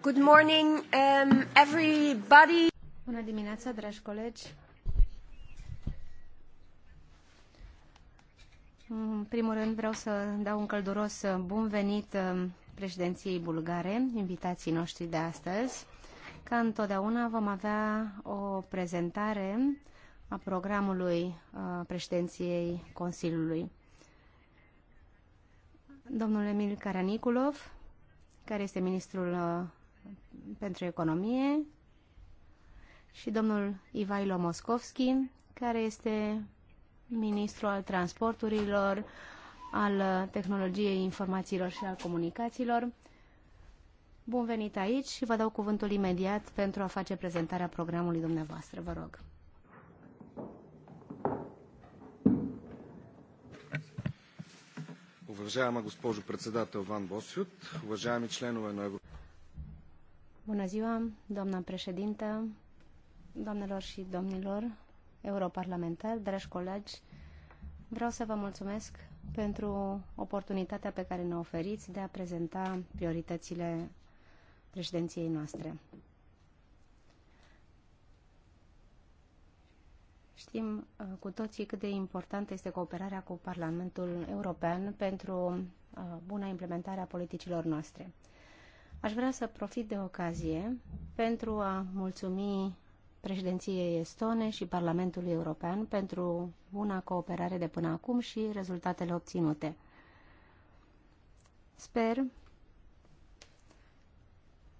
Good morning, um, everybody. Bună dimineața, dragi colegi. În primul rând vreau să dau un călduros bun venit um, președinției bulgare, invitații noștri de astăzi. Ca întotdeauna vom avea o prezentare a programului uh, președinției Consiliului. Domnul Emil Karanikulov, care este ministrul uh, pentru Economie și domnul Ivailo Moscovski, care este ministru al transporturilor, al tehnologiei informațiilor și al comunicațiilor. Bun venit aici și vă dau cuvântul imediat pentru a face prezentarea programului dumneavoastră. Vă rog. Уважаема госпожо председател Ван Босфют, уважаеми членове на Европейския Bună ziua, doamna președintă, doamnelor și domnilor europarlamentari, dragi colegi, vreau să vă mulțumesc pentru oportunitatea pe care ne oferiți de a prezenta prioritățile președinției noastre. Știm uh, cu toții cât de importantă este cooperarea cu Parlamentul European pentru uh, buna implementare a politicilor noastre. Aș vrea să profit de ocazie pentru a mulțumi președinției estone și Parlamentului European pentru buna cooperare de până acum și rezultatele obținute. Sper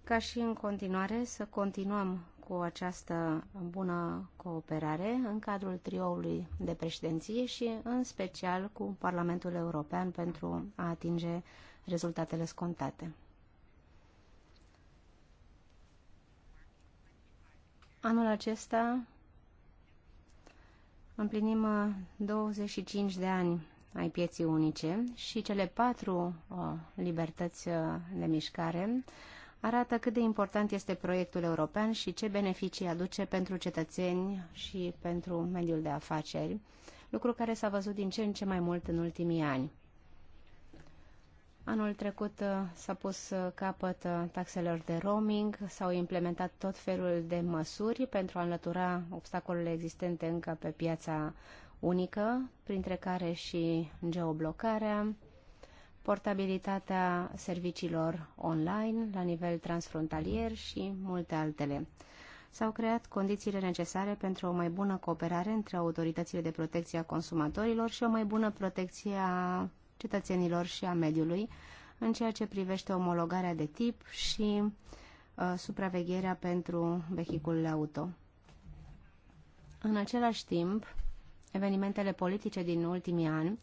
ca și în continuare să continuăm cu această bună cooperare în cadrul trioului de președinție și în special cu Parlamentul European pentru a atinge rezultatele scontate. Anul acesta împlinim 25 uh, de ani ai pieții unice și cele patru uh, libertăți uh, de mișcare arată cât de important este proiectul european și ce beneficii aduce pentru cetățeni și pentru mediul de afaceri, lucru care s-a văzut din ce în ce mai mult în ultimii ani. Anul trecut uh, s-a pus uh, capăt uh, taxelor de roaming, s-au implementat tot felul de măsuri pentru a înlătura obstacolele existente încă pe piața unică, printre care și geoblocarea, portabilitatea serviciilor online la nivel transfrontalier și multe altele. S-au creat condițiile necesare pentru o mai bună cooperare între autoritățile de protecție a consumatorilor și o mai bună protecție a cetățenilor și a mediului în ceea ce privește omologarea de tip și uh, supravegherea pentru vehiculele auto. În același timp, evenimentele politice din ultimii ani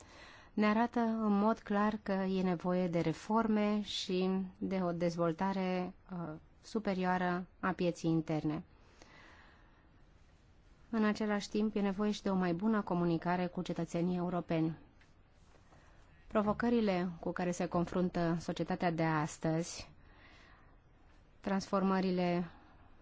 ne arată în mod clar că e nevoie de reforme și de o dezvoltare uh, superioară a pieții interne. În același timp, e nevoie și de o mai bună comunicare cu cetățenii europeni. Provocările cu care se confruntă societatea de astăzi, transformările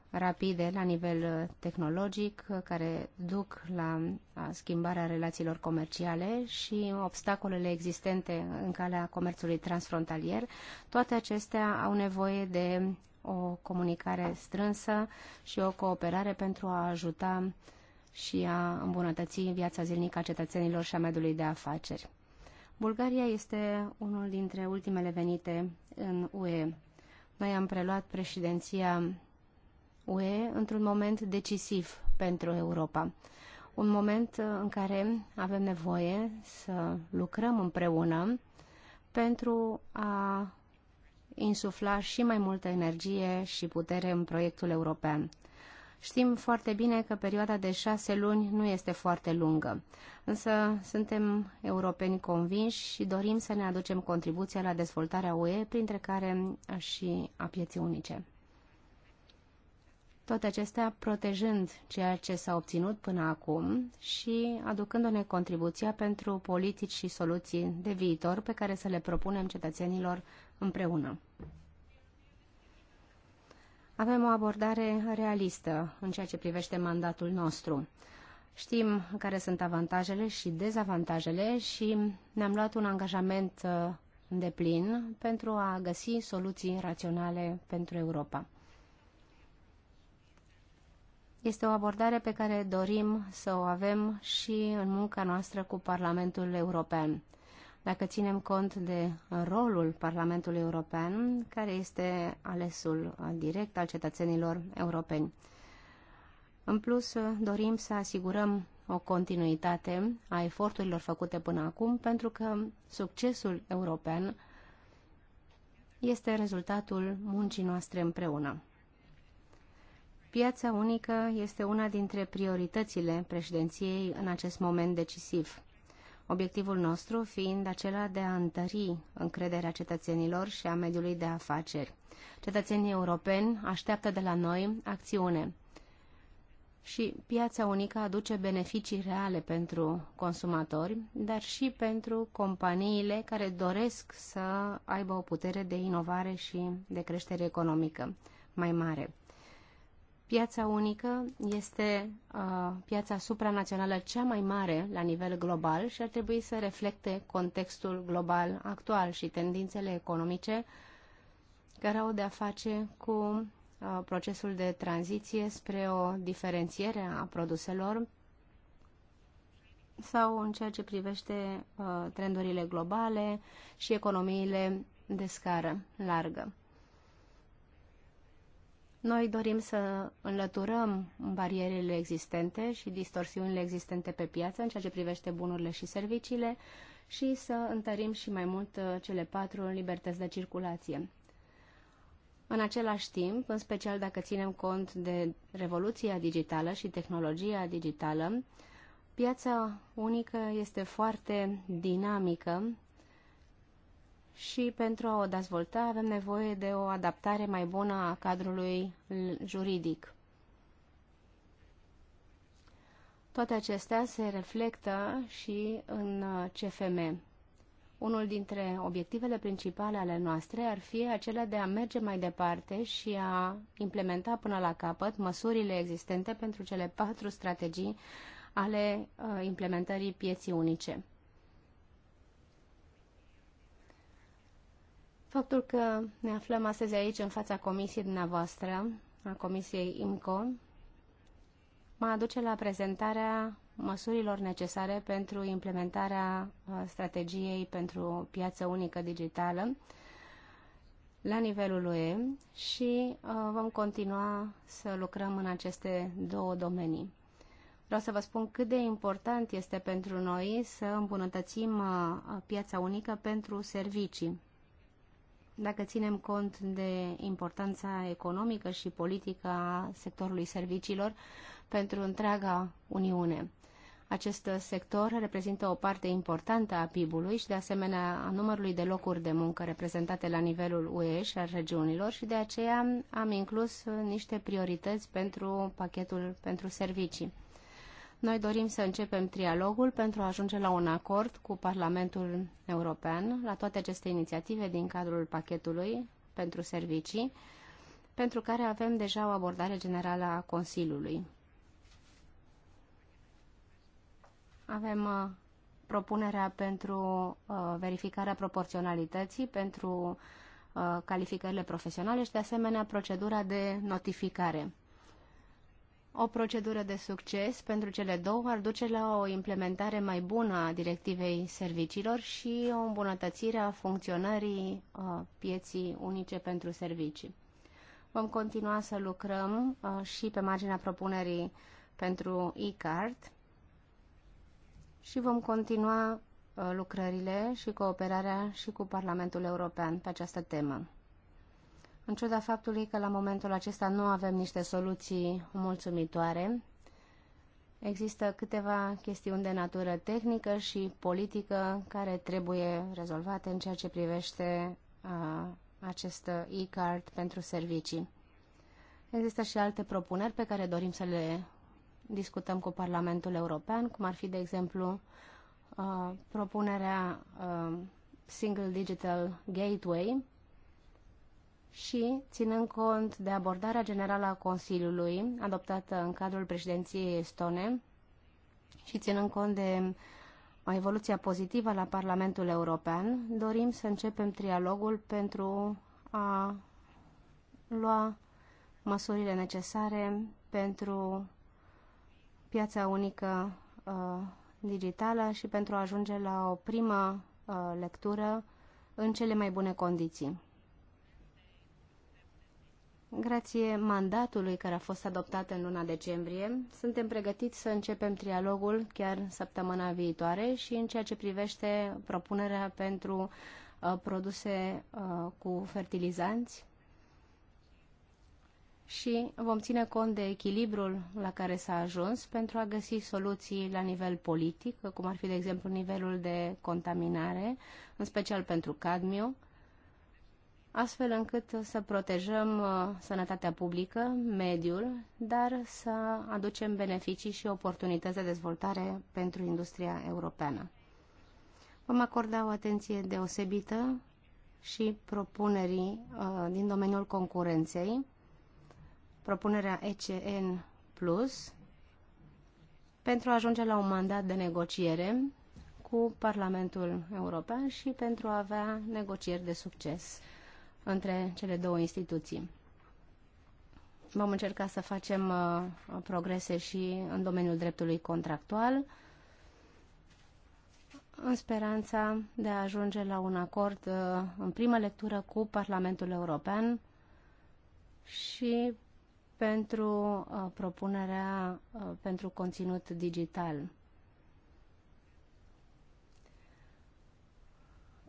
rapide la nivel uh, tehnologic, uh, care duc la uh, schimbarea relațiilor comerciale și obstacolele existente în calea comerțului transfrontalier, toate acestea au nevoie de o comunicare strânsă și o cooperare pentru a ajuta și a îmbunătăți viața zilnică a cetățenilor și a mediului de afaceri. Bulgaria este unul dintre ultimele venite în UE. Noi am preluat președinția UE într-un moment decisiv pentru Europa. Un moment uh, în care avem nevoie să lucrăm împreună pentru a insufla și mai multă energie și putere în proiectul european. Știm foarte bine că perioada de șase luni nu este foarte lungă, însă suntem europeni convinși și dorim să ne aducem contribuția la dezvoltarea UE, printre care și a pieții unice. Tot acestea protejând ceea ce s-a obținut până acum și aducându-ne contribuția pentru politici și soluții de viitor pe care să le propunem cetățenilor împreună avem o abordare realistă în ceea ce privește mandatul nostru. Știm care sunt avantajele și dezavantajele și ne-am luat un angajament uh, de plin pentru a găsi soluții raționale pentru Europa. Este o abordare pe care dorim să o avem și în munca noastră cu Parlamentul European dacă ținem cont de rolul Parlamentului European, care este alesul direct al cetățenilor europeni. În plus, dorim să asigurăm o continuitate a eforturilor făcute până acum, pentru că succesul european este rezultatul muncii noastre împreună. Piața unică este una dintre prioritățile președinției în acest moment decisiv obiectivul nostru fiind acela de a întări încrederea cetățenilor și a mediului de afaceri. Cetățenii europeni așteaptă de la noi acțiune și piața unică aduce beneficii reale pentru consumatori, dar și pentru companiile care doresc să aibă o putere de inovare și de creștere economică mai mare. Piața unică este uh, piața supranațională cea mai mare la nivel global și ar trebui să reflecte contextul global actual și tendințele economice care au de-a face cu uh, procesul de tranziție spre o diferențiere a produselor sau în ceea ce privește uh, trendurile globale și economiile de scară largă. Noi dorim să înlăturăm barierele existente și distorsiunile existente pe piață în ceea ce privește bunurile și serviciile și să întărim și mai mult uh, cele patru libertăți de circulație. În același timp, în special dacă ținem cont de revoluția digitală și tehnologia digitală, piața unică este foarte dinamică și pentru a o dezvolta avem nevoie de o adaptare mai bună a cadrului juridic. Toate acestea se reflectă și în CFM. Unul dintre obiectivele principale ale noastre ar fi acela de a merge mai departe și a implementa până la capăt măsurile existente pentru cele patru strategii ale uh, implementării pieții unice. Faptul că ne aflăm astăzi aici în fața comisiei dumneavoastră, a comisiei IMCO, mă aduce la prezentarea măsurilor necesare pentru implementarea uh, strategiei pentru piață unică digitală la nivelul UE și uh, vom continua să lucrăm în aceste două domenii. Vreau să vă spun cât de important este pentru noi să îmbunătățim uh, piața unică pentru servicii dacă ținem cont de importanța economică și politică a sectorului serviciilor pentru întreaga Uniune. Acest sector reprezintă o parte importantă a PIB-ului și de asemenea a numărului de locuri de muncă reprezentate la nivelul UE și al regiunilor și de aceea am inclus niște priorități pentru pachetul pentru servicii. Noi dorim să începem trialogul pentru a ajunge la un acord cu Parlamentul European la toate aceste inițiative din cadrul pachetului pentru servicii, pentru care avem deja o abordare generală a Consiliului. Avem uh, propunerea pentru uh, verificarea proporționalității, pentru uh, calificările profesionale și, de asemenea, procedura de notificare. O procedură de succes pentru cele două ar duce la o implementare mai bună a directivei serviciilor și o îmbunătățire a funcționării uh, pieții unice pentru servicii. Vom continua să lucrăm uh, și pe marginea propunerii pentru e-card și vom continua uh, lucrările și cooperarea și cu Parlamentul European pe această temă. În ciuda faptului că la momentul acesta nu avem niște soluții mulțumitoare, există câteva chestiuni de natură tehnică și politică care trebuie rezolvate în ceea ce privește uh, acest e-card pentru servicii. Există și alte propuneri pe care dorim să le discutăm cu Parlamentul European, cum ar fi, de exemplu, uh, propunerea uh, Single Digital Gateway, și, ținând cont de abordarea generală a Consiliului, adoptată în cadrul președinției estone, și ținând cont de o evoluție pozitivă la Parlamentul European, dorim să începem trialogul pentru a lua măsurile necesare pentru piața unică uh, digitală și pentru a ajunge la o primă uh, lectură în cele mai bune condiții. Grație mandatului care a fost adoptat în luna decembrie, suntem pregătiți să începem trialogul chiar săptămâna viitoare și în ceea ce privește propunerea pentru uh, produse uh, cu fertilizanți și vom ține cont de echilibrul la care s-a ajuns pentru a găsi soluții la nivel politic, cum ar fi, de exemplu, nivelul de contaminare, în special pentru cadmiu, astfel încât să protejăm uh, sănătatea publică, mediul, dar să aducem beneficii și oportunități de dezvoltare pentru industria europeană. Vom acorda o atenție deosebită și propunerii uh, din domeniul concurenței, propunerea ECN+, pentru a ajunge la un mandat de negociere cu Parlamentul European și pentru a avea negocieri de succes între cele două instituții. Vom încerca să facem uh, progrese și în domeniul dreptului contractual, în speranța de a ajunge la un acord uh, în primă lectură cu Parlamentul European și pentru uh, propunerea uh, pentru conținut digital.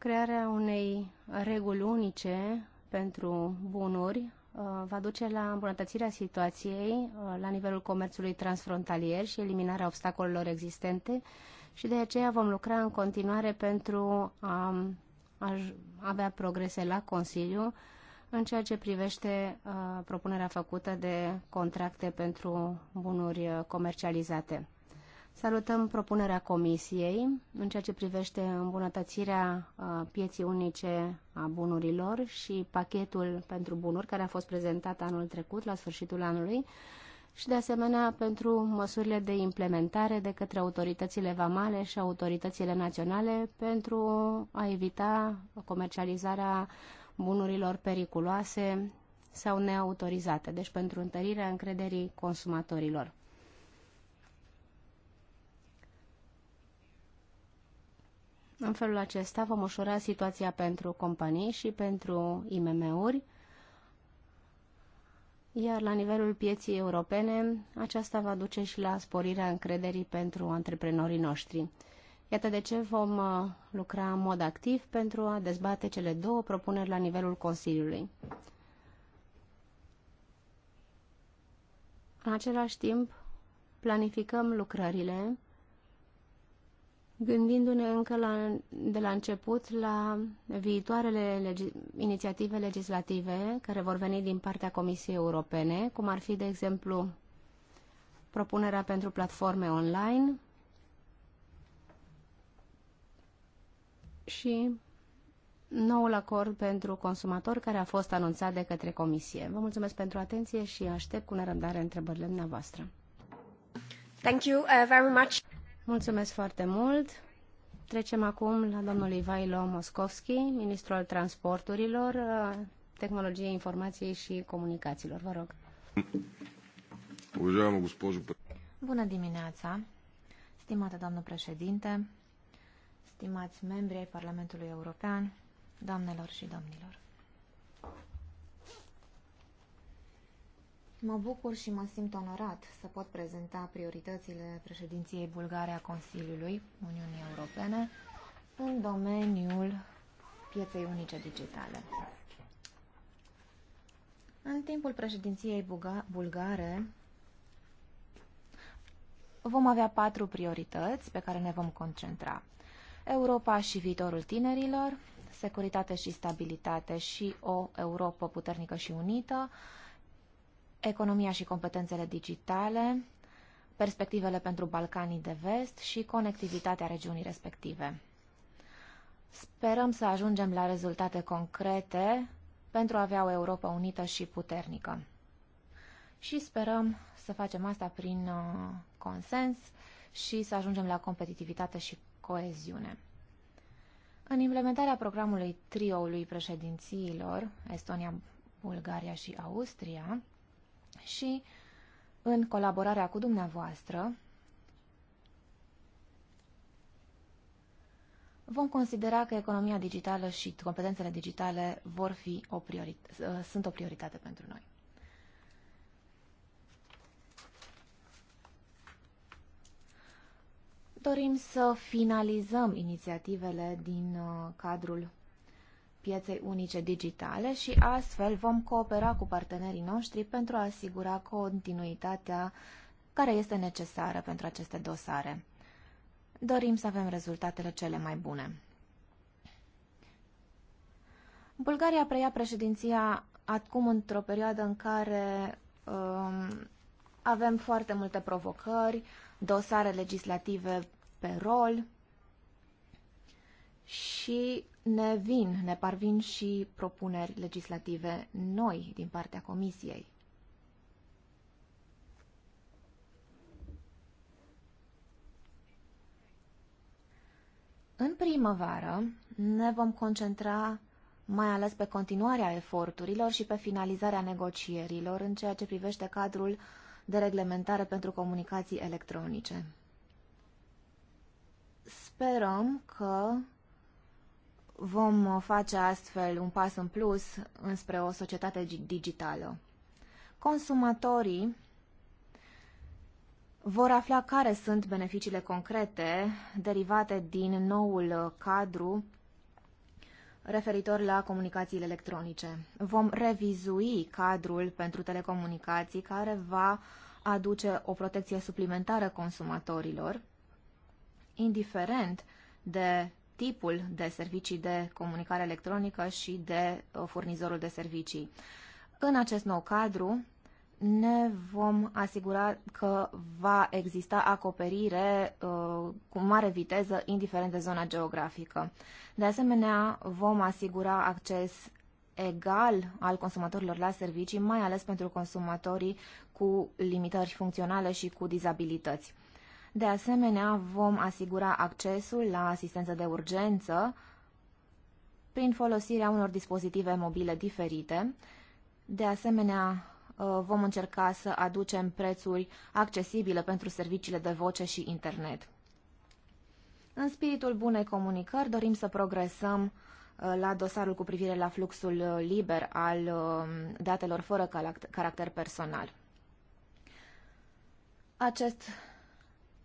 Crearea unei reguli unice pentru bunuri uh, va duce la îmbunătățirea situației uh, la nivelul comerțului transfrontalier și eliminarea obstacolelor existente și de aceea vom lucra în continuare pentru a, a avea progrese la Consiliu în ceea ce privește uh, propunerea făcută de contracte pentru bunuri comercializate. Salutăm propunerea Comisiei în ceea ce privește îmbunătățirea uh, pieții unice a bunurilor și pachetul pentru bunuri care a fost prezentat anul trecut, la sfârșitul anului, și de asemenea pentru măsurile de implementare de către autoritățile vamale și autoritățile naționale pentru a evita comercializarea bunurilor periculoase sau neautorizate, deci pentru întărirea încrederii consumatorilor. În felul acesta vom ușura situația pentru companii și pentru IMM-uri, iar la nivelul pieții europene, aceasta va duce și la sporirea încrederii pentru antreprenorii noștri. Iată de ce vom uh, lucra în mod activ pentru a dezbate cele două propuneri la nivelul Consiliului. În același timp, planificăm lucrările gândindu-ne încă la, de la început la viitoarele legi, inițiative legislative care vor veni din partea Comisiei Europene, cum ar fi, de exemplu, propunerea pentru platforme online și noul acord pentru consumatori care a fost anunțat de către Comisie. Vă mulțumesc pentru atenție și aștept cu nerăbdare întrebările dumneavoastră. Thank you uh, very much. Mulțumesc foarte mult. Trecem acum la domnul Ivailo Moscovski, ministrul transporturilor, tehnologiei informației și comunicațiilor. Vă rog. Bună dimineața, stimată doamnă președinte, stimați membri ai Parlamentului European, doamnelor și domnilor. Mă bucur și mă simt onorat să pot prezenta prioritățile președinției bulgare a Consiliului Uniunii Europene în domeniul pieței unice digitale. În timpul președinției bulgare vom avea patru priorități pe care ne vom concentra. Europa și viitorul tinerilor, securitate și stabilitate și o Europa puternică și unită, economia și competențele digitale, perspectivele pentru Balcanii de Vest și conectivitatea regiunii respective. Sperăm să ajungem la rezultate concrete pentru a avea o Europa unită și puternică. Și sperăm să facem asta prin uh, consens și să ajungem la competitivitate și coeziune. În implementarea programului trioului președințiilor, Estonia, Bulgaria și Austria, și în colaborarea cu dumneavoastră vom considera că economia digitală și competențele digitale vor fi o ă, sunt o prioritate pentru noi. Dorim să finalizăm inițiativele din ă, cadrul pieței unice digitale și astfel vom coopera cu partenerii noștri pentru a asigura continuitatea care este necesară pentru aceste dosare. Dorim să avem rezultatele cele mai bune. Bulgaria preia președinția acum într-o perioadă în care um, avem foarte multe provocări, dosare legislative pe rol și ne vin, ne parvin și propuneri legislative noi din partea Comisiei. În primăvară ne vom concentra mai ales pe continuarea eforturilor și pe finalizarea negocierilor în ceea ce privește cadrul de reglementare pentru comunicații electronice. Sperăm că vom uh, face astfel un pas în plus înspre o societate digitală. Consumatorii vor afla care sunt beneficiile concrete derivate din noul uh, cadru referitor la comunicațiile electronice. Vom revizui cadrul pentru telecomunicații care va aduce o protecție suplimentară consumatorilor, indiferent de tipul de servicii de comunicare electronică și de uh, furnizorul de servicii. În acest nou cadru, ne vom asigura că va exista acoperire uh, cu mare viteză, indiferent de zona geografică. De asemenea, vom asigura acces egal al consumatorilor la servicii, mai ales pentru consumatorii cu limitări funcționale și cu dizabilități. De asemenea, vom asigura accesul la asistență de urgență prin folosirea unor dispozitive mobile diferite. De asemenea, ă, vom încerca să aducem prețuri accesibile pentru serviciile de voce și internet. În spiritul bunei comunicări dorim să progresăm ă, la dosarul cu privire la fluxul ă, liber al datelor fără caracter personal. Acest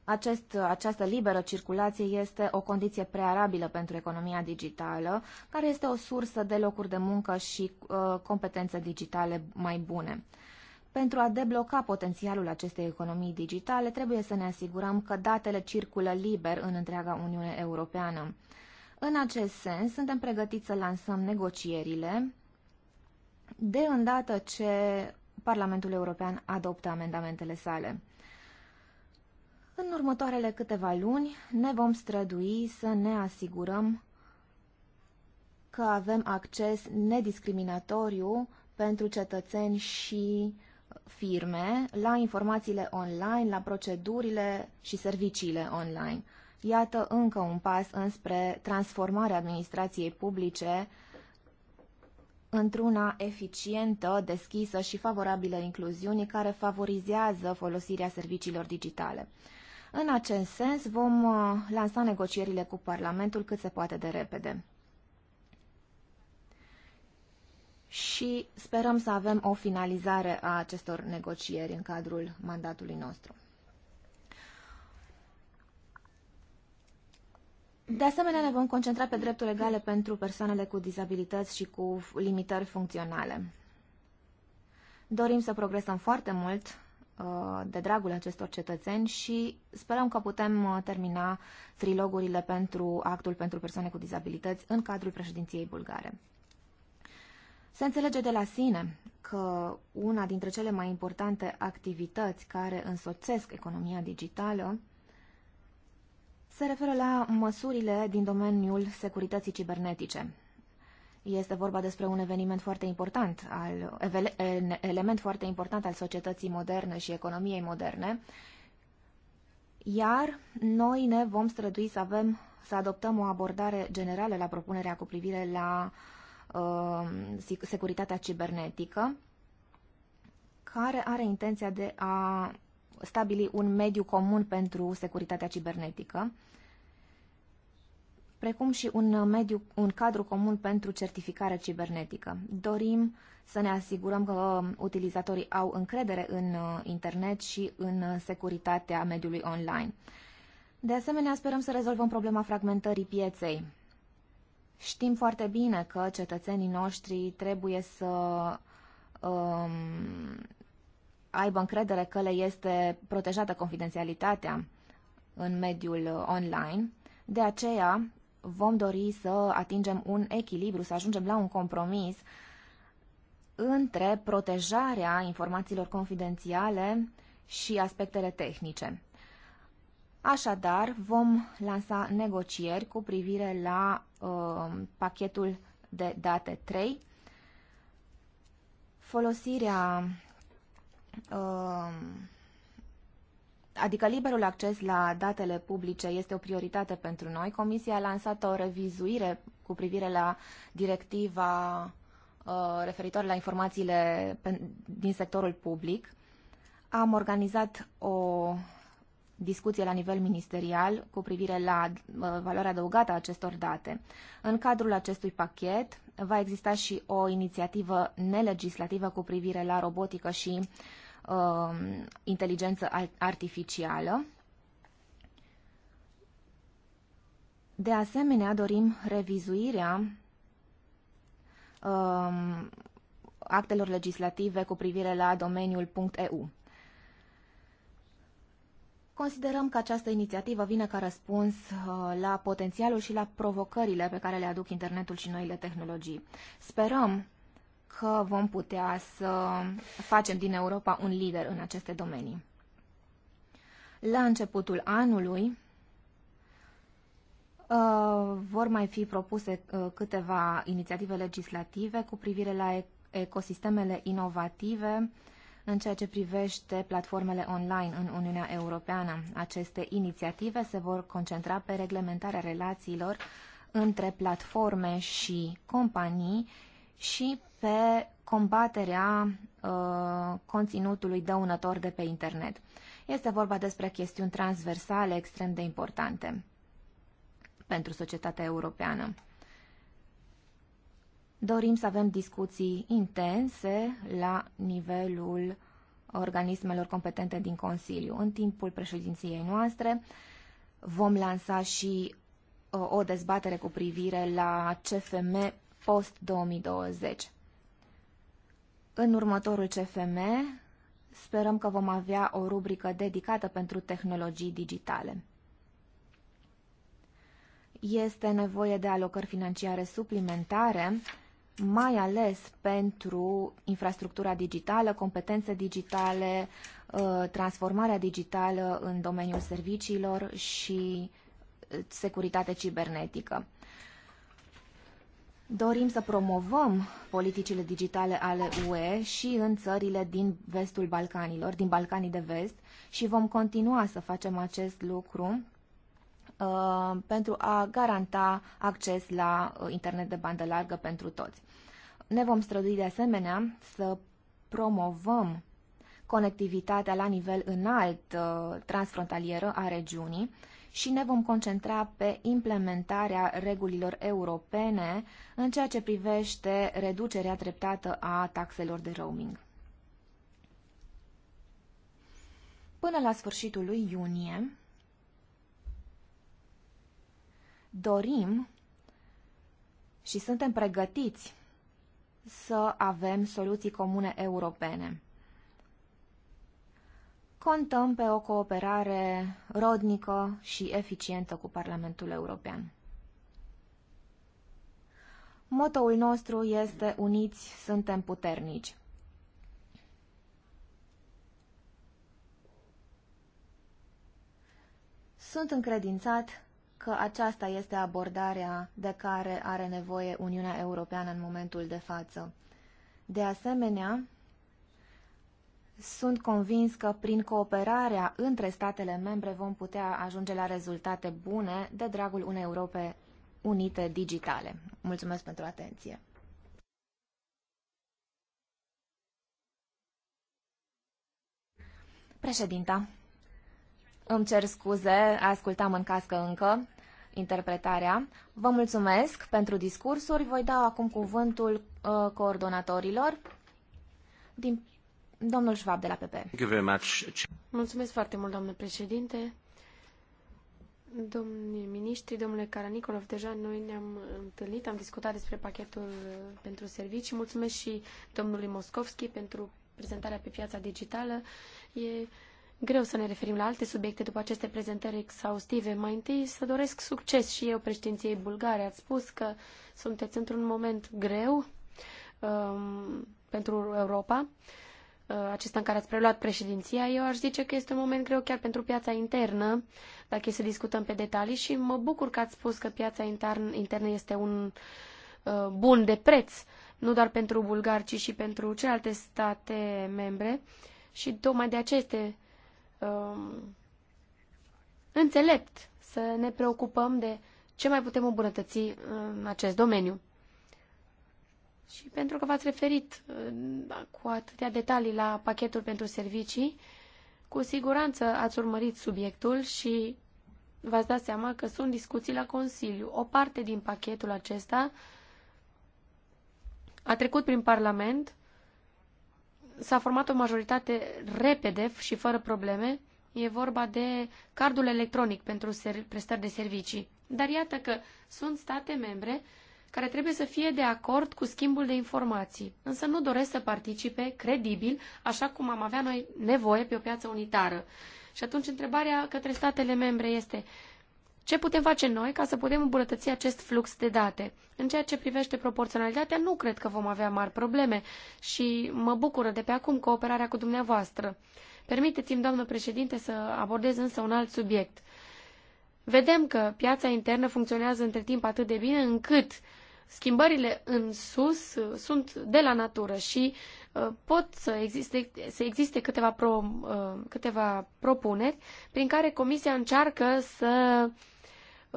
acest, această liberă circulație este o condiție prearabilă pentru economia digitală, care este o sursă de locuri de muncă și uh, competențe digitale mai bune. Pentru a debloca potențialul acestei economii digitale, trebuie să ne asigurăm că datele circulă liber în întreaga Uniune Europeană. În acest sens, suntem pregătiți să lansăm negocierile de îndată ce Parlamentul European adoptă amendamentele sale. În următoarele câteva luni ne vom strădui să ne asigurăm că avem acces nediscriminatoriu pentru cetățeni și firme la informațiile online, la procedurile și serviciile online. Iată încă un pas înspre transformarea administrației publice într-una eficientă, deschisă și favorabilă incluziunii care favorizează folosirea serviciilor digitale. În acest sens, vom uh, lansa negocierile cu Parlamentul cât se poate de repede. Și sperăm să avem o finalizare a acestor negocieri în cadrul mandatului nostru. De asemenea, ne vom concentra pe drepturi egale pentru persoanele cu dizabilități și cu limitări funcționale. Dorim să progresăm foarte mult Uh, de dragul acestor cetățeni și sperăm că putem uh, termina trilogurile pentru actul pentru persoane cu dizabilități în cadrul președinției bulgare. Se înțelege de la sine că una dintre cele mai importante activități care însoțesc economia digitală se referă la măsurile din domeniul securității cibernetice. Este vorba despre un eveniment foarte important, al, element foarte important al societății moderne și economiei moderne. Iar noi ne vom strădui să avem, să adoptăm o abordare generală la propunerea cu privire la uh, securitatea cibernetică, care are intenția de a stabili un mediu comun pentru securitatea cibernetică precum și un, mediu, un cadru comun pentru certificare cibernetică. Dorim să ne asigurăm că utilizatorii au încredere în uh, internet și în uh, securitatea mediului online. De asemenea, sperăm să rezolvăm problema fragmentării pieței. Știm foarte bine că cetățenii noștri trebuie să um, aibă încredere că le este protejată confidențialitatea în mediul uh, online. De aceea, vom dori să atingem un echilibru, să ajungem la un compromis între protejarea informațiilor confidențiale și aspectele tehnice. Așadar, vom lansa negocieri cu privire la uh, pachetul de date 3, folosirea uh, adică liberul acces la datele publice este o prioritate pentru noi. Comisia a lansat o revizuire cu privire la directiva uh, referitor la informațiile din sectorul public. Am organizat o discuție la nivel ministerial cu privire la uh, valoarea adăugată a acestor date. În cadrul acestui pachet va exista și o inițiativă nelegislativă cu privire la robotică și uh, inteligență artificială. De asemenea, dorim revizuirea uh, actelor legislative cu privire la domeniul .eu. Considerăm că această inițiativă vine ca răspuns uh, la potențialul și la provocările pe care le aduc internetul și noile tehnologii. Sperăm că vom putea să facem din Europa un lider în aceste domenii. La începutul anului uh, vor mai fi propuse uh, câteva inițiative legislative cu privire la ecosistemele inovative în ceea ce privește platformele online în Uniunea Europeană. Aceste inițiative se vor concentra pe reglementarea relațiilor între platforme și companii și pe combaterea uh, conținutului dăunător de pe internet. Este vorba despre chestiuni transversale extrem de importante pentru societatea europeană. Dorim să avem discuții intense la nivelul organismelor competente din Consiliu. În timpul președinției noastre vom lansa și uh, o dezbatere cu privire la CFM post-2020. În următorul CFM sperăm că vom avea o rubrică dedicată pentru tehnologii digitale. Este nevoie de alocări financiare suplimentare, mai ales pentru infrastructura digitală, competențe digitale, ă, transformarea digitală în domeniul serviciilor și ă, securitate cibernetică. Dorim să promovăm politicile digitale ale UE și în țările din vestul Balcanilor, din Balcanii de vest și vom continua să facem acest lucru uh, pentru a garanta acces la uh, internet de bandă largă pentru toți. Ne vom strădui de asemenea să promovăm conectivitatea la nivel înalt uh, transfrontalieră a regiunii, și ne vom concentra pe implementarea regulilor europene în ceea ce privește reducerea treptată a taxelor de roaming. Până la sfârșitul lui iunie, dorim și suntem pregătiți să avem soluții comune europene contăm pe o cooperare rodnică și eficientă cu Parlamentul European. Motoul nostru este Uniți, suntem puternici. Sunt încredințat că aceasta este abordarea de care are nevoie Uniunea Europeană în momentul de față. De asemenea, sunt convins că prin cooperarea între statele membre vom putea ajunge la rezultate bune de dragul unei Europe unite digitale. Mulțumesc pentru atenție! Președinta, îmi cer scuze, ascultam în cască încă interpretarea. Vă mulțumesc pentru discursuri. Voi da acum cuvântul uh, coordonatorilor. Din Domnul Schwab de la PP. Mulțumesc foarte mult, domnule președinte. Domnii ministri, domnule Karanikolov deja noi ne-am întâlnit, am discutat despre pachetul pentru servicii. Mulțumesc și domnului Moscovski pentru prezentarea pe piața digitală. E greu să ne referim la alte subiecte după aceste prezentări exhaustive. Mai întâi să doresc succes și eu președinției bulgare. Ați spus că sunteți într-un moment greu um, pentru Europa. Uh, acesta în care ați preluat președinția, eu aș zice că este un moment greu chiar pentru piața internă, dacă e să discutăm pe detalii și mă bucur că ați spus că piața intern, internă este un uh, bun de preț, nu doar pentru bulgari, ci și pentru celelalte state membre și tocmai de aceea este uh, înțelept să ne preocupăm de ce mai putem îmbunătăți în acest domeniu și pentru că v-ați referit uh, cu atâtea detalii la pachetul pentru servicii. Cu siguranță ați urmărit subiectul și v-ați dat seama că sunt discuții la Consiliu. O parte din pachetul acesta a trecut prin Parlament, s-a format o majoritate repede și fără probleme. E vorba de cardul electronic pentru prestări de servicii. Dar iată că sunt state membre care trebuie să fie de acord cu schimbul de informații, însă nu doresc să participe credibil, așa cum am avea noi nevoie pe o piață unitară. Și atunci întrebarea către statele membre este ce putem face noi ca să putem îmbunătăți acest flux de date? În ceea ce privește proporționalitatea, nu cred că vom avea mari probleme și mă bucură de pe acum cooperarea cu dumneavoastră. Permiteți-mi, doamnă președinte, să abordez însă un alt subiect. Vedem că piața internă funcționează între timp atât de bine încât uh, schimbările în sus uh, sunt de la natură și uh, pot să existe, să existe câteva, pro, uh, câteva propuneri prin care Comisia încearcă să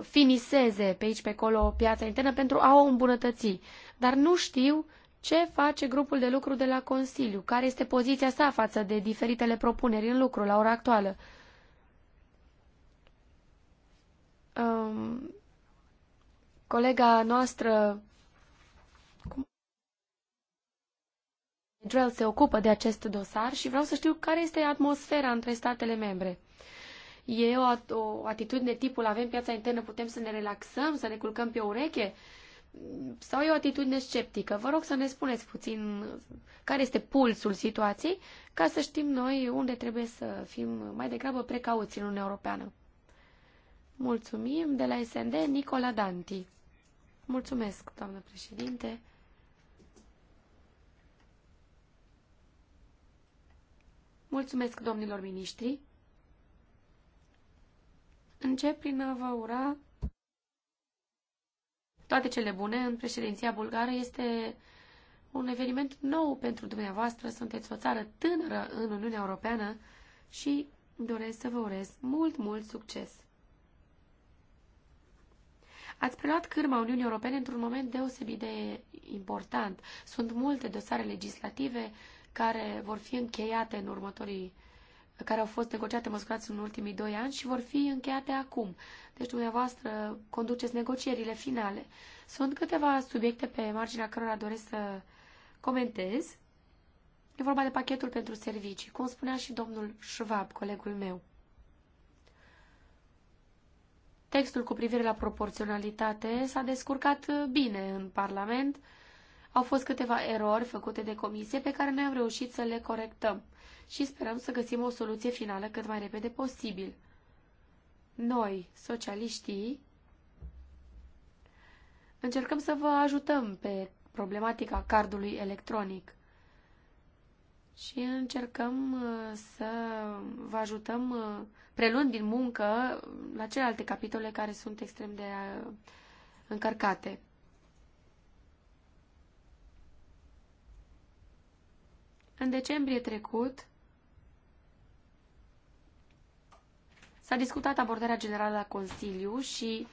finiseze pe aici, pe acolo, piața internă pentru a o îmbunătăți. Dar nu știu ce face grupul de lucru de la Consiliu, care este poziția sa față de diferitele propuneri în lucru la ora actuală. Um, Colega noastră Drell se ocupă de acest dosar și vreau să știu care este atmosfera între statele membre. E o, o atitudine de tipul avem piața internă, putem să ne relaxăm, să ne culcăm pe ureche? Sau e o atitudine sceptică? Vă rog să ne spuneți puțin care este pulsul situației ca să știm noi unde trebuie să fim mai degrabă precauți în Uniunea Europeană. Mulțumim de la SND Nicola Danti. Mulțumesc, doamnă președinte. Mulțumesc, domnilor miniștri. Încep prin a vă ura toate cele bune în președinția bulgară. Este un eveniment nou pentru dumneavoastră. Sunteți o țară tânără în Uniunea Europeană și doresc să vă urez mult, mult succes. Ați preluat cârma Uniunii Europene într-un moment deosebit de important. Sunt multe dosare legislative care vor fi încheiate în următorii care au fost negociate, mă scuzați, în ultimii doi ani și vor fi încheiate acum. Deci dumneavoastră conduceți negocierile finale. Sunt câteva subiecte pe marginea cărora doresc să comentez. E vorba de pachetul pentru servicii, cum spunea și domnul Schwab, colegul meu. Textul cu privire la proporționalitate s-a descurcat uh, bine în Parlament. Au fost câteva erori făcute de comisie pe care noi am reușit să le corectăm și sperăm să găsim o soluție finală cât mai repede posibil. Noi, socialiștii, încercăm să vă ajutăm pe problematica cardului electronic și încercăm uh, să vă ajutăm uh, preluând din muncă uh, la celelalte capitole care sunt extrem de încărcate. În decembrie trecut s-a discutat abordarea generală la Consiliu și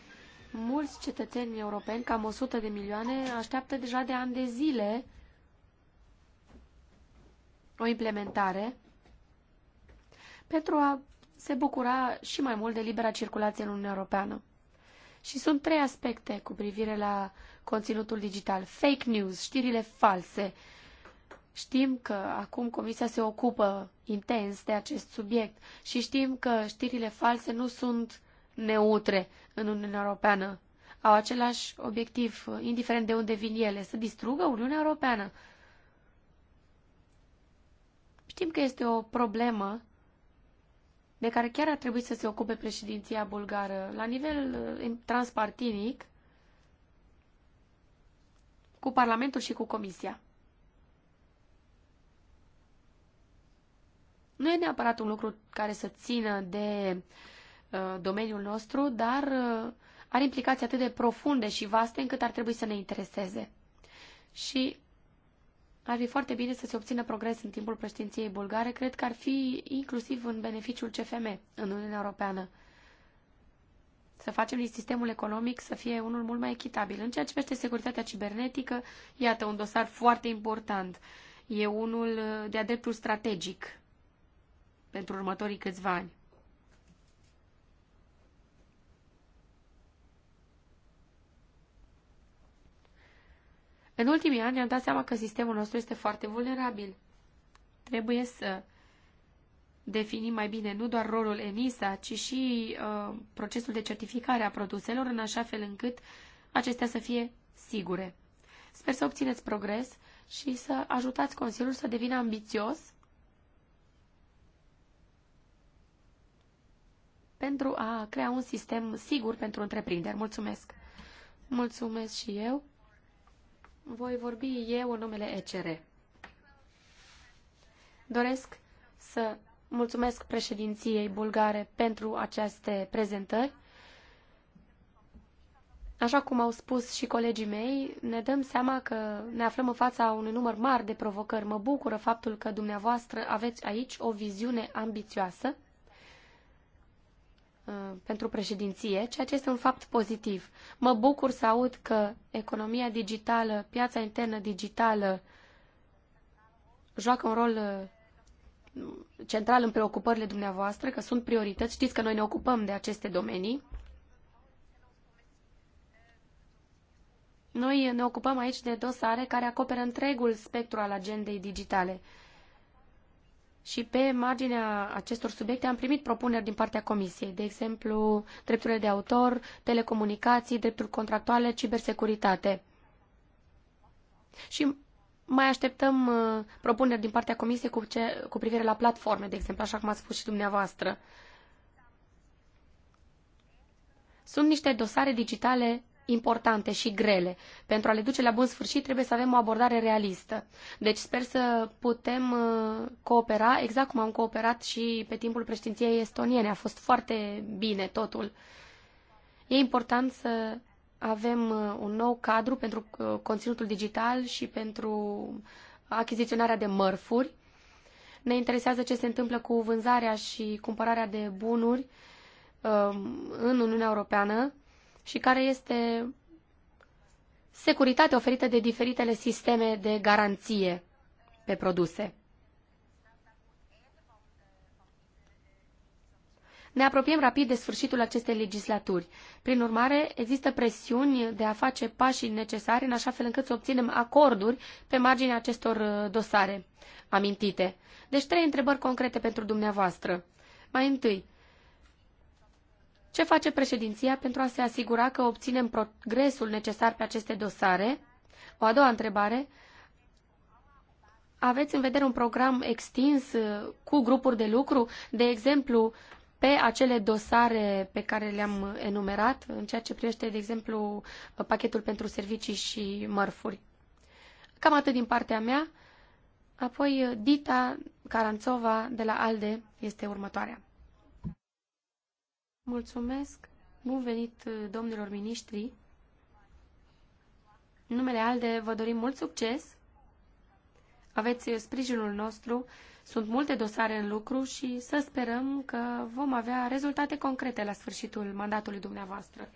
mulți cetățeni europeni, cam 100 de milioane, așteaptă deja de ani de zile o implementare pentru a se bucura și mai mult de libera circulație în Uniunea Europeană. Și sunt trei aspecte cu privire la conținutul digital. Fake news, știrile false. Știm că acum Comisia se ocupă intens de acest subiect și știm că știrile false nu sunt neutre în Uniunea Europeană. Au același obiectiv, indiferent de unde vin ele, să distrugă Uniunea Europeană. Știm că este o problemă de care chiar ar trebui să se ocupe președinția bulgară la nivel eh, transpartinic cu Parlamentul și cu Comisia. Nu e neapărat un lucru care să țină de uh, domeniul nostru, dar uh, are implicații atât de profunde și vaste încât ar trebui să ne intereseze. Și ar fi foarte bine să se obțină progres în timpul președinției bulgare. Cred că ar fi inclusiv în beneficiul CFM în Uniunea Europeană. Să facem din sistemul economic să fie unul mult mai echitabil. În ceea ce privește securitatea cibernetică, iată, un dosar foarte important. E unul de-a dreptul strategic pentru următorii câțiva ani. În ultimii ani ne-am dat seama că sistemul nostru este foarte vulnerabil. Trebuie să definim mai bine nu doar rolul ENISA, ci și uh, procesul de certificare a produselor, în așa fel încât acestea să fie sigure. Sper să obțineți progres și să ajutați Consiliul să devină ambițios pentru a crea un sistem sigur pentru întreprinderi. Mulțumesc! Mulțumesc și eu! voi vorbi eu în numele ECR. Doresc să mulțumesc președinției bulgare pentru aceste prezentări. Așa cum au spus și colegii mei, ne dăm seama că ne aflăm în fața unui număr mare de provocări. Mă bucură faptul că dumneavoastră aveți aici o viziune ambițioasă Uh, pentru președinție, ceea ce este un fapt pozitiv. Mă bucur să aud că economia digitală, piața internă digitală joacă un rol uh, central în preocupările dumneavoastră, că sunt priorități. Știți că noi ne ocupăm de aceste domenii. Noi ne ocupăm aici de dosare care acoperă întregul spectru al agendei digitale și pe marginea acestor subiecte am primit propuneri din partea Comisiei, de exemplu drepturile de autor, telecomunicații, drepturi contractuale, cibersecuritate. Și mai așteptăm uh, propuneri din partea Comisiei cu, ce, cu privire la platforme, de exemplu, așa cum ați spus și dumneavoastră. Sunt niște dosare digitale importante și grele. Pentru a le duce la bun sfârșit trebuie să avem o abordare realistă. Deci sper să putem uh, coopera exact cum am cooperat și pe timpul președinției estoniene. A fost foarte bine totul. E important să avem uh, un nou cadru pentru uh, conținutul digital și pentru achiziționarea de mărfuri. Ne interesează ce se întâmplă cu vânzarea și cumpărarea de bunuri um, în Uniunea Europeană și care este securitatea oferită de diferitele sisteme de garanție pe produse. Ne apropiem rapid de sfârșitul acestei legislaturi. Prin urmare, există presiuni de a face pașii necesari în așa fel încât să obținem acorduri pe marginea acestor uh, dosare amintite. Deci trei întrebări concrete pentru dumneavoastră. Mai întâi, ce face președinția pentru a se asigura că obținem progresul necesar pe aceste dosare? O a doua întrebare. Aveți în vedere un program extins uh, cu grupuri de lucru, de exemplu, pe acele dosare pe care le-am enumerat, în ceea ce privește, de exemplu, uh, pachetul pentru servicii și mărfuri? Cam atât din partea mea. Apoi, uh, Dita Caranțova de la ALDE este următoarea. Mulțumesc. Bun venit, domnilor miniștri. În numele ALDE vă dorim mult succes. Aveți sprijinul nostru. Sunt multe dosare în lucru și să sperăm că vom avea rezultate concrete la sfârșitul mandatului dumneavoastră.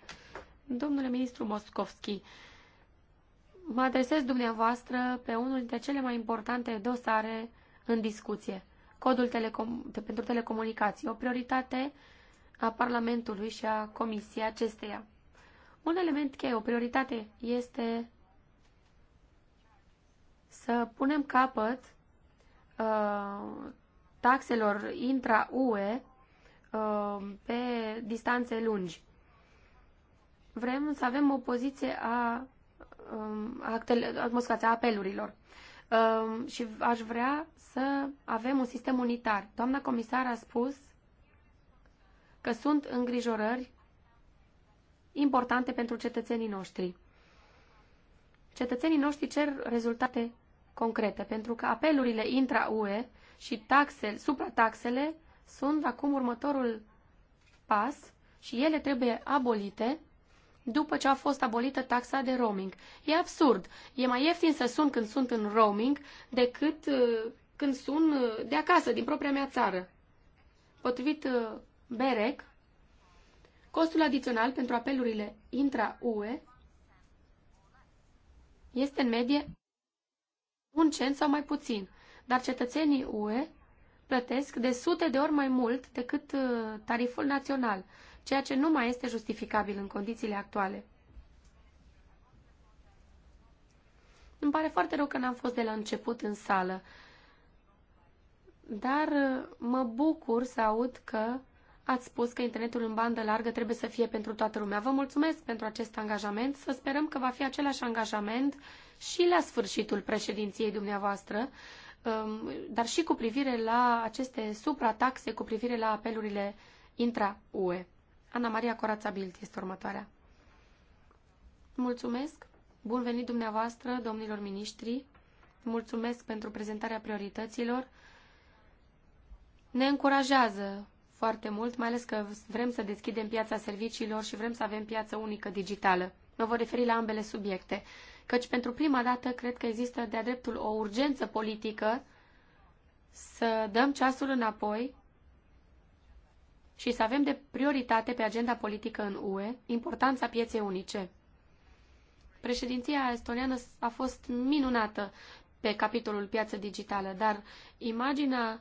Domnule ministru Moscovski, mă adresez dumneavoastră pe unul dintre cele mai importante dosare în discuție. Codul telecom- pentru telecomunicații, o prioritate a Parlamentului și a Comisiei acesteia. Un element cheie, o prioritate, este să punem capăt uh, taxelor intra-UE uh, pe distanțe lungi. Vrem să avem o poziție a, um, a, actele, a apelurilor um, și aș vrea să avem un sistem unitar. Doamna comisar a spus că sunt îngrijorări importante pentru cetățenii noștri. Cetățenii noștri cer rezultate concrete, pentru că apelurile intra-UE și taxe, suprataxele sunt acum următorul pas și ele trebuie abolite după ce a fost abolită taxa de roaming. E absurd. E mai ieftin să sun când sunt în roaming decât uh, când sun uh, de acasă, din propria mea țară. Potrivit uh, BEREC, costul adițional pentru apelurile intra-UE este în medie un cent sau mai puțin, dar cetățenii UE plătesc de sute de ori mai mult decât uh, tariful național, ceea ce nu mai este justificabil în condițiile actuale. Îmi pare foarte rău că n-am fost de la început în sală, dar uh, mă bucur să aud că ați spus că internetul în bandă largă trebuie să fie pentru toată lumea. Vă mulțumesc pentru acest angajament. Să sperăm că va fi același angajament și la sfârșitul președinției dumneavoastră, um, dar și cu privire la aceste suprataxe, cu privire la apelurile intra-UE. Ana Maria Corața Bilt este următoarea. Mulțumesc. Bun venit dumneavoastră, domnilor miniștri. Mulțumesc pentru prezentarea priorităților. Ne încurajează foarte mult, mai ales că vrem să deschidem piața serviciilor și vrem să avem piață unică digitală. Mă voi referi la ambele subiecte, căci pentru prima dată cred că există de-a dreptul o urgență politică să dăm ceasul înapoi și să avem de prioritate pe agenda politică în UE importanța pieței unice. Președinția estoniană a fost minunată pe capitolul piață digitală, dar imaginea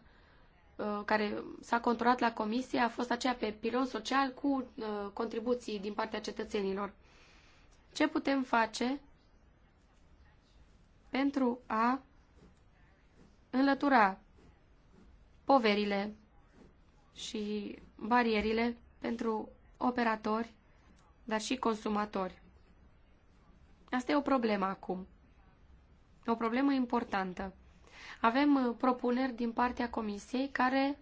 Uh, care s-a conturat la comisie a fost aceea pe pilon social cu uh, contribuții din partea cetățenilor. Ce putem face pentru a înlătura poverile și barierile pentru operatori, dar și consumatori. Asta e o problemă acum. O problemă importantă. Avem uh, propuneri din partea Comisiei care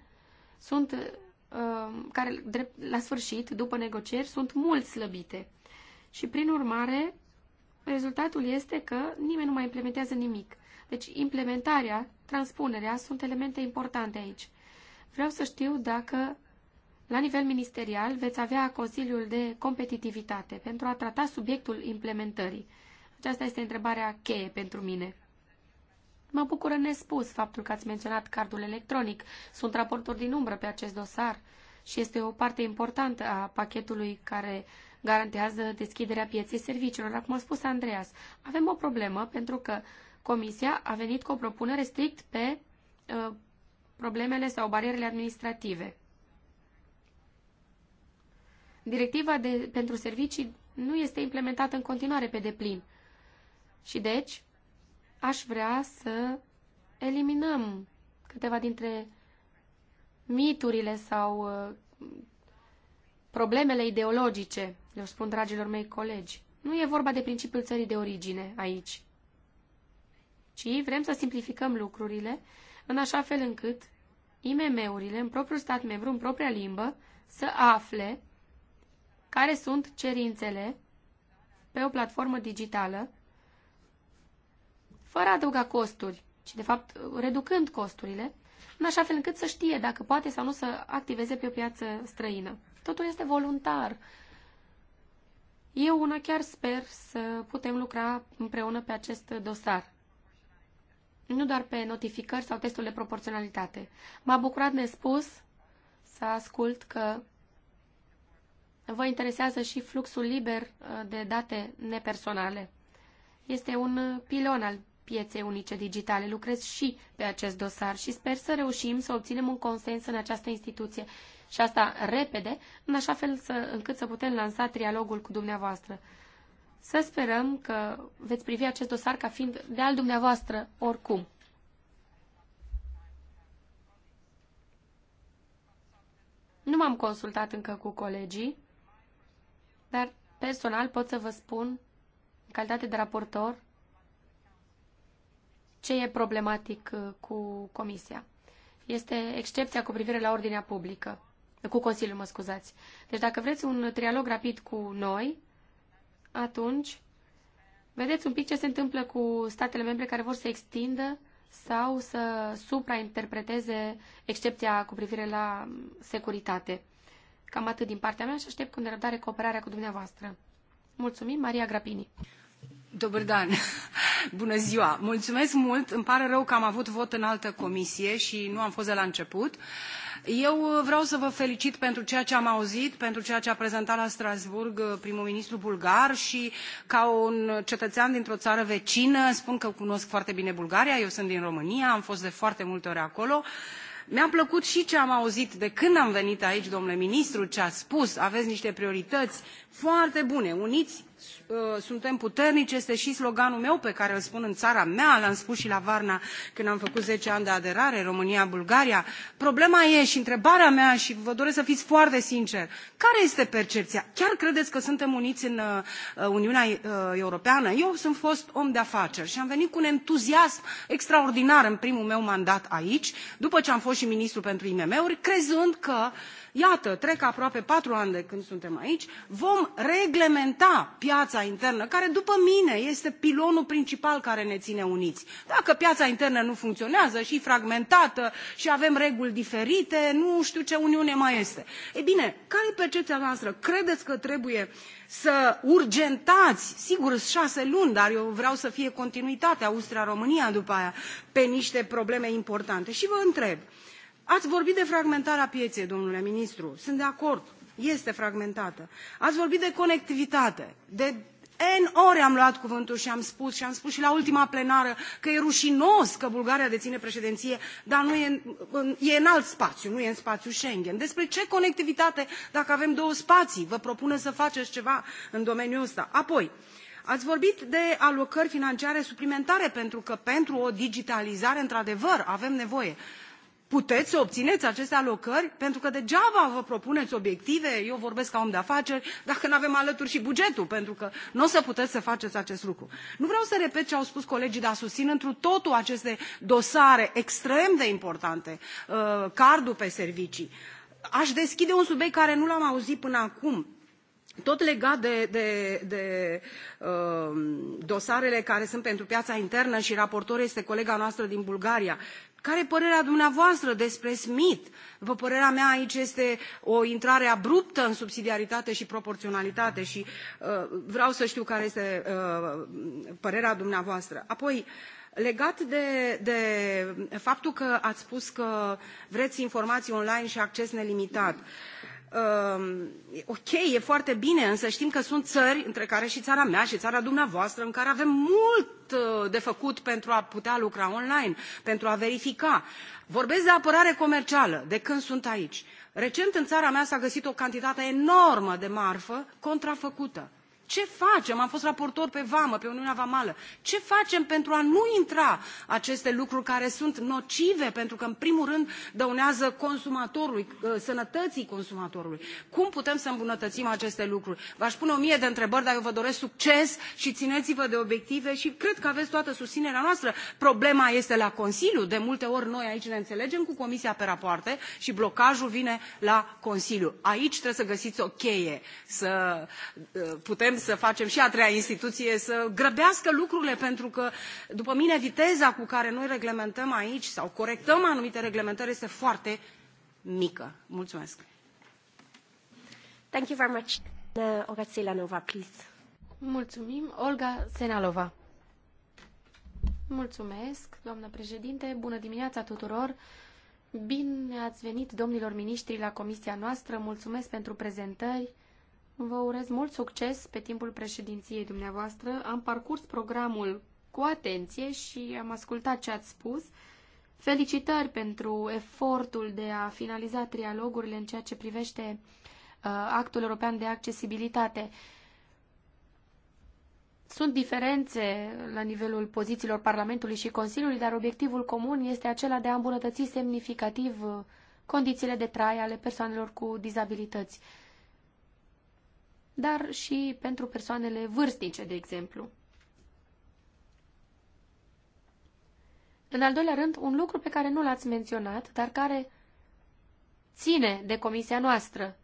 sunt uh, care la sfârșit, după negocieri, sunt mult slăbite. Și prin urmare, rezultatul este că nimeni nu mai implementează nimic. Deci implementarea, transpunerea sunt elemente importante aici. Vreau să știu dacă la nivel ministerial veți avea Consiliul de Competitivitate pentru a trata subiectul implementării. Aceasta este întrebarea cheie pentru mine. Mă bucură nespus faptul că ați menționat cardul electronic. Sunt raportor din umbră pe acest dosar și este o parte importantă a pachetului care garantează deschiderea pieței serviciilor. Acum a spus Andreas, avem o problemă pentru că Comisia a venit cu o propunere strict pe uh, problemele sau barierele administrative. Directiva de, pentru servicii nu este implementată în continuare pe deplin. Și deci, aș vrea să eliminăm câteva dintre miturile sau uh, problemele ideologice, le spun dragilor mei colegi. Nu e vorba de principiul țării de origine aici, ci vrem să simplificăm lucrurile în așa fel încât IMM-urile în propriul stat membru, în propria limbă, să afle care sunt cerințele pe o platformă digitală fără a adăuga costuri, ci de fapt reducând costurile, în așa fel încât să știe dacă poate sau nu să activeze pe o piață străină. Totul este voluntar. Eu una chiar sper să putem lucra împreună pe acest dosar. Nu doar pe notificări sau testul de proporționalitate. M-a bucurat nespus să ascult că vă interesează și fluxul liber uh, de date nepersonale. Este un pilon al pieței unice digitale. Lucrez și pe acest dosar și sper să reușim să obținem un consens în această instituție și asta repede, în așa fel să, încât să putem lansa trialogul cu dumneavoastră. Să sperăm că veți privi acest dosar ca fiind de al dumneavoastră oricum. Nu m-am consultat încă cu colegii, dar personal pot să vă spun, în calitate de raportor, ce e problematic uh, cu Comisia. Este excepția cu privire la ordinea publică, cu Consiliul, mă scuzați. Deci dacă vreți un trialog rapid cu noi, atunci vedeți un pic ce se întâmplă cu statele membre care vor să extindă sau să suprainterpreteze excepția cu privire la mm, securitate. Cam atât din partea mea și aștept cu nerăbdare cooperarea cu dumneavoastră. Mulțumim, Maria Grapini. Dobar dan. Bună ziua! Mulțumesc mult! Îmi pare rău că am avut vot în altă comisie și nu am fost de la început. Eu vreau să vă felicit pentru ceea ce am auzit, pentru ceea ce a prezentat la Strasbourg uh, primul ministru bulgar și ca un cetățean dintr-o țară vecină, spun că cunosc foarte bine Bulgaria, eu sunt din România, am fost de foarte multe ori acolo. Mi-a plăcut și ce am auzit de când am venit aici, domnule ministru, ce a spus, aveți niște priorități foarte bune, uniți Uh, suntem puternici este și sloganul meu pe care îl spun în țara mea, l-am spus și la Varna când am făcut zece ani de aderare, România-Bulgaria. Problema e și întrebarea mea și vă doresc să fiți foarte sinceri. Care este percepția? Chiar credeți că suntem uniți în uh, Uniunea uh, Europeană? Eu sunt fost om de afaceri și am venit cu un entuziasm extraordinar în primul meu mandat aici, după ce am fost și ministru pentru IMM-uri, crezând că iată trec aproape patru ani de când suntem aici vom reglementa piața internă care după mine este pilonul principal care ne ține uniți. dacă piața internă nu funcționează și e fragmentată și avem reguli diferite nu știu ce uniune mai este. ei bine care e percepția noastră? credeți că trebuie să urgentați sigur șase luni dar eu vreau să fie continuitate austria românia după aia pe niște probleme importante și vă întreb Ați vorbit de fragmentarea pieței, domnule ministru. Sunt de acord. Este fragmentată. Ați vorbit de conectivitate, de N ori am luat cuvântul și am spus și am spus și la ultima plenară că e rușinos că Bulgaria deține președinție, dar nu e, e în alt spațiu, nu e în spațiul Schengen. Despre ce conectivitate dacă avem două spații? Vă propune să faceți ceva în domeniul ăsta. Apoi, ați vorbit de alocări financiare suplimentare pentru că pentru o digitalizare, într-adevăr, avem nevoie puteți să obțineți aceste alocări pentru că degeaba vă propuneți obiective eu vorbesc ca om de afaceri dacă nu avem alături și bugetul pentru că nu o să puteți să faceți acest lucru. nu vreau să repet ce au spus colegii dar susțin întru totul aceste dosare extrem de importante uh, cardul pe servicii. aș deschide un subiect care nu l am auzit până acum tot legat de, de, de uh, dosarele care sunt pentru piața internă și raportor este colega noastră din bulgaria care e părerea dumneavoastră despre Smith? După părerea mea, aici este o intrare abruptă în subsidiaritate și proporționalitate și uh, vreau să știu care este uh, părerea dumneavoastră. Apoi, legat de, de faptul că ați spus că vreți informații online și acces nelimitat, uh, Um, ok, e foarte bine, însă știm că sunt țări, între care și țara mea și țara dumneavoastră, în care avem mult uh, de făcut pentru a putea lucra online, pentru a verifica. Vorbesc de apărare comercială, de când sunt aici. Recent în țara mea s-a găsit o cantitate enormă de marfă contrafăcută ce facem? Am fost raportor pe vamă, pe Uniunea Vamală. Ce facem pentru a nu intra aceste lucruri care sunt nocive, pentru că, în primul rând, dăunează consumatorului, uh, sănătății consumatorului? Cum putem să îmbunătățim aceste lucruri? V-aș pune o mie de întrebări, dar eu vă doresc succes și țineți-vă de obiective și cred că aveți toată susținerea noastră. Problema este la Consiliu. De multe ori noi aici ne înțelegem cu Comisia pe rapoarte și blocajul vine la Consiliu. Aici trebuie să găsiți o cheie, să uh, putem să facem și a treia instituție să grăbească lucrurile, pentru că, după mine, viteza cu care noi reglementăm aici sau corectăm anumite reglementări este foarte mică. Mulțumesc! Thank you very much. Olga Senalova, please. Mulțumim. Olga Senalova. Mulțumesc, doamnă președinte. Bună dimineața tuturor. Bine ați venit, domnilor miniștri, la comisia noastră. Mulțumesc pentru prezentări. Vă urez mult succes pe timpul președinției dumneavoastră. Am parcurs programul cu atenție și am ascultat ce ați spus. Felicitări pentru efortul de a finaliza trialogurile în ceea ce privește uh, actul european de accesibilitate. Sunt diferențe la nivelul pozițiilor Parlamentului și Consiliului, dar obiectivul comun este acela de a îmbunătăți semnificativ uh, condițiile de trai ale persoanelor cu dizabilități dar și pentru persoanele vârstnice, de exemplu. În al doilea rând, un lucru pe care nu l-ați menționat, dar care ține de comisia noastră.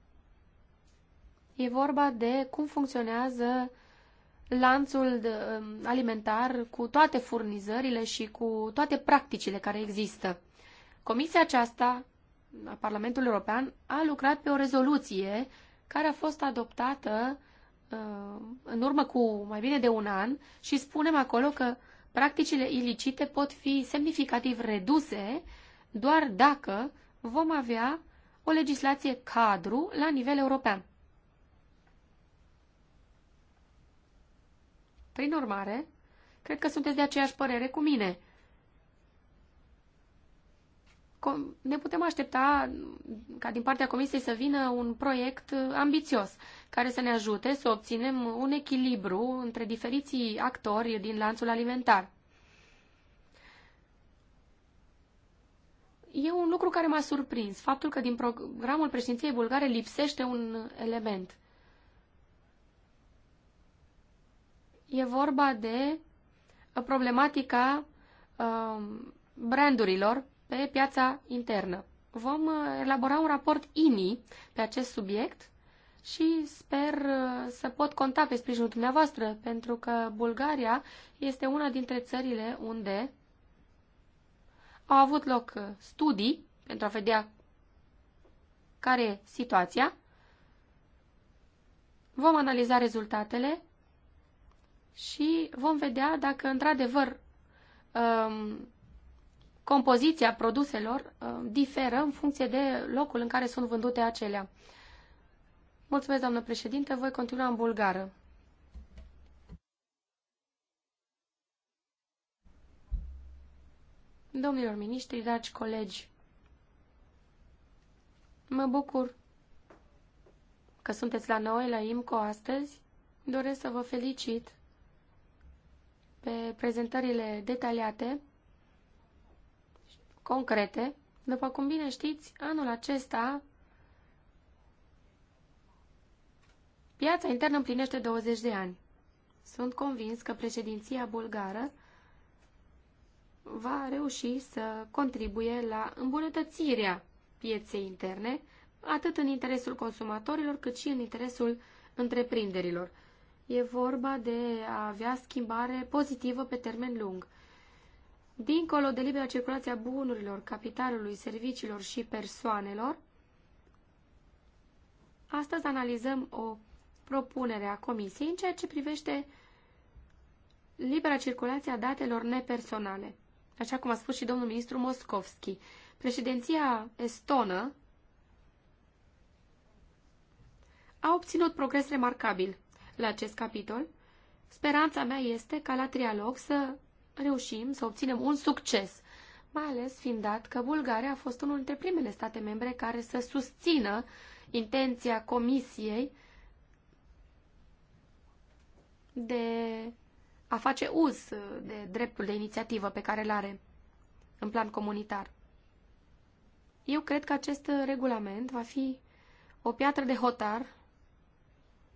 E vorba de cum funcționează lanțul um, alimentar cu toate furnizările și cu toate practicile care există. Comisia aceasta a Parlamentului European a lucrat pe o rezoluție care a fost adoptată uh, în urmă cu mai bine de un an și spunem acolo că practicile ilicite pot fi semnificativ reduse doar dacă vom avea o legislație cadru la nivel european. Prin urmare, cred că sunteți de aceeași părere cu mine ne putem aștepta ca din partea Comisiei să vină un proiect uh, ambițios care să ne ajute să obținem un echilibru între diferiții actori din lanțul alimentar. E un lucru care m-a surprins, faptul că din programul președinției bulgare lipsește un element. E vorba de problematica um, brandurilor pe piața internă. Vom uh, elabora un raport INI pe acest subiect și sper uh, să pot conta pe sprijinul dumneavoastră, pentru că Bulgaria este una dintre țările unde au avut loc uh, studii pentru a vedea care e situația. Vom analiza rezultatele și vom vedea dacă într-adevăr um, compoziția produselor uh, diferă în funcție de locul în care sunt vândute acelea. Mulțumesc, doamnă președinte. Voi continua în bulgară. Domnilor miniștri, dragi colegi, mă bucur că sunteți la noi, la IMCO, astăzi. Doresc să vă felicit pe prezentările detaliate concrete. După cum bine știți, anul acesta piața internă împlinește 20 de ani. Sunt convins că președinția bulgară va reuși să contribuie la îmbunătățirea pieței interne, atât în interesul consumatorilor, cât și în interesul întreprinderilor. E vorba de a avea schimbare pozitivă pe termen lung dincolo de libera circulație a bunurilor, capitalului, serviciilor și persoanelor, astăzi analizăm o propunere a Comisiei în ceea ce privește libera circulație a datelor nepersonale, așa cum a spus și domnul ministru Moscovski, Președinția estonă a obținut progres remarcabil la acest capitol. Speranța mea este ca la trialog să reușim să obținem un succes, mai ales fiind dat că Bulgaria a fost unul dintre primele state membre care să susțină intenția Comisiei de a face uz de dreptul de inițiativă pe care îl are în plan comunitar. Eu cred că acest regulament va fi o piatră de hotar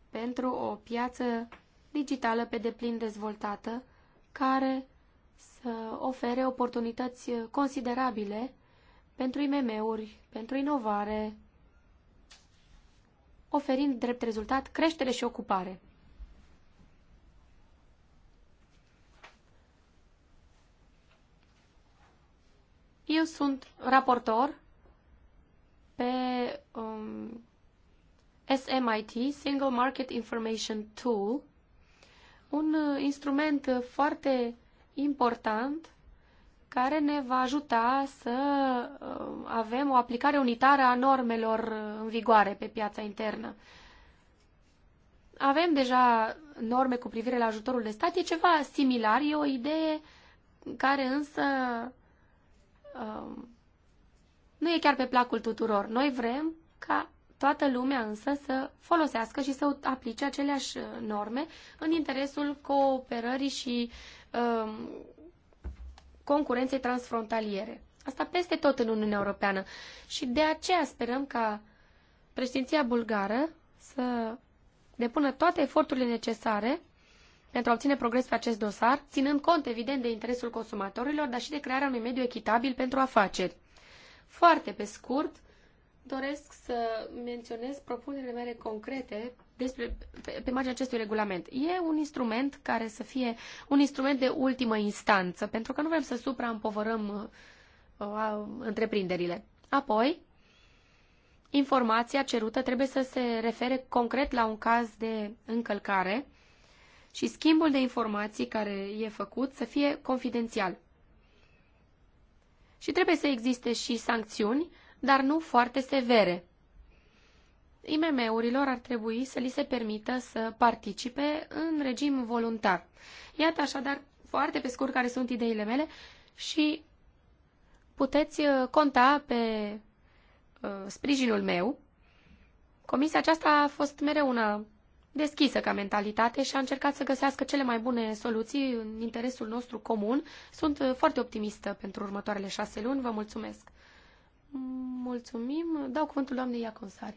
pentru o piață digitală pe deplin dezvoltată, care să ofere oportunități considerabile pentru IMM-uri, pentru inovare, oferind drept rezultat creștere și ocupare. Eu sunt raportor pe um, SMIT, Single Market Information Tool, un uh, instrument foarte important care ne va ajuta să uh, avem o aplicare unitară a normelor în vigoare pe piața internă. Avem deja norme cu privire la ajutorul de stat, e ceva similar, e o idee care însă uh, nu e chiar pe placul tuturor. Noi vrem ca toată lumea însă să folosească și să aplice aceleași uh, norme în interesul cooperării și um, concurenței transfrontaliere. Asta peste tot în Uniunea Europeană. Și de aceea sperăm ca președinția bulgară să depună toate eforturile necesare pentru a obține progres pe acest dosar, ținând cont, evident, de interesul consumatorilor, dar și de crearea unui mediu echitabil pentru afaceri. Foarte pe scurt, doresc să menționez propunerile mele concrete despre, pe, pe marginea acestui regulament. E un instrument care să fie un instrument de ultimă instanță, pentru că nu vrem să supraîmpovărăm uh, întreprinderile. Apoi, informația cerută trebuie să se refere concret la un caz de încălcare și schimbul de informații care e făcut să fie confidențial. Și trebuie să existe și sancțiuni dar nu foarte severe. IMM-urilor ar trebui să li se permită să participe în regim voluntar. Iată așadar foarte pe scurt care sunt ideile mele și puteți uh, conta pe uh, sprijinul meu. Comisia aceasta a fost mereu una deschisă ca mentalitate și a încercat să găsească cele mai bune soluții în interesul nostru comun. Sunt uh, foarte optimistă pentru următoarele șase luni. Vă mulțumesc! Mulțumim. Dau cuvântul doamnei Iaconsari.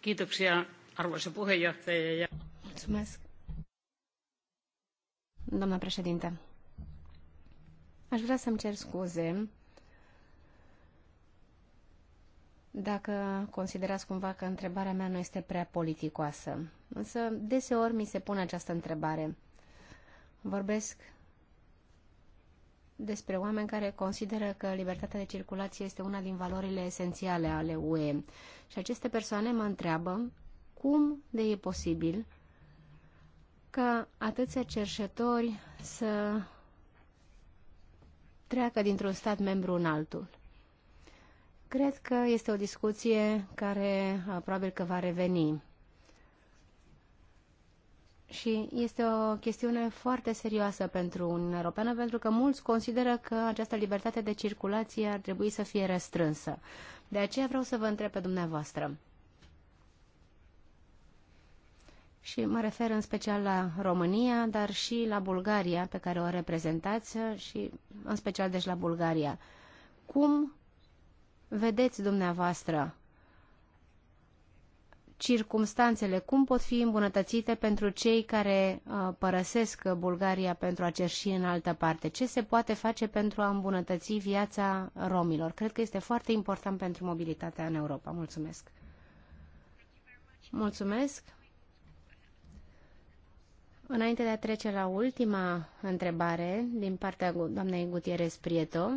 Kiitoksia, arvoisa puheenjohtaja. Mulțumesc. Doamna președinte, aș vrea să-mi cer scuze dacă considerați cumva că întrebarea mea nu este prea politicoasă. Însă, deseori mi se pune această întrebare. Vorbesc despre oameni care consideră că libertatea de circulație este una din valorile esențiale ale UE. Și aceste persoane mă întreabă cum de e posibil ca atâția cerșetori să treacă dintr-un stat membru în altul. Cred că este o discuție care uh, probabil că va reveni și este o chestiune foarte serioasă pentru Uniunea Europeană, pentru că mulți consideră că această libertate de circulație ar trebui să fie restrânsă. De aceea vreau să vă întreb pe dumneavoastră. Și mă refer în special la România, dar și la Bulgaria, pe care o reprezentați, și în special deci la Bulgaria. Cum vedeți dumneavoastră circumstanțele, cum pot fi îmbunătățite pentru cei care uh, părăsesc Bulgaria pentru a cerși în altă parte? Ce se poate face pentru a îmbunătăți viața romilor? Cred că este foarte important pentru mobilitatea în Europa. Mulțumesc! Mulțumesc! Înainte de a trece la ultima întrebare din partea doamnei Gutierrez Prieto,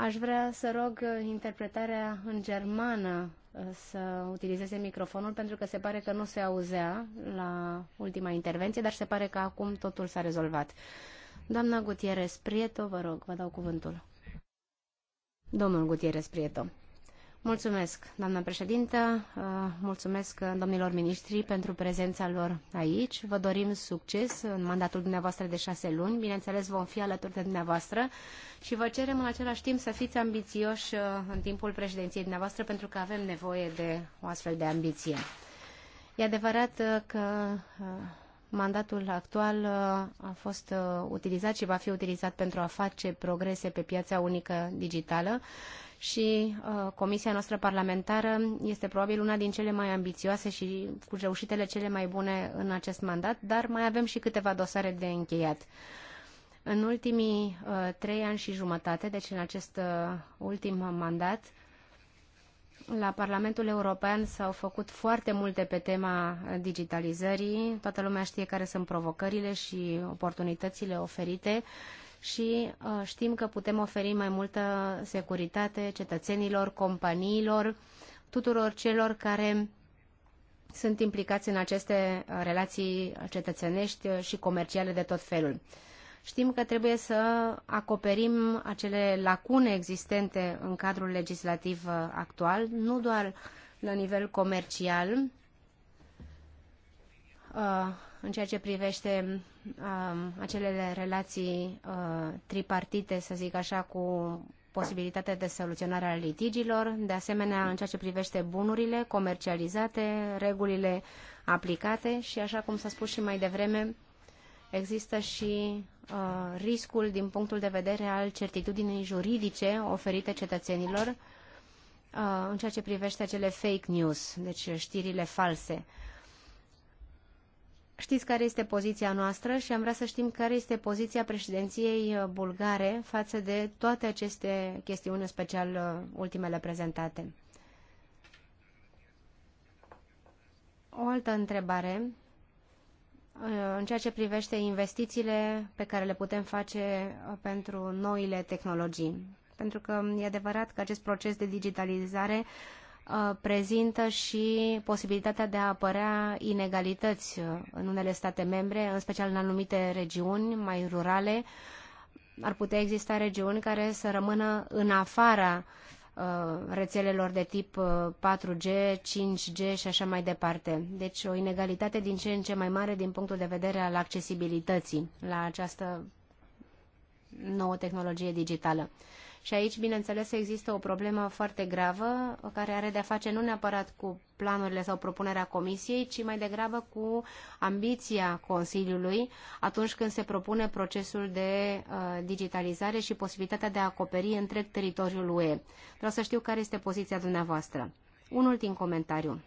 Aș vrea să rog uh, interpretarea în germană uh, să utilizeze microfonul pentru că se pare că nu se auzea la ultima intervenție, dar se pare că acum totul s-a rezolvat. Doamna Gutierrez Prieto, vă rog, vă dau cuvântul. Domnul Gutierrez Prieto. Mulțumesc, doamnă președintă, uh, mulțumesc uh, domnilor miniștri pentru prezența lor aici. Vă dorim succes în mandatul dumneavoastră de șase luni. Bineînțeles, vom fi alături de dumneavoastră și vă cerem în același timp să fiți ambițioși uh, în timpul președinției dumneavoastră pentru că avem nevoie de o astfel de ambiție. E adevărat că mandatul actual a fost utilizat și va fi utilizat pentru a face progrese pe piața unică digitală și uh, comisia noastră parlamentară este probabil una din cele mai ambițioase și cu reușitele cele mai bune în acest mandat, dar mai avem și câteva dosare de încheiat. În ultimii uh, trei ani și jumătate, deci în acest uh, ultim mandat, la Parlamentul European s-au făcut foarte multe pe tema digitalizării. Toată lumea știe care sunt provocările și oportunitățile oferite și uh, știm că putem oferi mai multă securitate cetățenilor, companiilor, tuturor celor care sunt implicați în aceste uh, relații cetățenești uh, și comerciale de tot felul. Știm că trebuie să acoperim acele lacune existente în cadrul legislativ actual, nu doar la nivel comercial, în ceea ce privește um, acele relații uh, tripartite, să zic așa, cu posibilitatea de soluționare a litigilor, de asemenea în ceea ce privește bunurile comercializate, regulile aplicate și, așa cum s-a spus și mai devreme, există și uh, riscul din punctul de vedere al certitudinii juridice oferite cetățenilor uh, în ceea ce privește acele fake news, deci știrile false. Uh, Știți care este poziția noastră și am vrea să știm care este poziția președinției uh, bulgare față de toate aceste chestiuni, în special uh, ultimele prezentate. O altă întrebare uh, în ceea ce privește investițiile pe care le putem face pentru noile tehnologii. Pentru că e adevărat că acest proces de digitalizare Uh, prezintă și posibilitatea de a apărea inegalități uh, în unele state membre, în special în anumite regiuni mai rurale. Ar putea exista regiuni care să rămână în afara uh, rețelelor de tip 4G, 5G și așa mai departe. Deci o inegalitate din ce în ce mai mare din punctul de vedere al accesibilității la această nouă tehnologie digitală. Și aici, bineînțeles, există o problemă foarte gravă care are de-a face nu neapărat cu planurile sau propunerea Comisiei, ci mai degrabă cu ambiția Consiliului atunci când se propune procesul de uh, digitalizare și posibilitatea de a acoperi întreg teritoriul UE. Vreau să știu care este poziția dumneavoastră. Un ultim comentariu.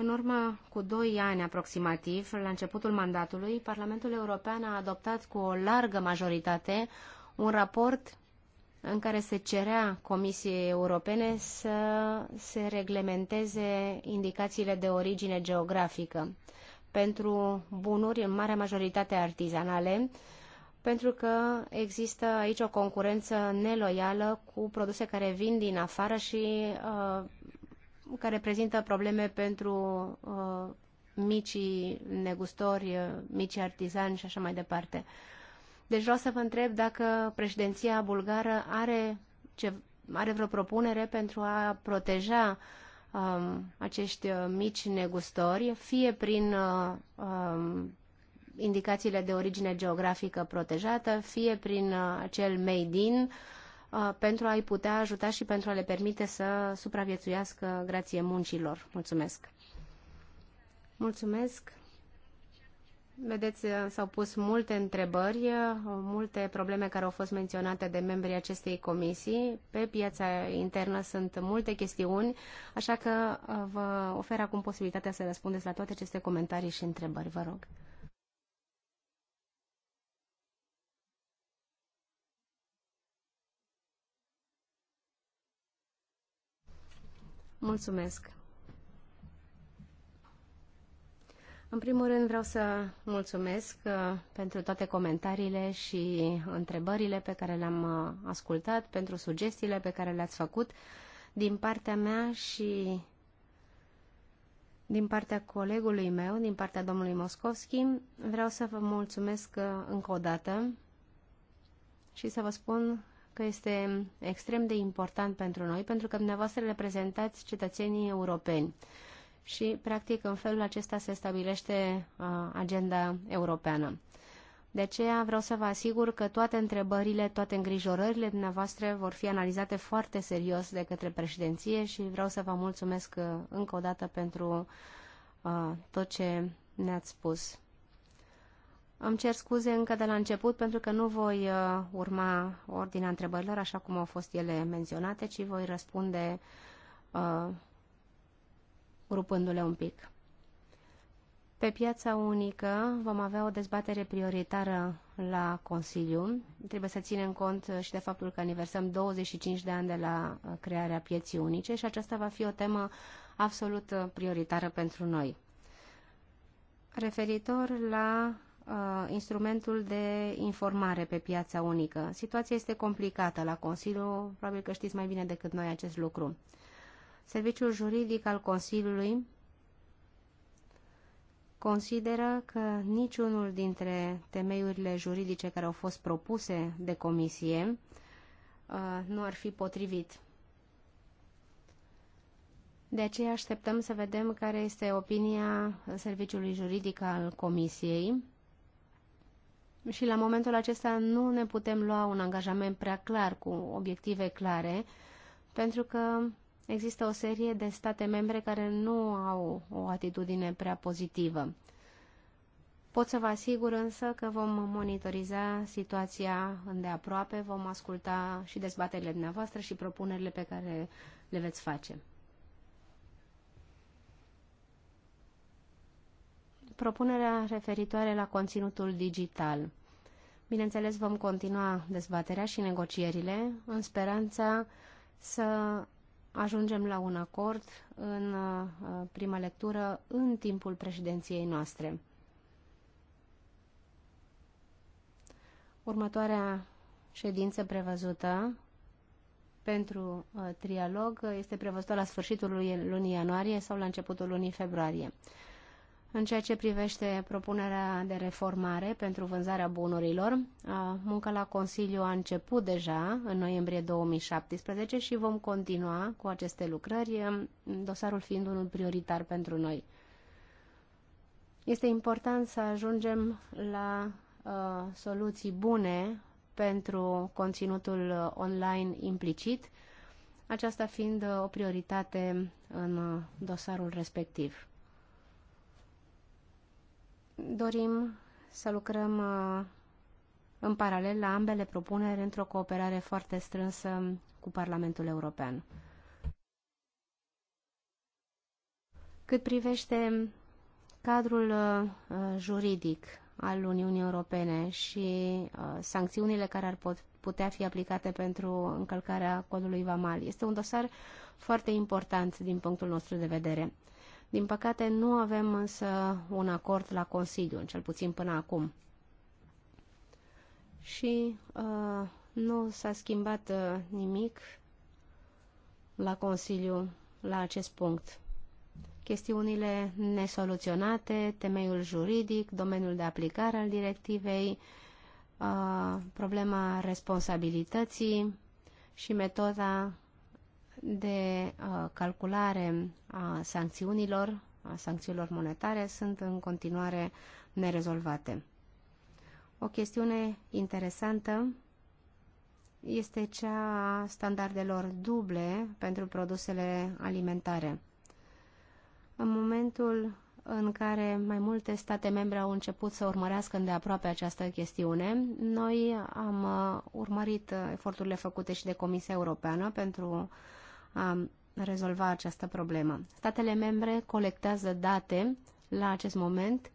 În urmă cu doi ani aproximativ, la începutul mandatului, Parlamentul European a adoptat cu o largă majoritate un raport în care se cerea Comisiei Europene să se reglementeze indicațiile de origine geografică pentru bunuri în marea majoritate artizanale, pentru că există aici o concurență neloială cu produse care vin din afară și uh, care prezintă probleme pentru uh, micii negustori, uh, micii artizani și așa mai departe. Deci vreau să vă întreb dacă președinția bulgară are, ce, are vreo propunere pentru a proteja um, acești uh, mici negustori, fie prin uh, um, indicațiile de origine geografică protejată, fie prin uh, acel made in, uh, Uh, pentru a-i putea ajuta și pentru a le permite să supraviețuiască grație muncilor. Mulțumesc! Mulțumesc! Vedeți, uh, s-au pus multe întrebări, uh, multe probleme care au fost menționate de membrii acestei comisii. Pe piața internă sunt multe chestiuni, așa că vă ofer acum posibilitatea să răspundeți la toate aceste comentarii și întrebări. Vă rog. Mulțumesc! În primul rând vreau să mulțumesc uh, pentru toate comentariile și întrebările pe care le-am uh, ascultat, pentru sugestiile pe care le-ați făcut din partea mea și din partea colegului meu, din partea domnului Moscovski. Vreau să vă mulțumesc uh, încă o dată și să vă spun că este extrem de important pentru noi, pentru că dumneavoastră reprezentați cetățenii europeni. Și, practic, în felul acesta se stabilește uh, agenda europeană. De aceea vreau să vă asigur că toate întrebările, toate îngrijorările dumneavoastră vor fi analizate foarte serios de către președinție și vreau să vă mulțumesc uh, încă o dată pentru uh, tot ce ne-ați spus. Îmi cer scuze încă de la început pentru că nu voi uh, urma ordinea întrebărilor așa cum au fost ele menționate, ci voi răspunde uh, grupându-le un pic. Pe piața unică vom avea o dezbatere prioritară la Consiliu. Trebuie să ținem cont și de faptul că aniversăm 25 de ani de la uh, crearea pieții unice și aceasta va fi o temă absolut uh, prioritară pentru noi. Referitor la Uh, instrumentul de informare pe piața unică. Situația este complicată la Consiliu, probabil că știți mai bine decât noi acest lucru. Serviciul juridic al Consiliului consideră că niciunul dintre temeiurile juridice care au fost propuse de comisie uh, nu ar fi potrivit. De aceea așteptăm să vedem care este opinia serviciului juridic al comisiei și la momentul acesta nu ne putem lua un angajament prea clar cu obiective clare, pentru că există o serie de state membre care nu au o atitudine prea pozitivă. Pot să vă asigur însă că vom monitoriza situația îndeaproape, vom asculta și dezbaterile dumneavoastră și propunerile pe care le veți face. Propunerea referitoare la conținutul digital. Bineînțeles, vom continua dezbaterea și negocierile în speranța să ajungem la un acord în uh, prima lectură în timpul președinției noastre. Următoarea ședință prevăzută pentru uh, trialog este prevăzută la sfârșitul lunii ianuarie sau la începutul lunii februarie. În ceea ce privește propunerea de reformare pentru vânzarea bunurilor, munca la Consiliu a început deja în noiembrie 2017 și vom continua cu aceste lucrări, dosarul fiind unul prioritar pentru noi. Este important să ajungem la uh, soluții bune pentru conținutul online implicit, aceasta fiind o prioritate în dosarul respectiv dorim să lucrăm uh, în paralel la ambele propuneri într-o cooperare foarte strânsă cu Parlamentul European. Cât privește cadrul uh, juridic al Uniunii Europene și uh, sancțiunile care ar pot, putea fi aplicate pentru încălcarea codului VAMAL, este un dosar foarte important din punctul nostru de vedere. Din păcate, nu avem însă un acord la Consiliu, cel puțin până acum. Și uh, nu s-a schimbat uh, nimic la Consiliu la acest punct. Chestiunile nesoluționate, temeiul juridic, domeniul de aplicare al directivei, uh, problema responsabilității și metoda de uh, calculare a sancțiunilor, a sancțiunilor monetare, sunt în continuare nerezolvate. O chestiune interesantă este cea a standardelor duble pentru produsele alimentare. În momentul în care mai multe state membre au început să urmărească îndeaproape această chestiune. Noi am uh, urmărit uh, eforturile făcute și de Comisia Europeană pentru a rezolva această problemă. Statele membre colectează date la acest moment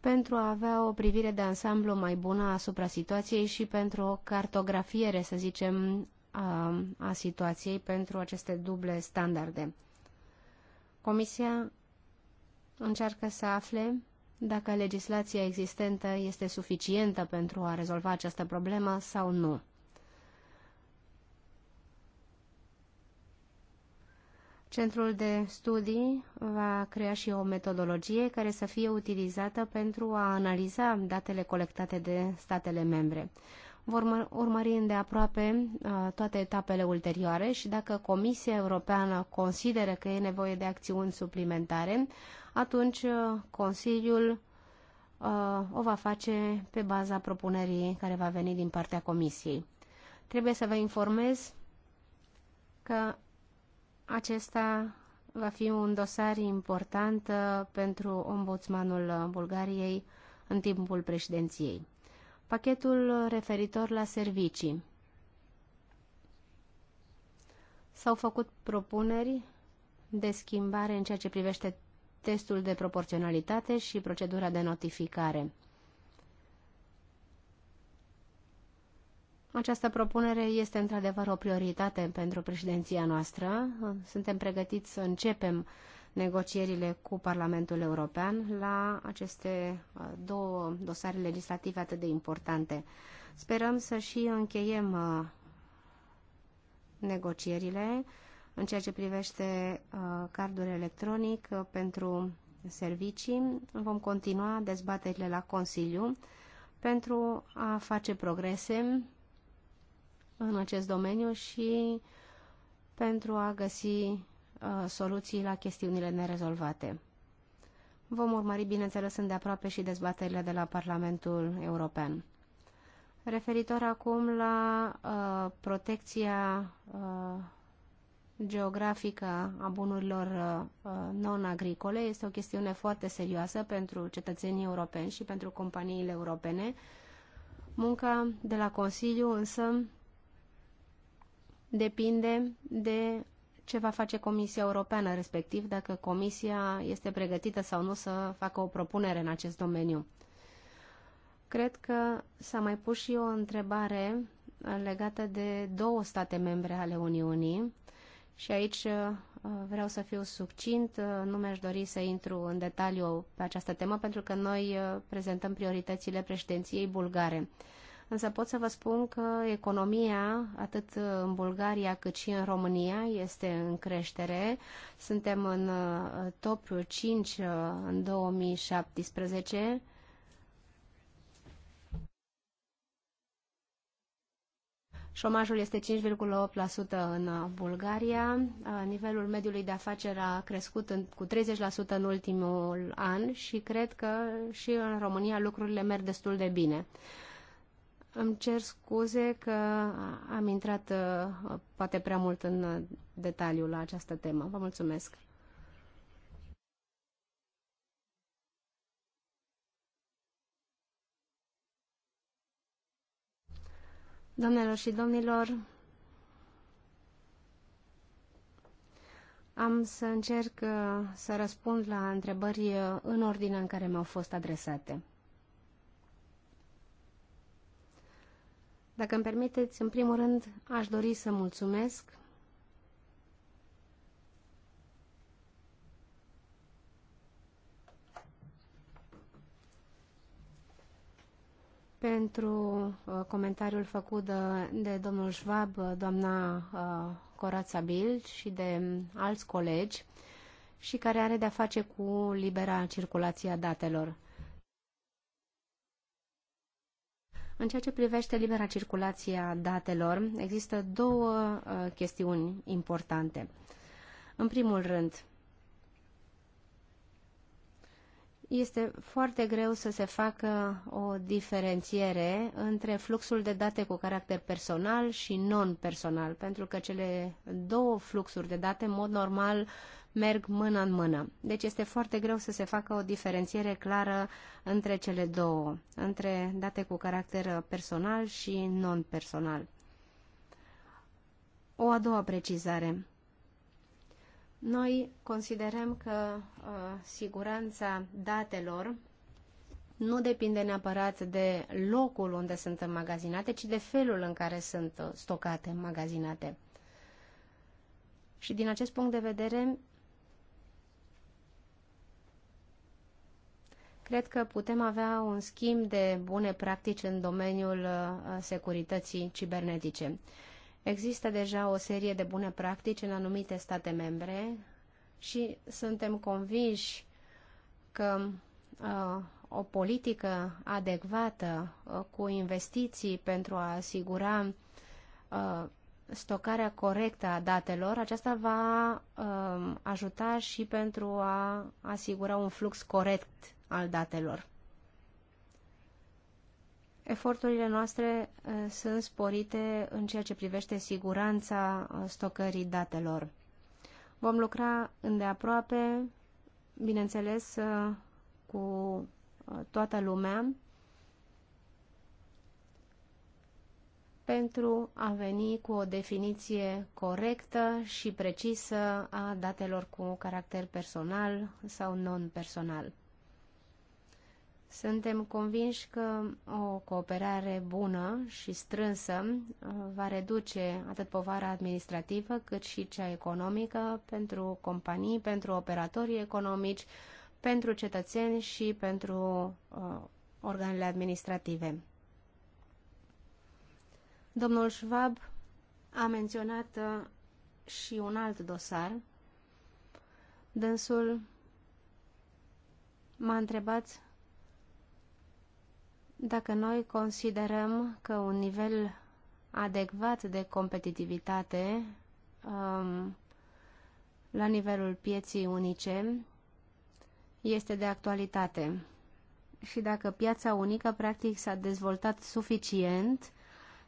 pentru a avea o privire de ansamblu mai bună asupra situației și pentru o cartografiere, să zicem, a, a situației pentru aceste duble standarde. Comisia încearcă să afle dacă legislația existentă este suficientă pentru a rezolva această problemă sau nu. Centrul de studii va crea și o metodologie care să fie utilizată pentru a analiza datele colectate de statele membre. Vor urmări îndeaproape uh, toate etapele ulterioare și dacă Comisia Europeană consideră că e nevoie de acțiuni suplimentare, atunci uh, Consiliul uh, o va face pe baza propunerii care va veni din partea Comisiei. Trebuie să vă informez că acesta va fi un dosar important uh, pentru ombudsmanul Bulgariei în timpul președinției. Pachetul referitor la servicii. S-au făcut propuneri de schimbare în ceea ce privește testul de proporționalitate și procedura de notificare. Această propunere este într-adevăr o prioritate pentru președinția noastră. Suntem pregătiți să începem negocierile cu Parlamentul European la aceste uh, două dosare legislative atât de importante. Sperăm să și încheiem uh, negocierile în ceea ce privește uh, cardul electronic pentru servicii. Vom continua dezbaterile la Consiliu pentru a face progrese în acest domeniu și pentru a găsi uh, soluții la chestiunile nerezolvate. Vom urmări, bineînțeles, îndeaproape și dezbaterile de la Parlamentul European. Referitor acum la uh, protecția uh, geografică a bunurilor uh, uh non-agricole, este o chestiune foarte serioasă pentru cetățenii europeni și pentru companiile europene. Munca de la Consiliu însă depinde de ce va face Comisia Europeană, respectiv dacă Comisia este pregătită sau nu să facă o propunere în acest domeniu. Cred că s-a mai pus și o întrebare legată de două state membre ale Uniunii și aici uh, vreau să fiu succint, uh, nu mi-aș dori să intru în detaliu pe această temă pentru că noi uh, prezentăm prioritățile președinției bulgare însă pot să vă spun că economia, atât în Bulgaria cât și în România, este în creștere. Suntem în uh, top 5 uh, în 2017. Șomajul este 5,8% în uh, Bulgaria. Nivelul mediului de afaceri a crescut în, cu 30% în ultimul an și cred că și în România lucrurile merg destul de bine. Îmi cer scuze că am intrat uh, poate prea mult în uh, detaliu la această temă. Vă mulțumesc! Domnilor și domnilor, am să încerc uh, să răspund la întrebări în ordinea în care mi-au fost adresate. Dacă îmi permiteți, în primul rând, aș dori să mulțumesc pentru uh, comentariul făcut de, de domnul Schwab, uh, doamna uh, Corața Bil și de um, alți colegi și care are de-a face cu libera circulație a datelor. În ceea ce privește libera circulație a datelor, există două uh, chestiuni importante. În primul rând, este foarte greu să se facă o diferențiere între fluxul de date cu caracter personal și non-personal, pentru că cele două fluxuri de date, în mod normal, merg mână în mână. Deci este foarte greu să se facă o diferențiere clară între cele două, între date cu caracter personal și non-personal. O a doua precizare. Noi considerăm că uh, siguranța datelor nu depinde neapărat de locul unde sunt înmagazinate, ci de felul în care sunt uh, stocate, magazinate. Și din acest punct de vedere, Cred că putem avea un schimb de bune practici în domeniul uh, securității cibernetice. Există deja o serie de bune practici în anumite state membre și suntem convinși că uh, o politică adecvată uh, cu investiții pentru a asigura uh, stocarea corectă a datelor, aceasta va uh, ajuta și pentru a asigura un flux corect al datelor. Eforturile noastre uh, sunt sporite în ceea ce privește siguranța uh, stocării datelor. Vom lucra îndeaproape, bineînțeles, uh, cu uh, toată lumea pentru a veni cu o definiție corectă și precisă a datelor cu caracter personal sau non-personal. Suntem convinși că o cooperare bună și strânsă uh, va reduce atât povara administrativă cât și cea economică pentru companii, pentru operatorii economici, pentru cetățeni și pentru uh, organele administrative. Domnul Schwab a menționat uh, și un alt dosar. Dânsul m-a întrebat dacă noi considerăm că un nivel adecvat de competitivitate um, la nivelul pieții unice este de actualitate și dacă piața unică practic s-a dezvoltat suficient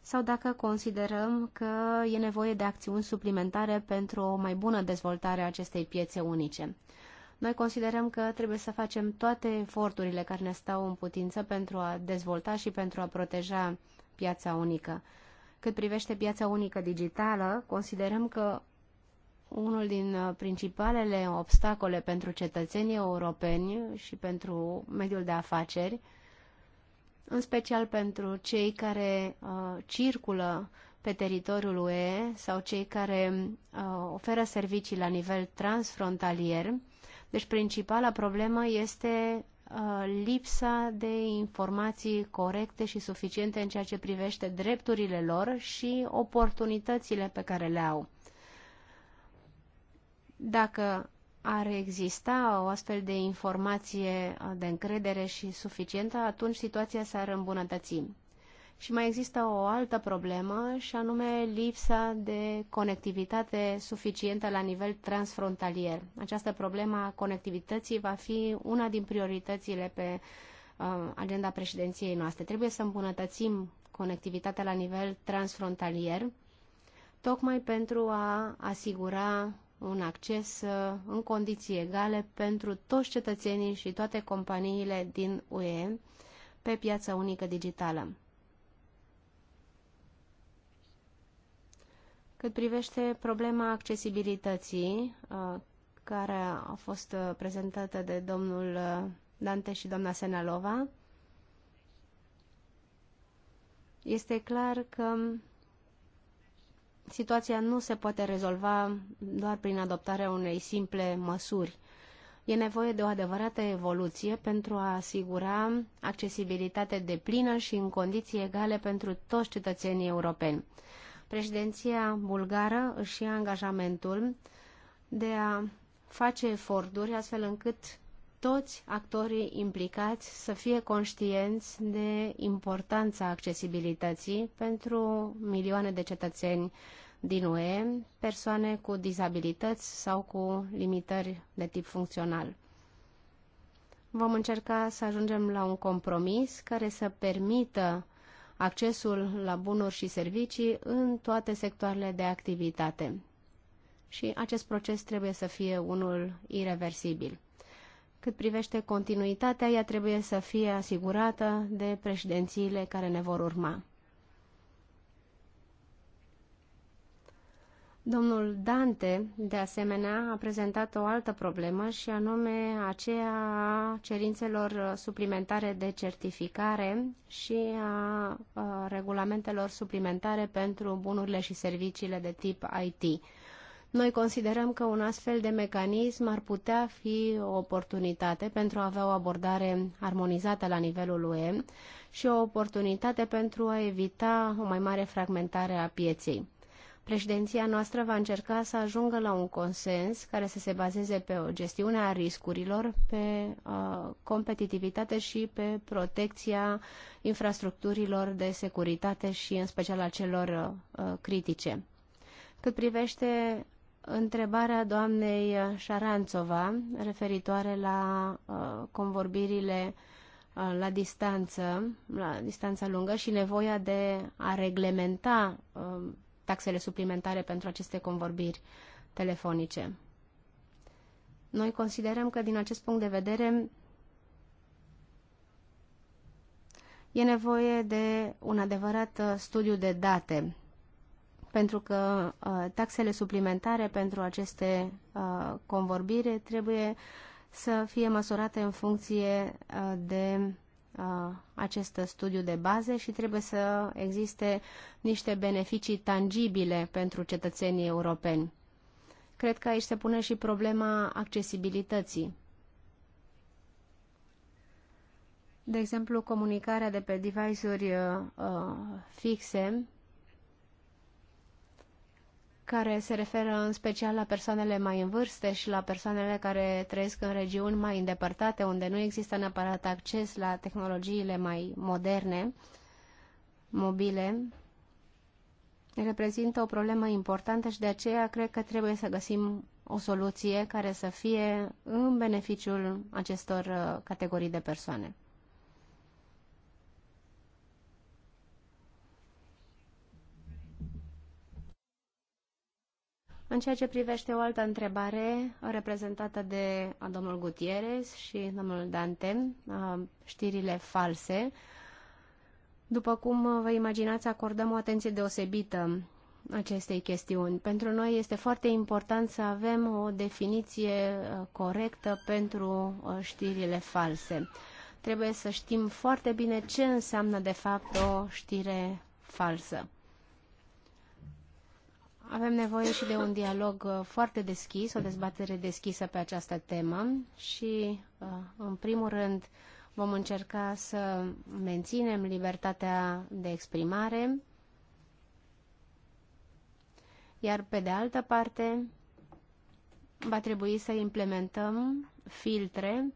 sau dacă considerăm că e nevoie de acțiuni suplimentare pentru o mai bună dezvoltare a acestei piețe unice. Noi considerăm că trebuie să facem toate eforturile care ne stau în putință pentru a dezvolta și pentru a proteja piața unică. Cât privește piața unică digitală, considerăm că unul din uh, principalele obstacole pentru cetățenii europeni și pentru mediul de afaceri în special pentru cei care uh, circulă pe teritoriul UE sau cei care uh, oferă servicii la nivel transfrontalier. Deci principala problemă este uh, lipsa de informații corecte și suficiente în ceea ce privește drepturile lor și oportunitățile pe care le au. Dacă ar exista o astfel de informație uh, de încredere și suficientă, atunci situația s-ar îmbunătăți. Și mai există o altă problemă și anume lipsa de conectivitate suficientă la nivel transfrontalier. Această problemă a conectivității va fi una din prioritățile pe uh, agenda președinției noastre. Trebuie să îmbunătățim conectivitatea la nivel transfrontalier, tocmai pentru a asigura un acces uh, în condiții egale pentru toți cetățenii și toate companiile din UE pe piața unică digitală. Cât privește problema accesibilității, uh, care a fost uh, prezentată de domnul Dante și doamna Senalova, este clar că situația nu se poate rezolva doar prin adoptarea unei simple măsuri. E nevoie de o adevărată evoluție pentru a asigura accesibilitate de plină și în condiții egale pentru toți cetățenii europeni. Președinția bulgară își ia angajamentul de a face eforturi astfel încât toți actorii implicați să fie conștienți de importanța accesibilității pentru milioane de cetățeni din UE, persoane cu dizabilități sau cu limitări de tip funcțional. Vom încerca să ajungem la un compromis care să permită accesul la bunuri și servicii în toate sectoarele de activitate. Și acest proces trebuie să fie unul irreversibil. Cât privește continuitatea, ea trebuie să fie asigurată de președințiile care ne vor urma. Domnul Dante, de asemenea, a prezentat o altă problemă și anume aceea a cerințelor suplimentare de certificare și a, a regulamentelor suplimentare pentru bunurile și serviciile de tip IT. Noi considerăm că un astfel de mecanism ar putea fi o oportunitate pentru a avea o abordare armonizată la nivelul UE și o oportunitate pentru a evita o mai mare fragmentare a pieței. Președinția noastră va încerca să ajungă la un consens care să se bazeze pe o gestiune a riscurilor, pe uh, competitivitate și pe protecția infrastructurilor de securitate și în special a celor uh, critice. Cât privește întrebarea doamnei Șaranțova referitoare la uh, convorbirile uh, la distanță, la distanța lungă și nevoia de a reglementa uh, taxele suplimentare pentru aceste convorbiri telefonice. Noi considerăm că din acest punct de vedere e nevoie de un adevărat uh, studiu de date, pentru că uh, taxele suplimentare pentru aceste uh, convorbiri trebuie să fie măsurate în funcție de Uh, acest studiu de bază și trebuie să existe niște beneficii tangibile pentru cetățenii europeni. Cred că aici se pune și problema accesibilității. De exemplu, comunicarea de pe device-uri uh, uh fixe care se referă în special la persoanele mai în vârstă și la persoanele care trăiesc în regiuni mai îndepărtate, unde nu există neapărat acces la tehnologiile mai moderne, mobile, reprezintă o problemă importantă și de aceea cred că trebuie să găsim o soluție care să fie în beneficiul acestor uh, categorii de persoane. În ceea ce privește o altă întrebare reprezentată de domnul Gutierrez și domnul Dante, știrile false, după cum vă imaginați, acordăm o atenție deosebită acestei chestiuni. Pentru noi este foarte important să avem o definiție corectă pentru știrile false. Trebuie să știm foarte bine ce înseamnă de fapt o știre falsă. Avem nevoie și de un dialog uh, foarte deschis, o dezbatere deschisă pe această temă și, uh, în primul rând, vom încerca să menținem libertatea de exprimare, iar, pe de altă parte, va trebui să implementăm filtre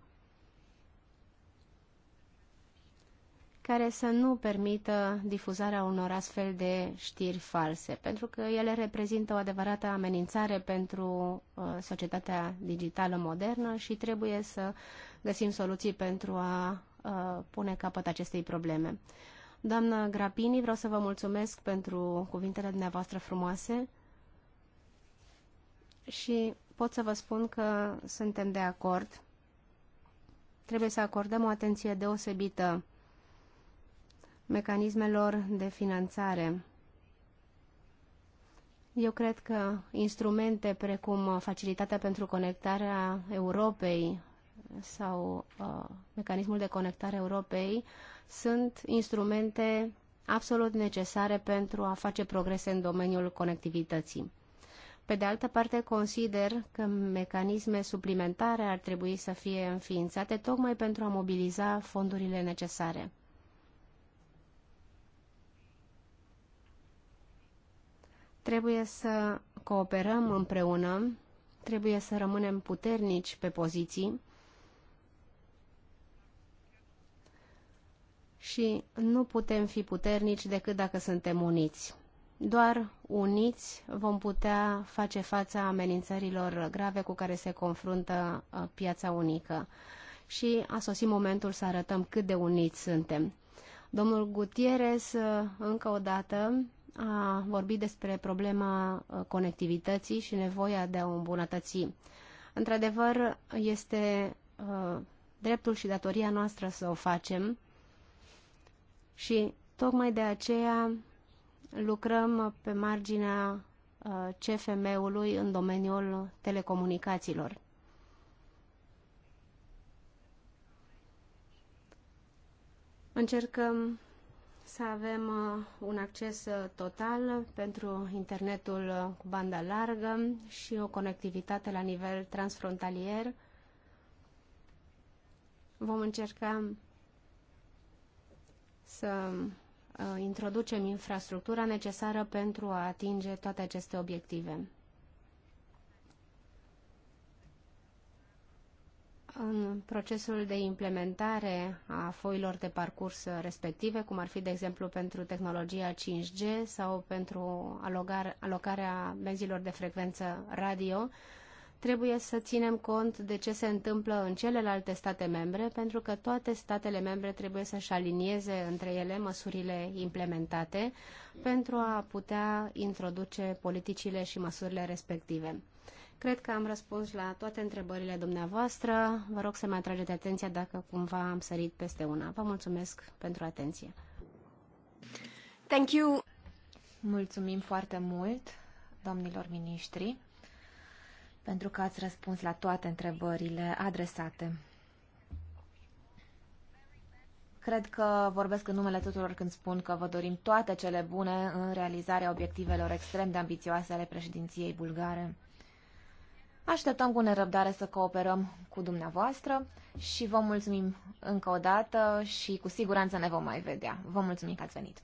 care să nu permită difuzarea unor astfel de știri false, pentru că ele reprezintă o adevărată amenințare pentru uh, societatea digitală modernă și trebuie să găsim soluții pentru a uh, pune capăt acestei probleme. Doamnă Grapini, vreau să vă mulțumesc pentru cuvintele dumneavoastră frumoase și pot să vă spun că suntem de acord. Trebuie să acordăm o atenție deosebită mecanismelor de finanțare. Eu cred că instrumente precum uh, Facilitatea pentru Conectarea Europei sau uh, Mecanismul de Conectare Europei sunt instrumente absolut necesare pentru a face progrese în domeniul conectivității. Pe de altă parte, consider că mecanisme suplimentare ar trebui să fie înființate tocmai pentru a mobiliza fondurile necesare. Trebuie să cooperăm împreună, trebuie să rămânem puternici pe poziții și nu putem fi puternici decât dacă suntem uniți. Doar uniți vom putea face fața amenințărilor grave cu care se confruntă uh, piața unică. Și a sosit momentul să arătăm cât de uniți suntem. Domnul Gutierrez, uh, încă o dată, a vorbit despre problema uh, conectivității și nevoia de a o îmbunătăți. Într-adevăr, este uh, dreptul și datoria noastră să o facem și tocmai de aceea lucrăm pe marginea uh, CFM-ului în domeniul telecomunicațiilor. Încercăm să avem uh, un acces uh, total pentru internetul uh, cu banda largă și o conectivitate la nivel transfrontalier. Vom încerca să introducem infrastructura necesară pentru a atinge toate aceste obiective. în procesul de implementare a foilor de parcurs respective, cum ar fi, de exemplu, pentru tehnologia 5G sau pentru alocarea benzilor de frecvență radio, trebuie să ținem cont de ce se întâmplă în celelalte state membre, pentru că toate statele membre trebuie să-și alinieze între ele măsurile implementate pentru a putea introduce politicile și măsurile respective. Cred că am răspuns la toate întrebările dumneavoastră. Vă rog să mă atrageți atenția dacă cumva am sărit peste una. Vă mulțumesc pentru atenție. Thank you. Mulțumim foarte mult, domnilor miniștri, pentru că ați răspuns la toate întrebările adresate. Cred că vorbesc în numele tuturor când spun că vă dorim toate cele bune în realizarea obiectivelor extrem de ambițioase ale președinției bulgare. Așteptăm cu nerăbdare să cooperăm cu dumneavoastră și vă mulțumim încă o dată și cu siguranță ne vom mai vedea. Vă mulțumim că ați venit!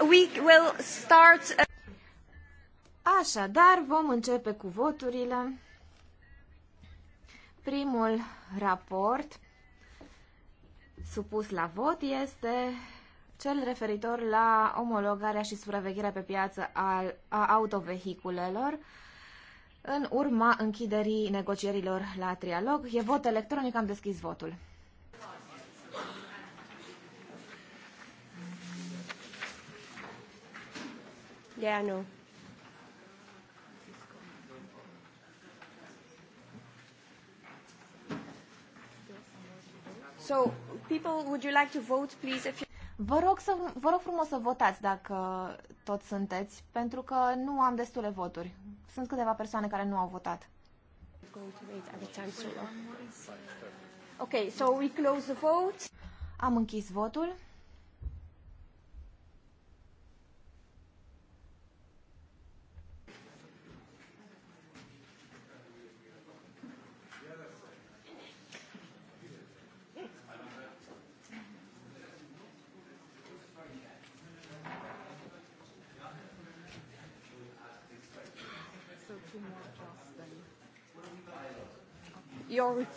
we will start... Uh, Așadar, vom începe cu voturile. Primul raport supus la vot este cel referitor la omologarea și supravegherea pe piață al, a autovehiculelor în urma închiderii negocierilor la trialog. E vot electronic, am deschis votul. Yeah, nu. So, people, would you like to vote, please? If you... Vă rog, să, vă rog frumos să votați dacă tot sunteți, pentru că nu am destule voturi. Sunt câteva persoane care nu au votat. Ok, so we close the vote. Am închis votul.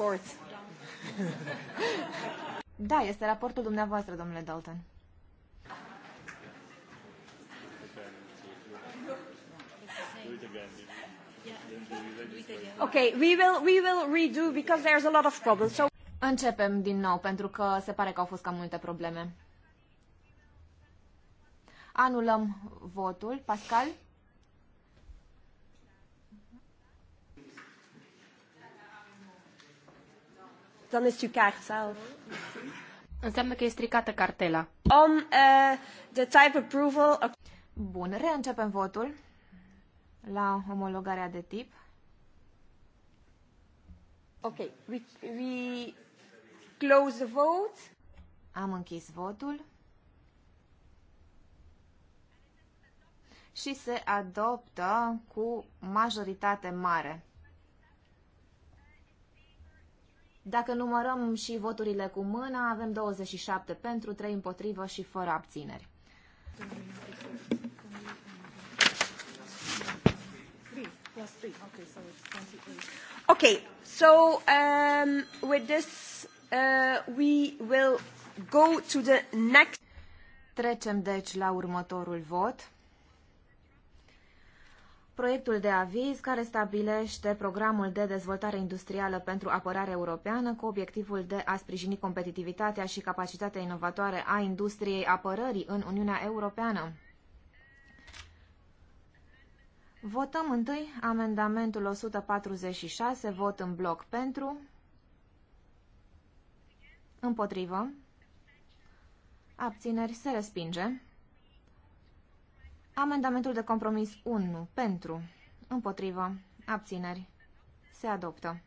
report. da, este raportul dumneavoastră, domnule Dalton. Okay, we will we will redo because there's a lot of problems. So Începem din nou pentru că se pare că au fost cam multe probleme. Anulăm votul. Pascal? Dan is uw kaart zelf. Înseamnă că e stricată cartela. On uh, eh, the type approval... Of... Bun, reîncepem votul la homologarea de tip. Ok, we, we close the vote. Am închis votul. Și se adoptă cu majoritate mare. Dacă numărăm și voturile cu mâna, avem 27 pentru, 3 împotrivă și fără abțineri. Okay, so um, with this uh, we will go to the next. Trecem deci la următorul vot proiectul de aviz care stabilește programul de dezvoltare industrială pentru apărare europeană cu obiectivul de a sprijini competitivitatea și capacitatea inovatoare a industriei apărării în Uniunea Europeană. Votăm întâi amendamentul 146, vot în bloc pentru, împotrivă, abțineri se respinge. Amendamentul de compromis 1. Pentru. Împotrivă. Abțineri. Se adoptă.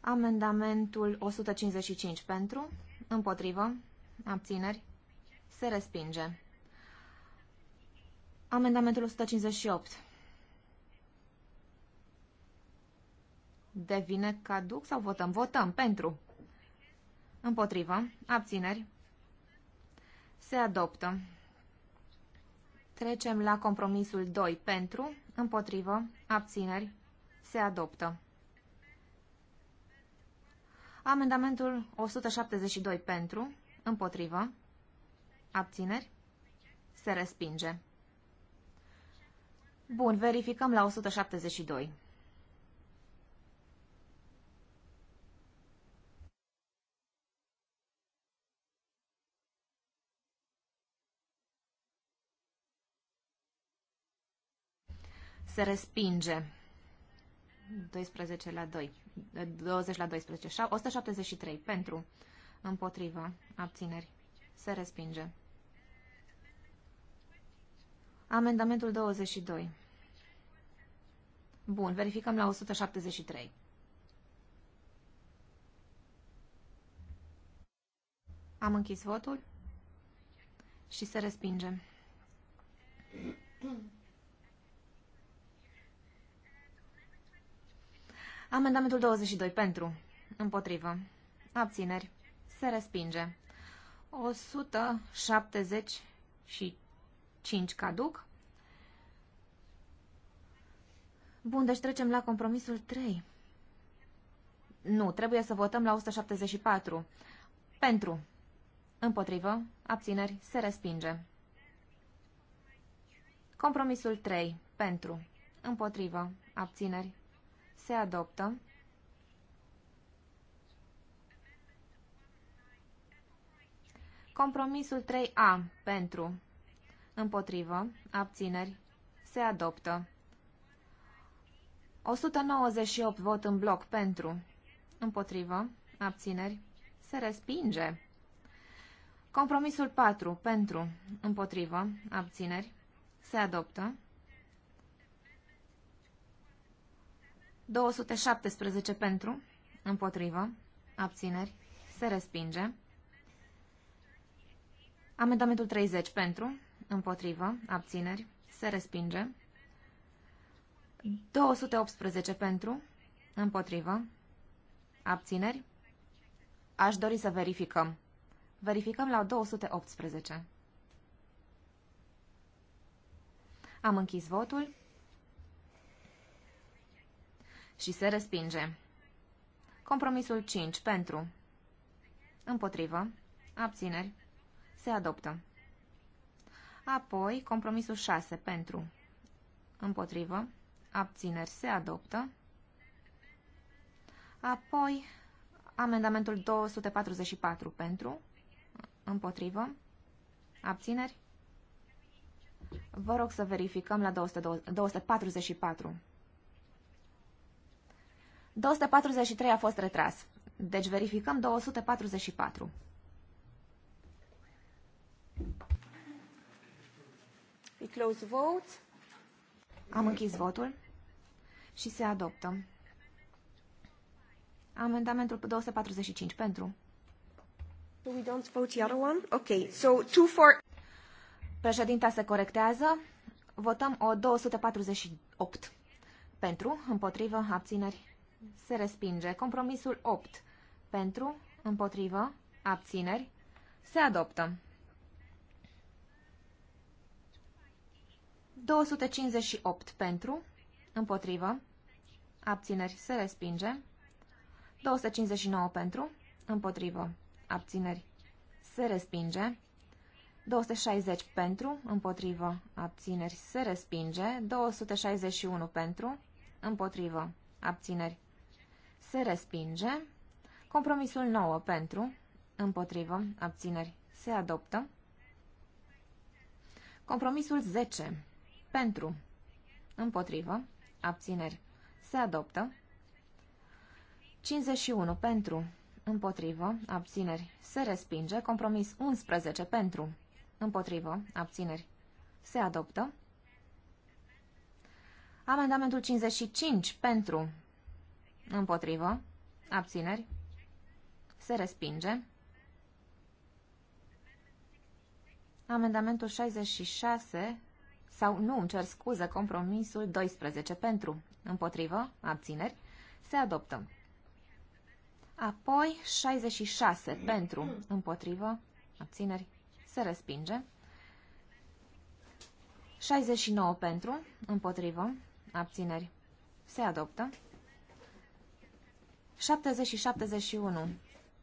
Amendamentul 155. Pentru. Împotrivă. Abțineri. Se respinge. Amendamentul 158. Devine caduc sau votăm? Votăm. Pentru. Împotrivă. Abțineri. Se adoptă. Trecem la compromisul 2. Pentru, împotrivă, abțineri, se adoptă. Amendamentul 172 pentru, împotrivă, abțineri, se respinge. Bun, verificăm la 172. Se respinge. 12 la 2. 20 la 12. 173 pentru. Împotriva. Abțineri. Se respinge. Amendamentul 22. Bun, verificăm la 173. Am închis votul și se respinge. Amendamentul 22 pentru. Împotrivă. Abțineri. Se respinge. 175 caduc. Bun, deci trecem la compromisul 3. Nu, trebuie să votăm la 174. Pentru. Împotrivă. Abțineri. Se respinge. Compromisul 3. Pentru. Împotrivă. Abțineri se adoptă. Compromisul 3A pentru împotrivă abțineri se adoptă. 198 vot în bloc pentru împotrivă abțineri se respinge. Compromisul 4 pentru împotrivă abțineri se adoptă. 217 pentru, împotrivă, abțineri, se respinge. Amendamentul 30 pentru, împotrivă, abțineri, se respinge. 218 pentru, împotrivă, abțineri. Aș dori să verificăm. Verificăm la 218. Am închis votul și se respinge. Compromisul 5 pentru împotrivă abțineri se adoptă. Apoi, compromisul 6 pentru împotrivă abțineri se adoptă. Apoi, amendamentul 244 pentru împotrivă abțineri Vă rog să verificăm la 200, 244. 243 a fost retras. Deci verificăm 244. We close vote. Am închis votul și se adoptă. Amendamentul 245 pentru. So we don't vote the other one? Okay. So two for... Președinta se corectează. Votăm o 248 pentru, împotrivă, abțineri, se respinge. Compromisul 8 pentru, împotrivă, abțineri, se adoptă. 258 pentru, împotrivă, abțineri, se respinge. 259 pentru, împotrivă, abțineri, se respinge. 260 pentru, împotrivă, abțineri, se respinge. 261 pentru, împotrivă, abțineri, se respinge. Compromisul 9 pentru, împotrivă, abțineri, se adoptă. Compromisul 10 pentru, împotrivă, abțineri, se adoptă. 51 pentru, împotrivă, abțineri, se respinge. Compromis 11 pentru, împotrivă, abțineri, se adoptă. Amendamentul 55 pentru, Împotrivă. Abțineri. Se respinge. Amendamentul 66 sau nu, îmi cer scuză, compromisul 12 pentru. Împotrivă. Abțineri. Se adoptă. Apoi 66 pentru. Împotrivă. Abțineri. Se respinge. 69 pentru. Împotrivă. Abțineri. Se adoptă. 70 și 71.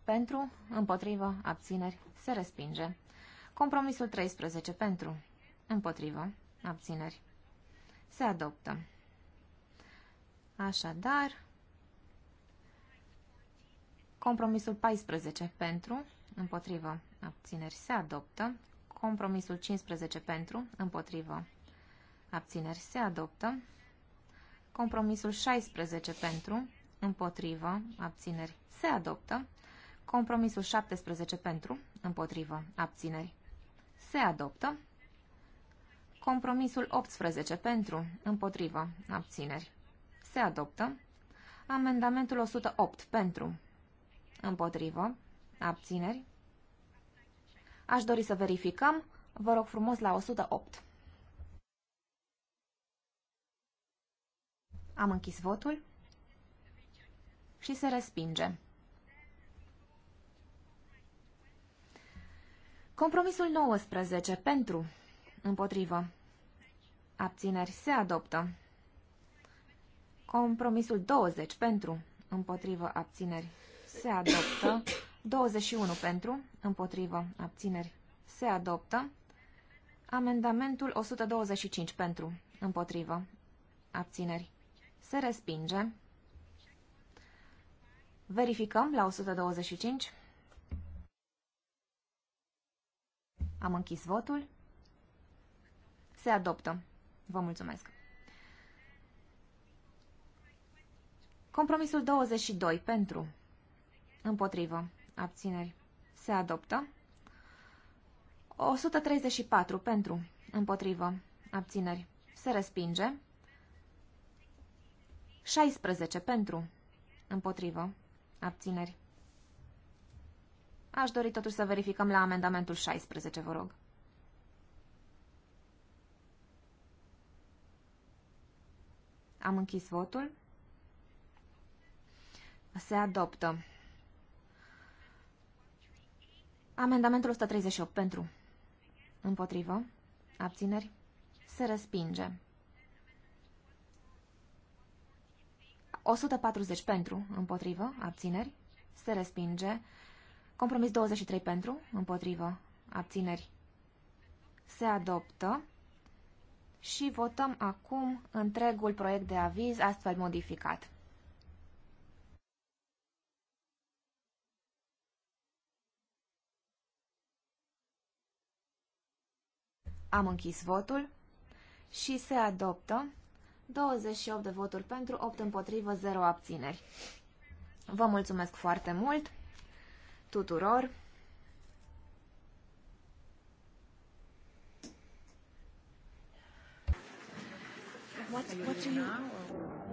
Pentru, împotrivă, abțineri, se respinge. Compromisul 13. Pentru, împotrivă, abțineri, se adoptă. Așadar, compromisul 14. Pentru, împotrivă, abțineri, se adoptă. Compromisul 15. Pentru, împotrivă, abțineri, se adoptă. Compromisul 16. Pentru, împotrivă, abțineri, se adoptă. Compromisul 17 pentru, împotrivă, abțineri, se adoptă. Compromisul 18 pentru, împotrivă, abțineri, se adoptă. Amendamentul 108 pentru, împotrivă, abțineri. Aș dori să verificăm. Vă rog frumos la 108. Am închis votul și se respinge. Compromisul 19. Pentru. Împotrivă. Abțineri. Se adoptă. Compromisul 20. Pentru. Împotrivă. Abțineri. Se adoptă. 21. Pentru. Împotrivă. Abțineri. Se adoptă. Amendamentul 125. Pentru. Împotrivă. Abțineri. Se respinge. Verificăm la 125. Am închis votul. Se adoptă. Vă mulțumesc. Compromisul 22 pentru. Împotrivă. Abțineri. Se adoptă. 134 pentru. Împotrivă. Abțineri. Se respinge. 16 pentru. Împotrivă. Abțineri. Aș dori totuși să verificăm la amendamentul 16, vă rog. Am închis votul. Se adoptă. Amendamentul 138 pentru. Împotrivă. Abțineri. Se respinge. 140 pentru, împotrivă, abțineri, se respinge. Compromis 23 pentru, împotrivă, abțineri, se adoptă. Și votăm acum întregul proiect de aviz astfel modificat. Am închis votul și se adoptă 28 de voturi pentru, 8 împotrivă, 0 abțineri. Vă mulțumesc foarte mult tuturor! What, what do you...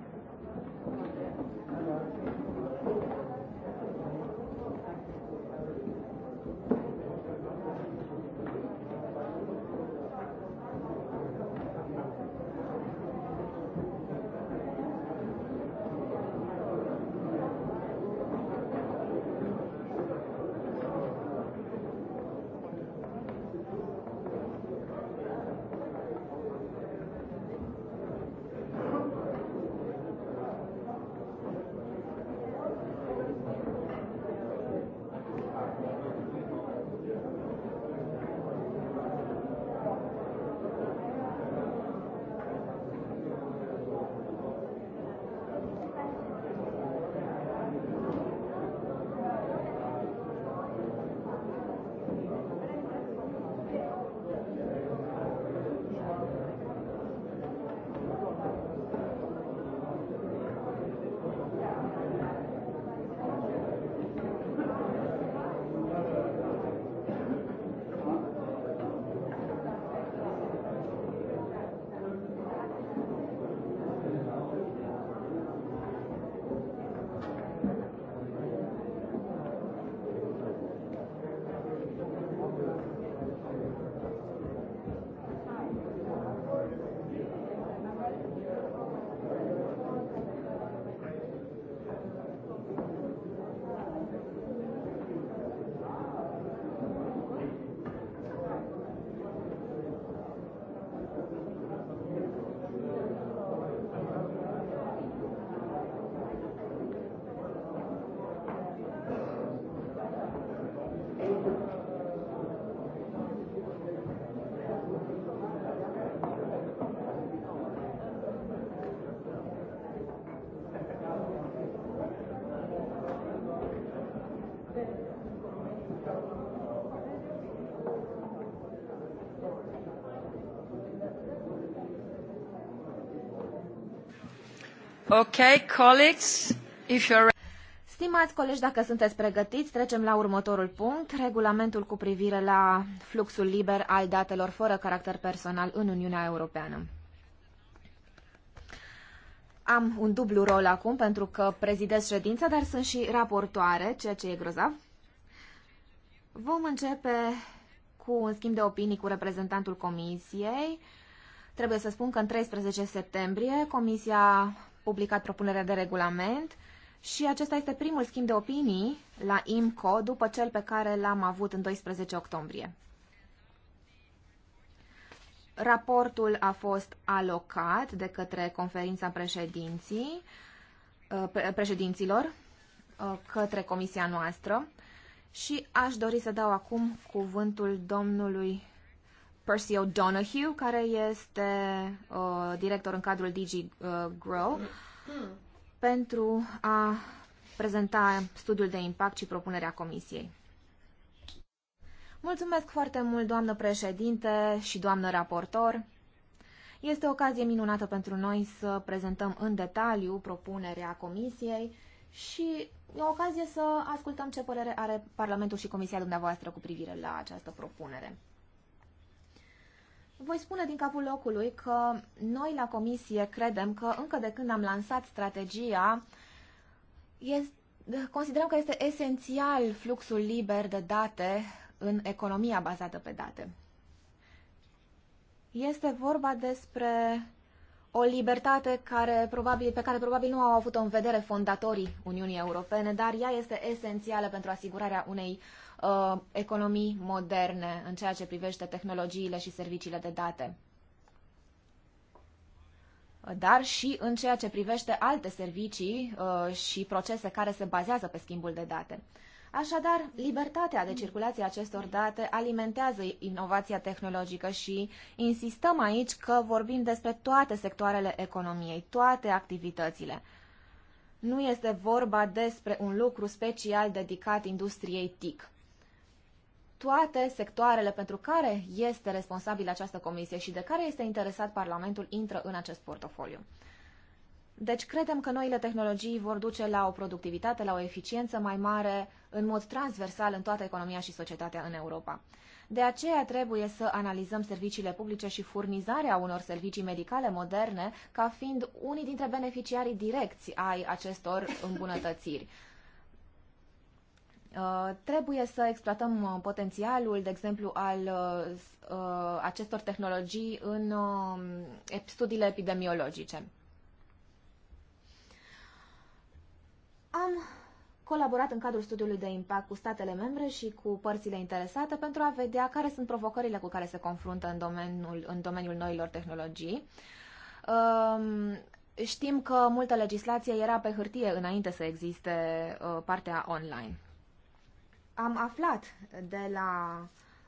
Stimați colegi, dacă sunteți pregătiți, trecem la următorul punct, regulamentul cu privire la fluxul liber al datelor fără caracter personal în Uniunea Europeană. Am un dublu rol acum pentru că prezidez ședința, dar sunt și raportoare, ceea ce e grozav. Vom începe cu un schimb de opinii cu reprezentantul Comisiei. Trebuie să spun că în 13 septembrie Comisia publicat propunerea de regulament și acesta este primul schimb de opinii la IMCO după cel pe care l-am avut în 12 octombrie. Raportul a fost alocat de către conferința președinții, uh, președinților uh, către comisia noastră și aș dori să dau acum cuvântul domnului Percy O'Donoghue, care este uh, director în cadrul DG uh, Grow, pentru a prezenta studiul de impact și propunerea comisiei. Mulțumesc foarte mult, doamnă președinte și doamnă raportor. Este o ocazie minunată pentru noi să prezentăm în detaliu propunerea comisiei și e o ocazie să ascultăm ce părere are Parlamentul și Comisia dumneavoastră cu privire la această propunere. Voi spune din capul locului că noi la comisie credem că încă de când am lansat strategia, este, considerăm că este esențial fluxul liber de date în economia bazată pe date. Este vorba despre o libertate care probabil, pe care probabil nu au avut-o în vedere fondatorii Uniunii Europene, dar ea este esențială pentru asigurarea unei uh, uh, economii moderne în ceea ce privește tehnologiile și serviciile de date, dar și în ceea ce privește alte servicii uh, și procese care se bazează pe schimbul de date. Așadar, libertatea de circulație a acestor date alimentează inovația tehnologică și insistăm aici că vorbim despre toate sectoarele economiei, toate activitățile. Nu este vorba despre un lucru special dedicat industriei TIC toate sectoarele pentru care este responsabilă această comisie și de care este interesat Parlamentul intră în acest portofoliu. Deci credem că noile tehnologii vor duce la o productivitate, la o eficiență mai mare în mod transversal în toată economia și societatea în Europa. De aceea trebuie să analizăm serviciile publice și furnizarea unor servicii medicale moderne ca fiind unii dintre beneficiarii direcți ai acestor îmbunătățiri. Uh, trebuie să exploatăm uh, potențialul, de exemplu, al uh, acestor tehnologii în um, studiile epidemiologice. Am colaborat în cadrul studiului de impact cu statele membre și cu părțile interesate pentru a vedea care sunt provocările cu care se confruntă în domeniul, în domeniul noilor tehnologii. Um, știm că multă legislație era pe hârtie înainte să existe partea online am aflat de la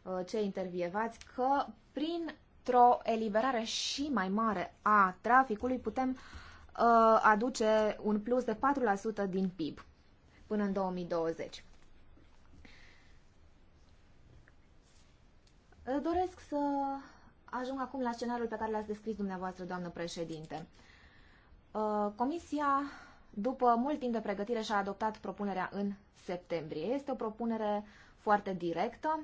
uh, cei intervievați că printr-o eliberare și mai mare a traficului putem uh, aduce un plus de 4% din PIB până în 2020. Uh, doresc să ajung acum la scenariul pe care l-ați descris dumneavoastră, doamnă președinte. Comisia după mult timp de pregătire, și-a adoptat propunerea în septembrie. Este o propunere foarte directă.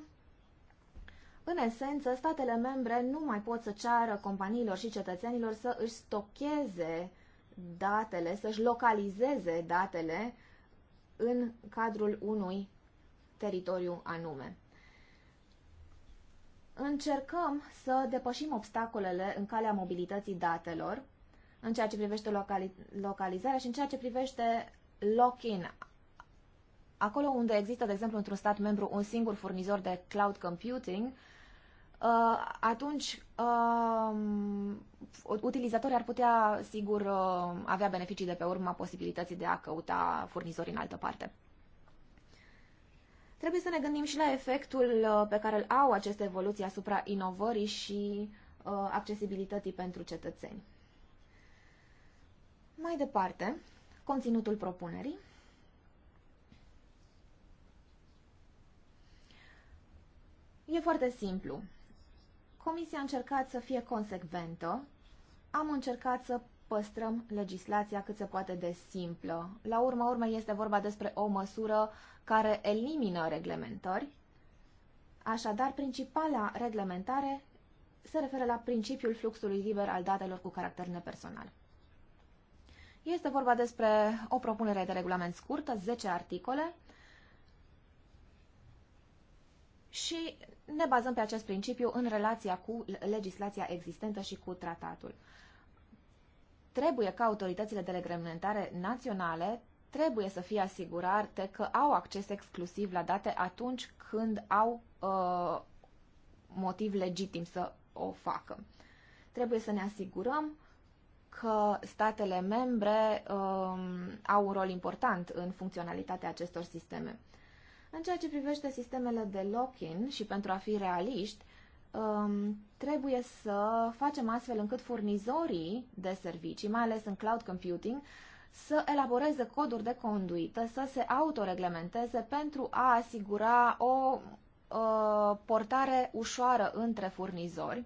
În esență, statele membre nu mai pot să ceară companiilor și cetățenilor să își stocheze datele, să-și localizeze datele în cadrul unui teritoriu anume. Încercăm să depășim obstacolele în calea mobilității datelor în ceea ce privește locali localizarea și în ceea ce privește lock-in. Acolo unde există, de exemplu, într-un stat membru un singur furnizor de cloud computing, uh, atunci um, utilizatorii ar putea, sigur, uh, avea beneficii de pe urma posibilității de a căuta furnizori în altă parte. Trebuie să ne gândim și la efectul uh, pe care îl au aceste evoluții asupra inovării și accesibilității pentru cetățeni. Mai departe, conținutul propunerii. E foarte simplu. Comisia a încercat să fie consecventă. Am încercat să păstrăm legislația cât se poate de simplă. La urma urmei este vorba despre o măsură care elimină reglementări. Așadar, principala reglementare se referă la principiul fluxului liber al datelor cu caracter nepersonal. Este vorba despre o propunere de regulament scurtă, 10 articole, și ne bazăm pe acest principiu în relația cu legislația existentă și cu tratatul. Trebuie ca autoritățile de reglementare naționale trebuie să fie asigurate că au acces exclusiv la date atunci când au uh, motiv legitim să o facă. Trebuie să ne asigurăm că statele membre um, au un rol important în funcționalitatea acestor sisteme. În ceea ce privește sistemele de lock-in și pentru a fi realiști, um, trebuie să facem astfel încât furnizorii de servicii, mai ales în cloud computing, să elaboreze coduri de conduită, să se autoreglementeze pentru a asigura o uh, portare ușoară între furnizori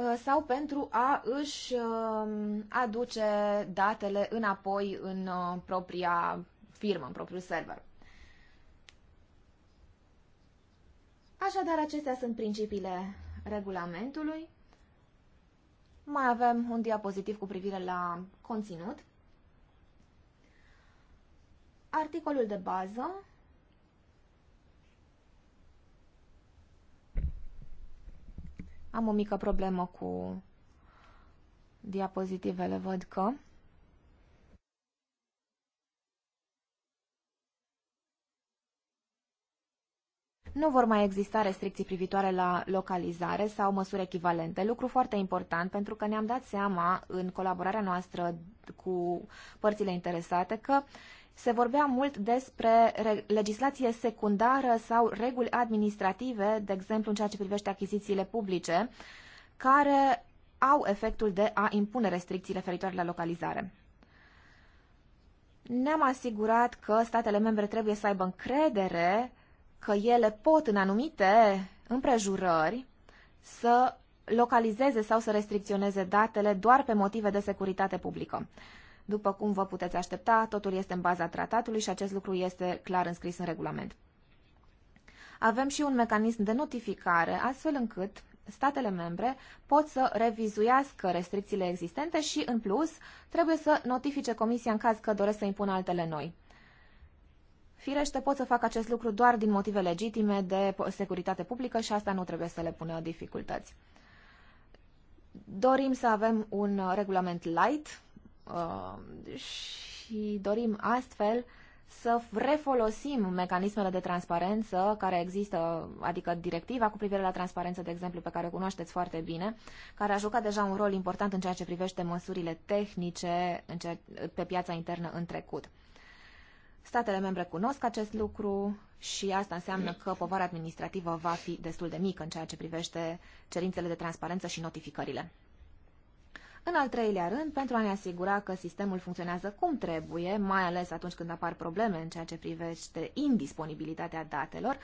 Uh, sau pentru a își um, aduce datele înapoi în uh, propria firmă, în propriul server. Așadar, acestea sunt principiile regulamentului. Mai avem un diapozitiv cu privire la conținut. Articolul de bază Am o mică problemă cu diapozitivele, văd că. Nu vor mai exista restricții privitoare la localizare sau măsuri echivalente, lucru foarte important pentru că ne-am dat seama în colaborarea noastră cu părțile interesate că se vorbea mult despre legislație secundară sau reguli administrative, de exemplu în ceea ce privește achizițiile publice, care au efectul de a impune restricții referitoare la localizare. Ne-am asigurat că statele membre trebuie să aibă încredere că ele pot în anumite împrejurări să localizeze sau să restricționeze datele doar pe motive de securitate publică. După cum vă puteți aștepta, totul este în baza tratatului și acest lucru este clar înscris în regulament. Avem și un mecanism de notificare, astfel încât statele membre pot să revizuiască restricțiile existente și, în plus, trebuie să notifice Comisia în caz că doresc să impună altele noi. Firește, pot să fac acest lucru doar din motive legitime de securitate publică și asta nu trebuie să le pună dificultăți. Dorim să avem un regulament light Um, și dorim astfel să refolosim mecanismele de transparență care există, adică directiva cu privire la transparență, de exemplu, pe care o cunoașteți foarte bine, care a jucat deja un rol important în ceea ce privește măsurile tehnice pe piața internă în trecut. Statele membre cunosc acest lucru și asta înseamnă că povara administrativă va fi destul de mică în ceea ce privește cerințele de transparență și notificările. În al treilea rând, pentru a ne asigura că sistemul funcționează cum trebuie, mai ales atunci când apar probleme în ceea ce privește indisponibilitatea datelor,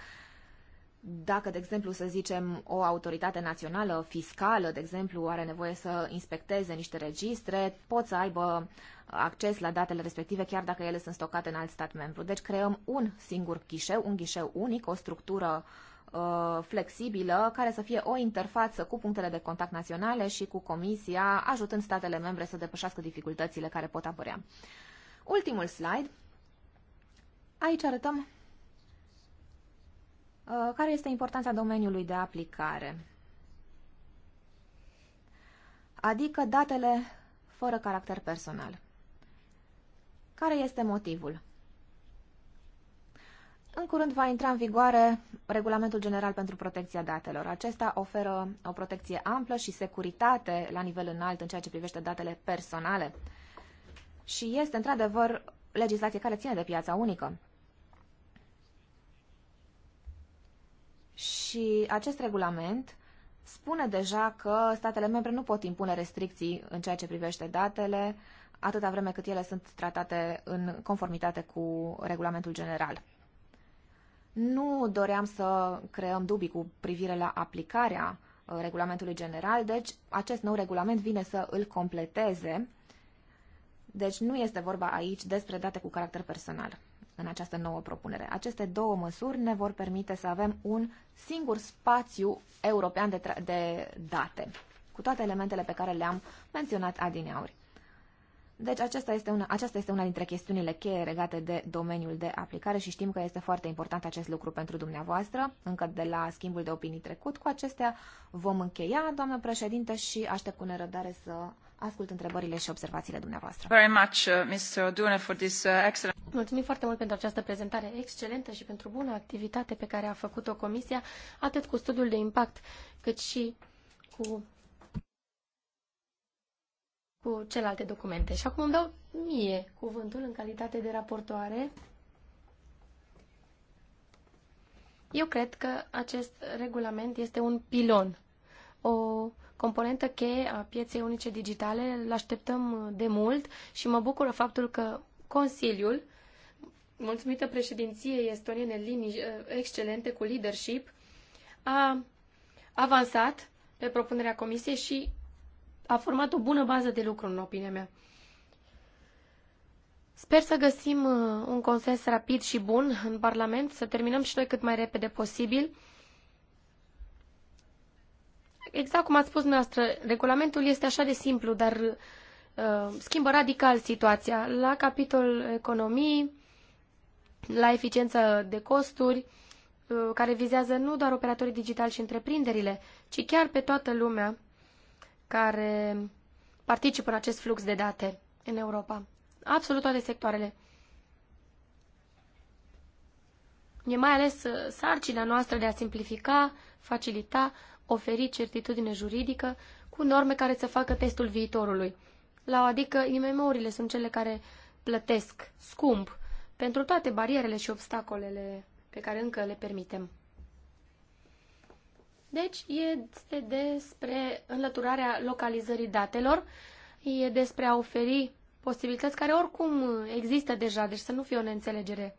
dacă, de exemplu, să zicem, o autoritate națională fiscală, de exemplu, are nevoie să inspecteze niște registre, pot să aibă acces la datele respective, chiar dacă ele sunt stocate în alt stat membru. Deci creăm un singur ghișeu, un ghișeu unic, o structură uh, Uh, flexibilă, care să fie o interfață cu punctele de contact naționale și cu Comisia, ajutând statele membre să depășească dificultățile care pot apărea. Ultimul slide. Aici arătăm uh, care este importanța domeniului de aplicare. Adică datele fără caracter personal. Care este motivul? În curând va intra în vigoare Regulamentul General pentru Protecția Datelor. Acesta oferă o protecție amplă și securitate la nivel înalt în ceea ce privește datele personale. Și este, într-adevăr, legislație care ține de piața unică. Și acest regulament spune deja că statele membre nu pot impune restricții în ceea ce privește datele, atâta vreme cât ele sunt tratate în conformitate cu regulamentul general. Nu doream să creăm dubii cu privire la aplicarea uh, regulamentului general, deci acest nou regulament vine să îl completeze. Deci nu este vorba aici despre date cu caracter personal în această nouă propunere. Aceste două măsuri ne vor permite să avem un singur spațiu european de, de date, cu toate elementele pe care le-am menționat adineauri. Deci aceasta este una, aceasta este una dintre chestiunile cheie legate de domeniul de aplicare și știm că este foarte important acest lucru pentru dumneavoastră, încă de la schimbul de opinii trecut. Cu acestea vom încheia, doamnă președinte, și aștept cu nerăbdare să ascult întrebările și observațiile dumneavoastră. Very much, uh, Mr. Dune, for this uh, excellent... Mulțumim foarte mult pentru această prezentare excelentă și pentru bună activitate pe care a făcut-o Comisia, atât cu studiul de impact, cât și cu cu celelalte documente. Și acum îmi dau mie cuvântul în calitate de raportoare. Eu cred că acest regulament este un pilon, o componentă cheie a pieței unice digitale. Îl așteptăm de mult și mă bucură faptul că Consiliul, mulțumită președinției estoniene linii eh, excelente cu leadership, a avansat pe propunerea Comisiei și a format o bună bază de lucru, în opinia mea. Sper să găsim uh, un consens rapid și bun în Parlament, să terminăm și noi cât mai repede posibil. Exact cum ați spus noastră, regulamentul este așa de simplu, dar uh, schimbă radical situația. La capitol economii, la eficiență de costuri, uh, care vizează nu doar operatorii digitali și întreprinderile, ci chiar pe toată lumea care participă în acest flux de date în Europa. Absolut toate sectoarele. E mai ales uh, sarcina noastră de a simplifica, facilita, oferi certitudine juridică cu norme care să facă testul viitorului. La o adică, imemorile sunt cele care plătesc scump pentru toate barierele și obstacolele pe care încă le permitem. Deci este despre înlăturarea localizării datelor, e despre a oferi posibilități care oricum există deja, deci să nu fie o neînțelegere,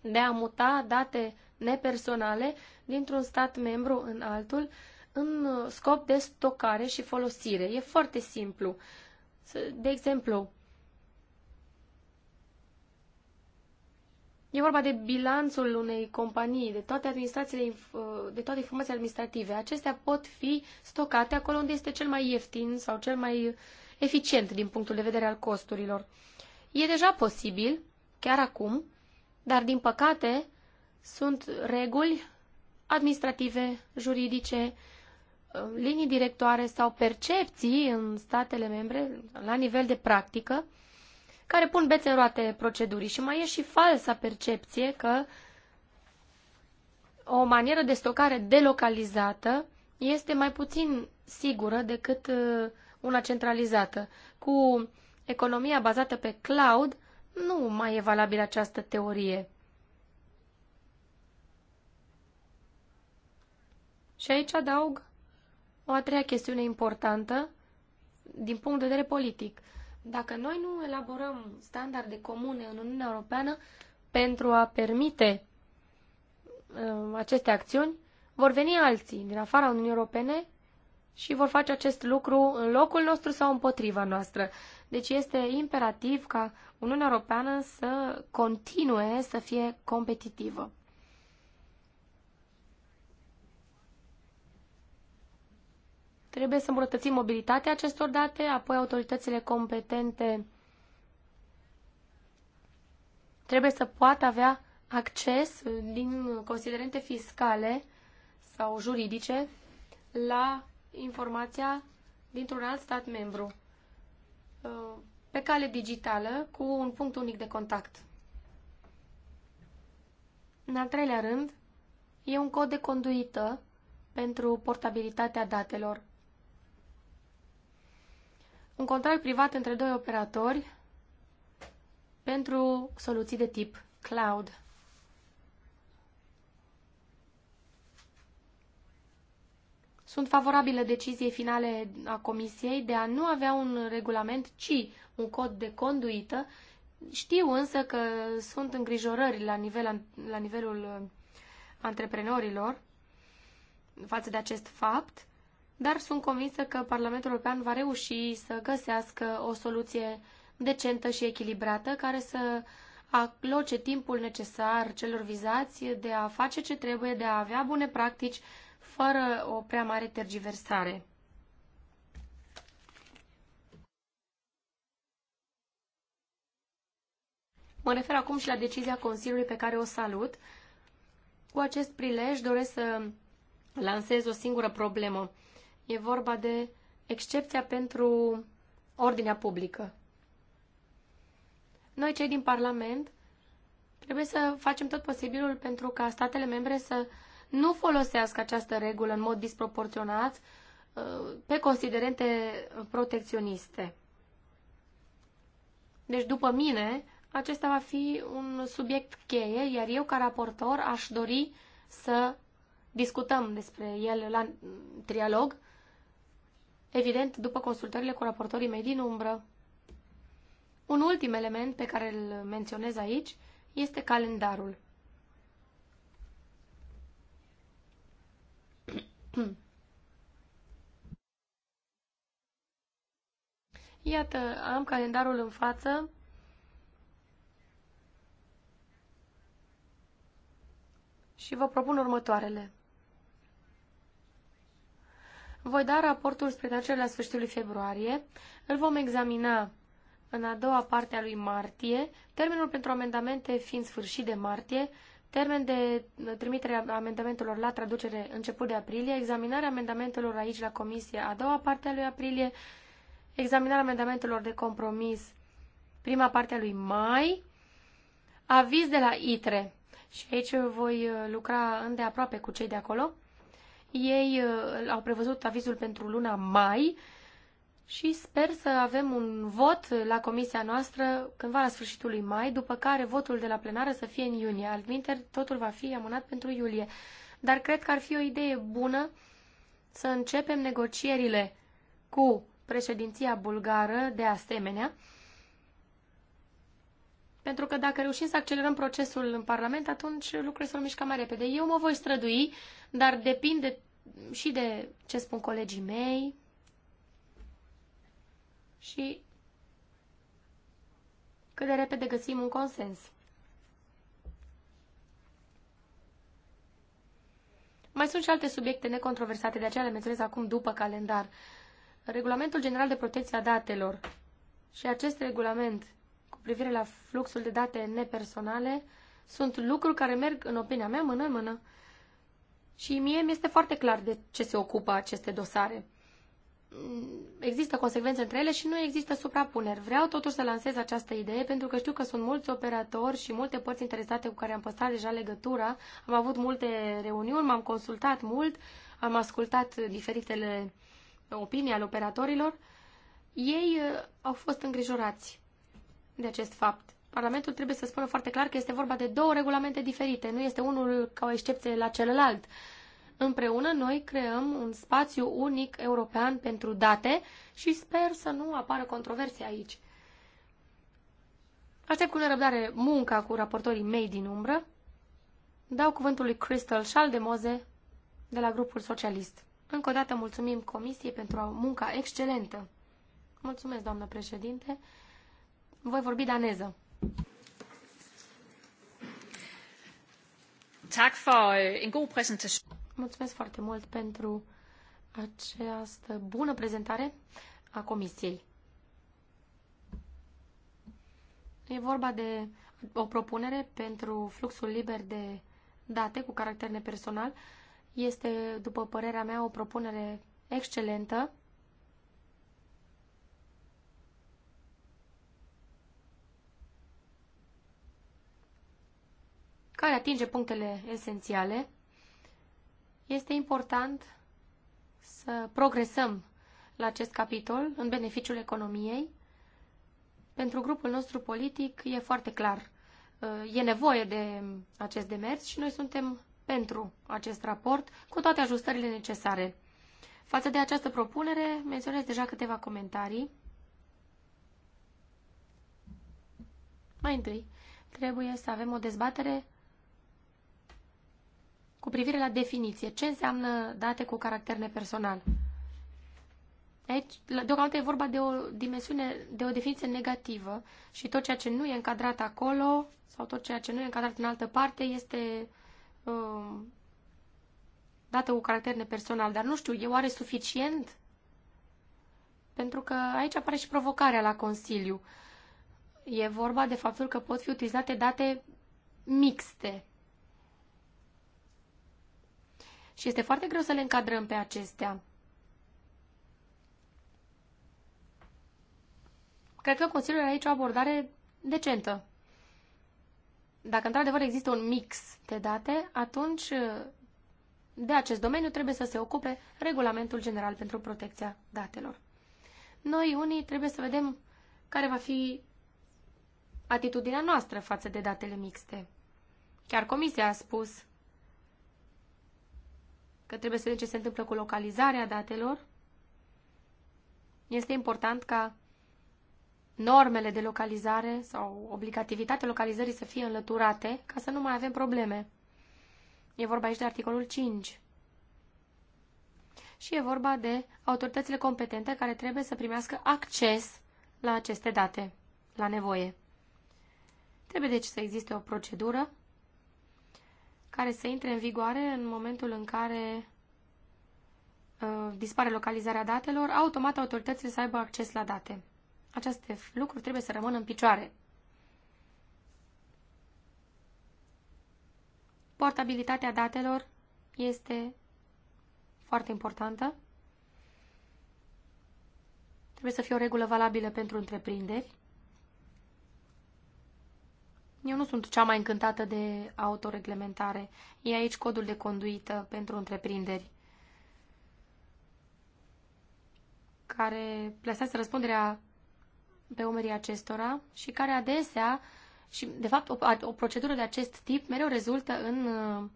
de a muta date nepersonale dintr-un stat membru în altul în scop de stocare și folosire. E foarte simplu. De exemplu, E vorba de bilanțul unei companii, de toate administrațiile, de toate informațiile administrative. Acestea pot fi stocate acolo unde este cel mai ieftin sau cel mai eficient din punctul de vedere al costurilor. E deja posibil, chiar acum, dar din păcate sunt reguli administrative, juridice, linii directoare sau percepții în statele membre la nivel de practică care pun bețe în roate procedurii și mai e și falsa percepție că o manieră de stocare delocalizată este mai puțin sigură decât uh, una centralizată. Cu economia bazată pe cloud nu mai e valabilă această teorie. Și aici adaug o a treia chestiune importantă din punct de vedere politic – dacă noi nu elaborăm standarde comune în Uniunea Europeană pentru a permite uh, aceste acțiuni, vor veni alții din afara Uniunii Europene și vor face acest lucru în locul nostru sau împotriva noastră. Deci este imperativ ca Uniunea Europeană să continue să fie competitivă. Trebuie să îmbunătățim mobilitatea acestor date, apoi autoritățile competente trebuie să poată avea acces din considerente fiscale sau juridice la informația dintr-un alt stat membru uh, pe cale digitală cu un punct unic de contact. În al treilea rând, e un cod de conduită pentru portabilitatea datelor un contract privat între doi operatori pentru soluții de tip cloud. Sunt favorabile deciziei finale a Comisiei de a nu avea un regulament, ci un cod de conduită. Știu însă că sunt îngrijorări la, nivel, la nivelul uh, antreprenorilor față de acest fapt dar sunt convinsă că Parlamentul European va reuși să găsească o soluție decentă și echilibrată care să aloce timpul necesar celor vizați de a face ce trebuie, de a avea bune practici, fără o prea mare tergiversare. Mă refer acum și la decizia Consiliului pe care o salut. Cu acest prilej doresc să lansez o singură problemă. E vorba de excepția pentru ordinea publică. Noi, cei din Parlament, trebuie să facem tot posibilul pentru ca statele membre să nu folosească această regulă în mod disproporționat uh, pe considerente protecționiste. Deci, după mine, acesta va fi un subiect cheie, iar eu, ca raportor, aș dori să discutăm despre el la trialog evident, după consultările cu raportorii mei din umbră. Un ultim element pe care îl menționez aici este calendarul. Iată, am calendarul în față. Și vă propun următoarele. Voi da raportul spre trecerea la sfârșitul februarie. Îl vom examina în a doua parte a lui martie, termenul pentru amendamente fiind sfârșit de martie, termen de trimitere a amendamentelor la traducere început de aprilie, examinarea amendamentelor aici la comisie a doua parte a lui aprilie, examinarea amendamentelor de compromis prima parte a lui mai, aviz de la ITRE. Și aici voi lucra îndeaproape cu cei de acolo. Ei uh, au prevăzut avizul pentru luna mai și sper să avem un vot la comisia noastră cândva la sfârșitul lui mai, după care votul de la plenară să fie în iunie. Altminteri, totul va fi amânat pentru iulie. Dar cred că ar fi o idee bună să începem negocierile cu președinția bulgară de asemenea, pentru că dacă reușim să accelerăm procesul în Parlament, atunci lucrurile se au mișcat mai repede. Eu mă voi strădui dar depinde și de ce spun colegii mei și cât de repede găsim un consens. Mai sunt și alte subiecte necontroversate, de aceea le menționez acum după calendar. Regulamentul General de Protecție a Datelor și acest regulament cu privire la fluxul de date nepersonale sunt lucruri care merg, în opinia mea, mână în mână. Și mie mi este foarte clar de ce se ocupă aceste dosare. Există consecvențe între ele și nu există suprapuneri. Vreau totuși să lansez această idee pentru că știu că sunt mulți operatori și multe părți interesate cu care am păstrat deja legătura. Am avut multe reuniuni, m-am consultat mult, am ascultat diferitele opinii ale operatorilor. Ei uh, au fost îngrijorați de acest fapt. Parlamentul trebuie să spună foarte clar că este vorba de două regulamente diferite, nu este unul ca o excepție la celălalt. Împreună noi creăm un spațiu unic european pentru date și sper să nu apară controverse aici. Aștept cu nerăbdare munca cu raportorii mei din umbră. Dau cuvântul lui Crystal Schaldemose de la grupul socialist. Încă o dată mulțumim Comisiei pentru munca excelentă. Mulțumesc, doamnă președinte. Voi vorbi daneză. Tak for øh, en god præsentation. Mulțumesc foarte mult pentru această bună prezentare a comisiei. E vorba de o propunere pentru fluxul liber de date cu caracter nepersonal. Este, după părerea mea, o propunere excelentă care atinge punctele esențiale, este important să progresăm la acest capitol în beneficiul economiei. Pentru grupul nostru politic e foarte clar. Uh, e nevoie de acest demers și noi suntem pentru acest raport cu toate ajustările necesare. Față de această propunere, menționez deja câteva comentarii. Mai întâi, trebuie să avem o dezbatere cu privire la definiție. Ce înseamnă date cu caracter nepersonal? Aici, deocamdată e vorba de o dimensiune, de o definiție negativă și tot ceea ce nu e încadrat acolo sau tot ceea ce nu e încadrat în altă parte este um, dată cu caracter nepersonal. Dar nu știu, e oare suficient? Pentru că aici apare și provocarea la Consiliu. E vorba de faptul că pot fi utilizate date mixte, și este foarte greu să le încadrăm pe acestea. Cred că Consiliul are aici o abordare decentă. Dacă într-adevăr există un mix de date, atunci de acest domeniu trebuie să se ocupe Regulamentul General pentru Protecția Datelor. Noi, unii, trebuie să vedem care va fi atitudinea noastră față de datele mixte. Chiar Comisia a spus că trebuie să vedem ce se întâmplă cu localizarea datelor, este important ca normele de localizare sau obligativitatea localizării să fie înlăturate ca să nu mai avem probleme. E vorba aici de articolul 5. Și e vorba de autoritățile competente care trebuie să primească acces la aceste date, la nevoie. Trebuie deci să existe o procedură care să intre în vigoare în momentul în care uh, dispare localizarea datelor, automat autoritățile să aibă acces la date. Aceste lucruri trebuie să rămână în picioare. Portabilitatea datelor este foarte importantă. Trebuie să fie o regulă valabilă pentru întreprinderi. Eu nu sunt cea mai încântată de autoreglementare. E aici codul de conduită pentru întreprinderi, care plasează răspunderea pe umerii acestora și care adesea, și de fapt o, o procedură de acest tip mereu rezultă în uh,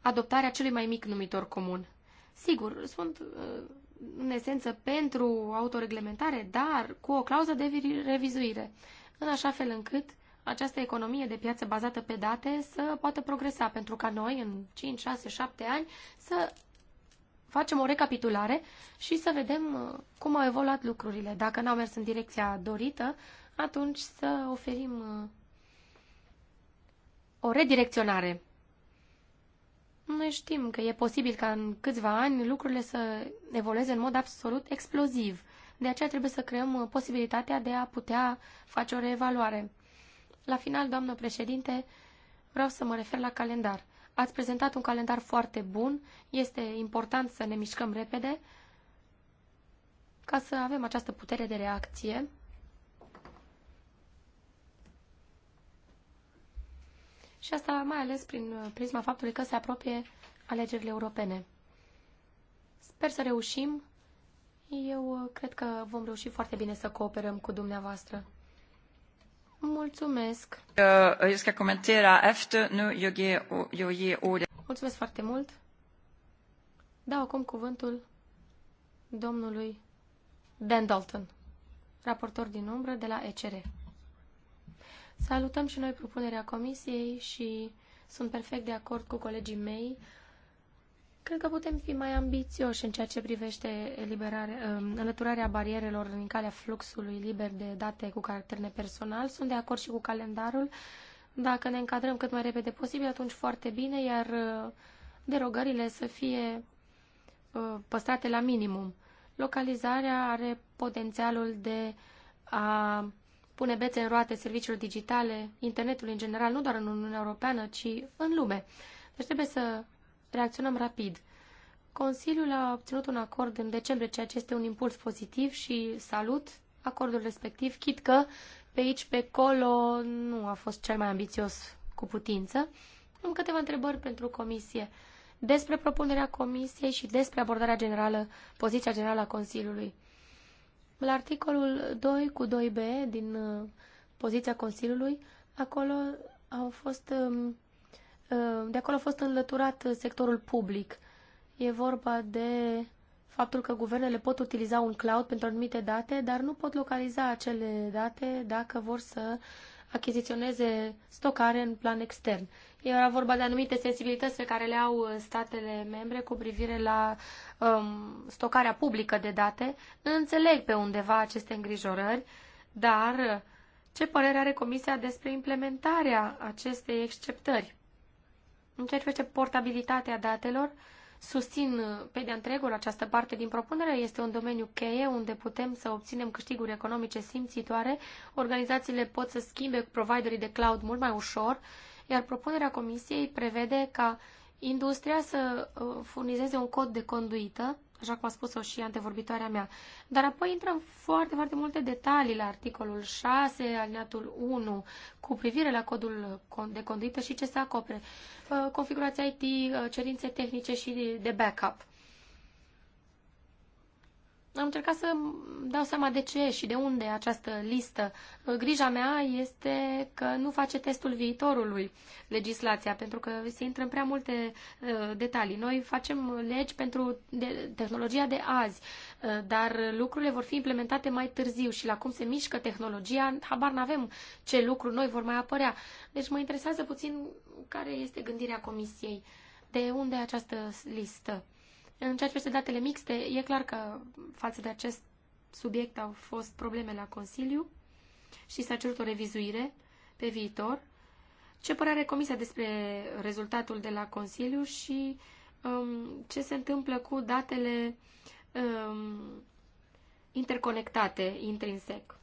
adoptarea celui mai mic numitor comun. Sigur, sunt uh, în esență pentru autoreglementare, dar cu o clauză de revizuire, în așa fel încât această economie de piață bazată pe date să poată progresa, pentru ca noi în 5, 6, 7 ani să facem o recapitulare și să vedem uh, cum au evoluat lucrurile. Dacă n-au mers în direcția dorită, atunci să oferim uh, o redirecționare. Noi știm că e posibil ca în câțiva ani lucrurile să evolueze în mod absolut exploziv. De aceea trebuie să creăm uh, posibilitatea de a putea face o reevaluare. La final, doamnă președinte, vreau să mă refer la calendar. Ați prezentat un calendar foarte bun, este important să ne mișcăm repede ca să avem această putere de reacție. Și asta mai ales prin prisma faptului că se apropie alegerile europene. Sper să reușim. Eu cred că vom reuși foarte bine să cooperăm cu dumneavoastră. Mulțumesc. Eu eh, ska commentera efter nu jag ger ordet. Mulțumesc foarte mult. Dau acum cuvântul domnului Dan Dalton, raportor din umbră de la ECR. Salutăm și noi propunerea comisiei și sunt perfect de acord cu colegii mei Cred că putem fi mai ambițioși în ceea ce privește um, înlăturarea barierelor în calea fluxului liber de date cu caracter nepersonal. Sunt de acord și cu calendarul. Dacă ne încadrăm cât mai repede posibil, atunci foarte bine, iar uh, derogările să fie uh, păstrate la minimum. Localizarea are potențialul de a pune bețe în roate serviciilor digitale, internetul în general, nu doar în Uniunea Europeană, ci în lume. Deci trebuie să reacționăm rapid. Consiliul a obținut un acord în decembrie, ceea ce este un impuls pozitiv și salut acordul respectiv, chit că pe aici, pe colo, nu a fost cel mai ambițios cu putință. Am câteva întrebări pentru comisie despre propunerea comisiei și despre abordarea generală, poziția generală a Consiliului. La articolul 2 cu 2b din uh, poziția Consiliului, acolo au fost um, Ă, de acolo a fost înlăturat sectorul public. E vorba de faptul că guvernele pot utiliza un cloud pentru anumite date, dar nu pot localiza acele date dacă vor să achiziționeze stocare în plan extern. Era vorba de anumite sensibilități pe care le au ă, statele membre cu privire la um, stocarea publică de date. Înțeleg pe undeva aceste îngrijorări, dar ce părere are Comisia despre implementarea acestei exceptări? În ceea ce face portabilitatea datelor, susțin uh, pe de întregul această parte din propunere. Este un domeniu cheie unde putem să obținem câștiguri economice simțitoare. Organizațiile pot să schimbe providerii de cloud mult mai ușor, iar propunerea comisiei prevede ca industria să uh, furnizeze un cod de conduită așa cum a spus-o și antevorbitoarea mea. Dar apoi intrăm foarte, foarte multe detalii la articolul 6, alineatul 1, cu privire la codul de conduită și ce se acopere. Uh, configurația IT, uh, cerințe tehnice și de backup am încercat să dau seama de ce și de unde această listă. Grija mea este că nu face testul viitorului legislația, pentru că se intră în prea multe uh, detalii. Noi facem legi pentru tehnologia de azi, uh, dar lucrurile vor fi implementate mai târziu și la cum se mișcă tehnologia, habar n-avem ce lucruri noi vor mai apărea. Deci mă interesează puțin care este gândirea comisiei, de unde această listă. În ceea ce este datele mixte, e clar că față de acest subiect au fost probleme la Consiliu și s-a cerut o revizuire pe viitor. Ce părere are Comisia despre rezultatul de la Consiliu și um, ce se întâmplă cu datele um, interconectate intrinsec?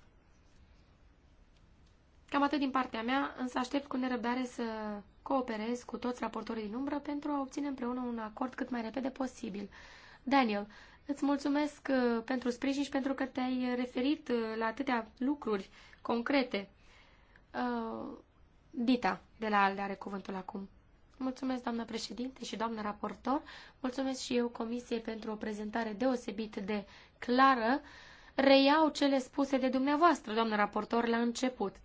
Cam atât din partea mea, însă aștept cu nerăbdare să cooperez cu toți raportorii din umbră pentru a obține împreună un acord cât mai repede posibil. Daniel, îți mulțumesc uh, pentru sprijin și pentru că te-ai referit uh, la atâtea lucruri concrete. Uh, Dita de la ALDE are cuvântul acum. Mulțumesc, doamnă președinte și doamnă raportor. Mulțumesc și eu Comisiei pentru o prezentare deosebit de clară. Reiau cele spuse de dumneavoastră, doamnă raportor, la început.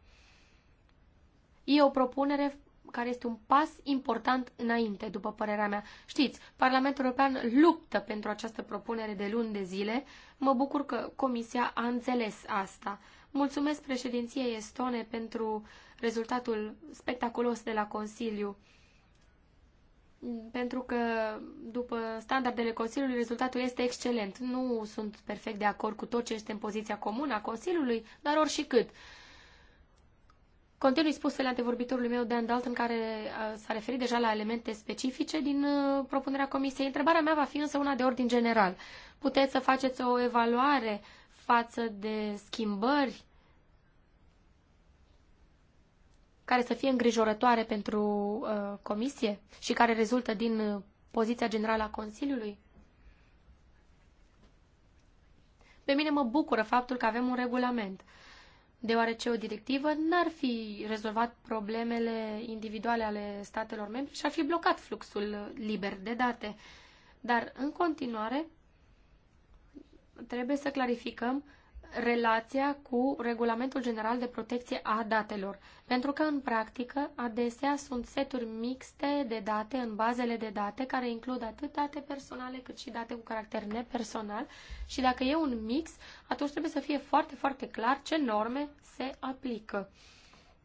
E o propunere care este un pas important înainte, după părerea mea. Știți, Parlamentul European luptă pentru această propunere de luni de zile. Mă bucur că Comisia a înțeles asta. Mulțumesc președinției estone pentru rezultatul spectaculos de la Consiliu. Pentru că, după standardele Consiliului, rezultatul este excelent. Nu sunt perfect de acord cu tot ce este în poziția comună a Consiliului, dar oricât. cât Continui spusele antevorbitorului meu, Dan Dalton, care s-a referit deja la elemente specifice din uh, propunerea comisiei. Întrebarea mea va fi însă una de ordin general. Puteți să faceți o evaluare față de schimbări care să fie îngrijorătoare pentru uh, comisie și care rezultă din uh, poziția generală a Consiliului? Pe mine mă bucură faptul că avem un regulament. Uh, deoarece o directivă n-ar fi rezolvat problemele individuale ale statelor membre și ar fi blocat fluxul liber de date. Dar, în continuare, trebuie să clarificăm relația cu Regulamentul General de Protecție a Datelor, pentru că, în practică, adesea sunt seturi mixte de date în bazele de date, care includ atât date personale cât și date cu caracter nepersonal și dacă e un mix, atunci trebuie să fie foarte, foarte clar ce norme se aplică.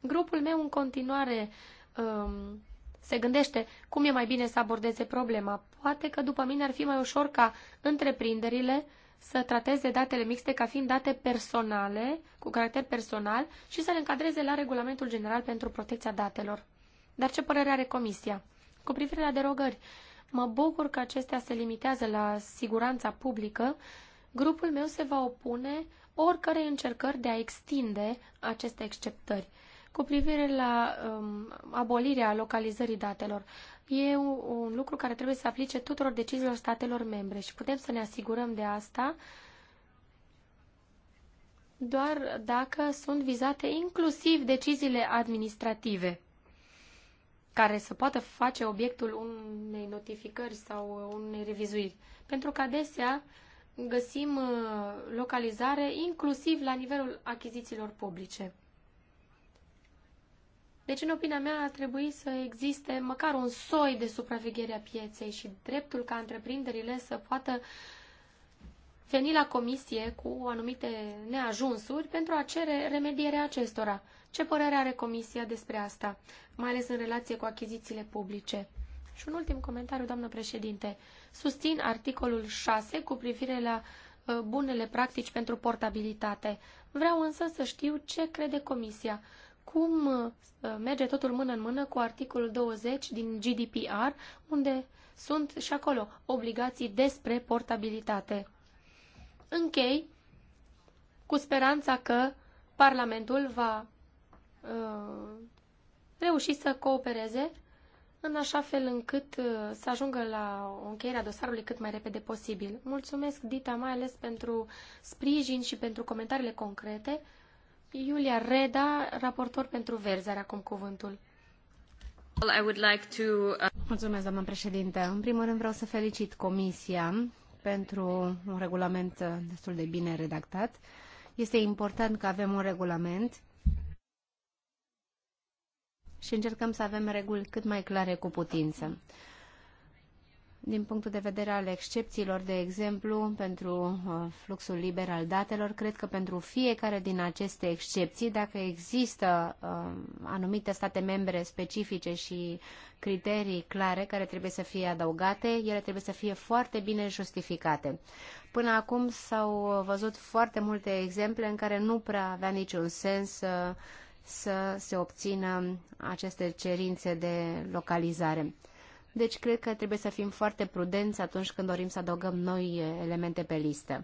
Grupul meu, în continuare, um, se gândește cum e mai bine să abordeze problema. Poate că după mine ar fi mai ușor ca întreprinderile să trateze datele mixte ca fiind date personale, cu caracter personal, și să le încadreze la Regulamentul General pentru Protecția Datelor. Dar ce părere are Comisia? Cu privire la derogări, mă bucur că acestea se limitează la siguranța publică. Grupul meu se va opune oricărei încercări de a extinde aceste exceptări cu privire la um, abolirea localizării datelor. E un, un lucru care trebuie să aplice tuturor deciziilor statelor membre și putem să ne asigurăm de asta doar dacă sunt vizate inclusiv deciziile administrative care să poată face obiectul unei notificări sau unei revizuiri. Pentru că adesea găsim uh, localizare inclusiv la nivelul achizițiilor publice. Deci, în opinia mea, ar trebui să existe măcar un soi de supraveghere a pieței și dreptul ca întreprinderile să poată veni la comisie cu anumite neajunsuri pentru a cere remedierea acestora. Ce părere are comisia despre asta, mai ales în relație cu achizițiile publice? Și un ultim comentariu, doamnă președinte. Susțin articolul 6 cu privire la uh, bunele practici pentru portabilitate. Vreau însă să știu ce crede comisia cum uh, merge totul mână în mână cu articolul 20 din GDPR, unde sunt și acolo obligații despre portabilitate. Închei cu speranța că Parlamentul va uh, reuși să coopereze în așa fel încât uh, să ajungă la o încheiere a dosarului cât mai repede posibil. Mulțumesc, Dita, mai ales pentru sprijin și pentru comentariile concrete. Iulia Reda, raportor pentru Verzi, are acum cuvântul. I would like to... Uh, Mulțumesc, doamnă președinte. În primul rând vreau să felicit Comisia pentru un regulament destul de bine redactat. Este important că avem un regulament și încercăm să avem reguli cât mai clare cu putință din punctul de vedere al excepțiilor, de exemplu, pentru uh, fluxul liber al datelor, cred că pentru fiecare din aceste excepții, dacă există uh, anumite state membre specifice și criterii clare care trebuie să fie adăugate, ele trebuie să fie foarte bine justificate. Până acum s-au uh, văzut foarte multe exemple în care nu prea avea niciun sens să se obțină aceste cerințe de localizare. Deci cred că trebuie să fim foarte prudenți atunci când dorim să adăugăm noi elemente pe listă.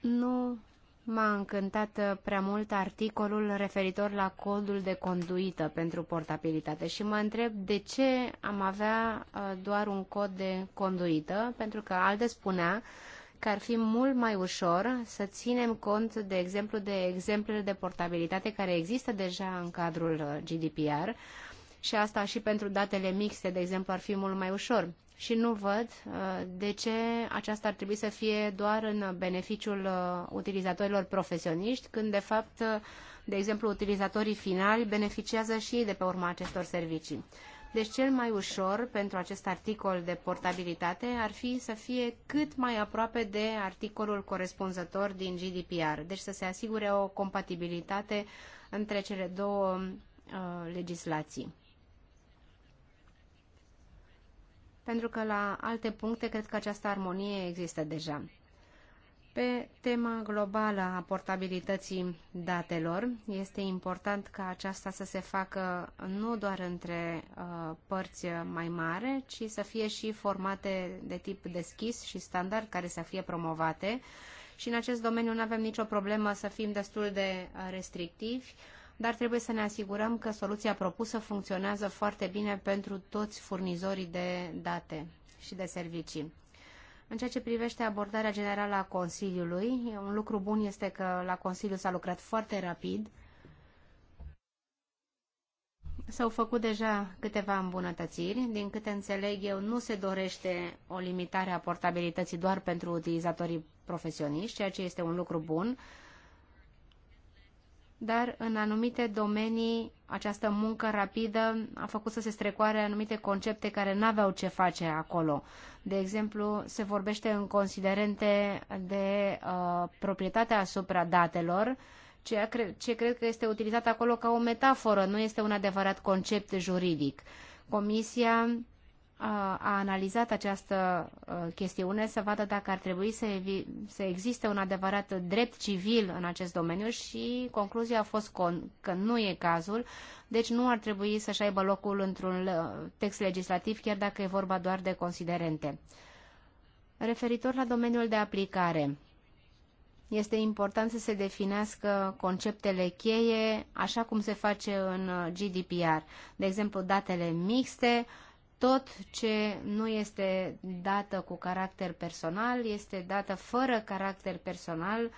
Nu m-a încântat prea mult articolul referitor la codul de conduită pentru portabilitate și mă întreb de ce am avea uh, doar un cod de conduită, pentru că Alde spunea că ar fi mult mai ușor să ținem cont, de exemplu, de exemplele de portabilitate care există deja în cadrul uh, GDPR, și asta și pentru datele mixte, de exemplu, ar fi mult mai ușor. Și nu văd uh, de ce aceasta ar trebui să fie doar în beneficiul uh, utilizatorilor profesioniști, când de fapt, uh, de exemplu, utilizatorii finali beneficiază și de pe urma acestor servicii. Deci cel mai ușor pentru acest articol de portabilitate ar fi să fie cât mai aproape de articolul corespunzător din GDPR, deci să se asigure o compatibilitate între cele două uh, legislații. pentru că la alte puncte cred că această armonie există deja. Pe tema globală a portabilității datelor, este important ca aceasta să se facă nu doar între uh, părți mai mari, ci să fie și formate de tip deschis și standard care să fie promovate. Și în acest domeniu nu avem nicio problemă să fim destul de uh, restrictivi. Uh, dar trebuie să ne asigurăm că soluția propusă funcționează foarte bine pentru toți furnizorii de date și de servicii. În ceea ce privește abordarea generală a Consiliului, un lucru bun este că la Consiliu s-a lucrat foarte rapid. S-au făcut deja câteva îmbunătățiri. Din câte înțeleg eu, nu se dorește o limitare a portabilității doar pentru utilizatorii profesioniști, ceea ce este un lucru bun dar în anumite domenii această muncă rapidă a făcut să se strecoare anumite concepte care n-aveau ce face acolo. De exemplu, se vorbește în considerente de uh, proprietatea asupra datelor, ceea cre- ce cred că este utilizat acolo ca o metaforă, nu este un adevărat concept juridic. Comisia a analizat această chestiune să vadă dacă ar trebui să, să existe un adevărat drept civil în acest domeniu și concluzia a fost că nu e cazul, deci nu ar trebui să-și aibă locul într-un text legislativ, chiar dacă e vorba doar de considerente. Referitor la domeniul de aplicare, este important să se definească conceptele cheie așa cum se face în GDPR, de exemplu datele mixte, uh, tot ce nu este dată cu caracter personal este dată fără caracter personal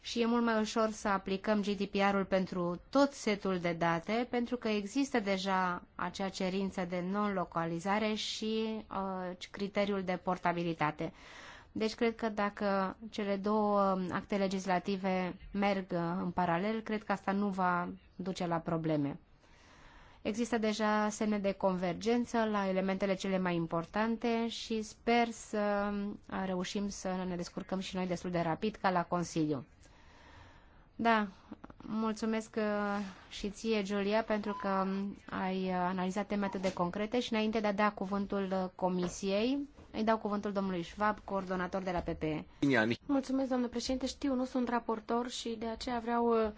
și e mult mai ușor să aplicăm GDPR-ul pentru tot setul de date, pentru că există deja acea cerință de non-localizare și uh, criteriul de portabilitate. Deci cred că dacă cele două acte legislative merg în paralel, cred că asta nu va duce la probleme. Există deja semne de convergență la elementele cele mai importante și sper să reușim să ne descurcăm și noi destul de rapid ca la Consiliu. Da, mulțumesc uh, și ție, Julia, pentru că ai uh, analizat teme atât de concrete și înainte de a da cuvântul uh, Comisiei, îi dau cuvântul domnului Schwab, coordonator de la PPE. Mulțumesc, domnule președinte. Știu, nu sunt raportor și de aceea vreau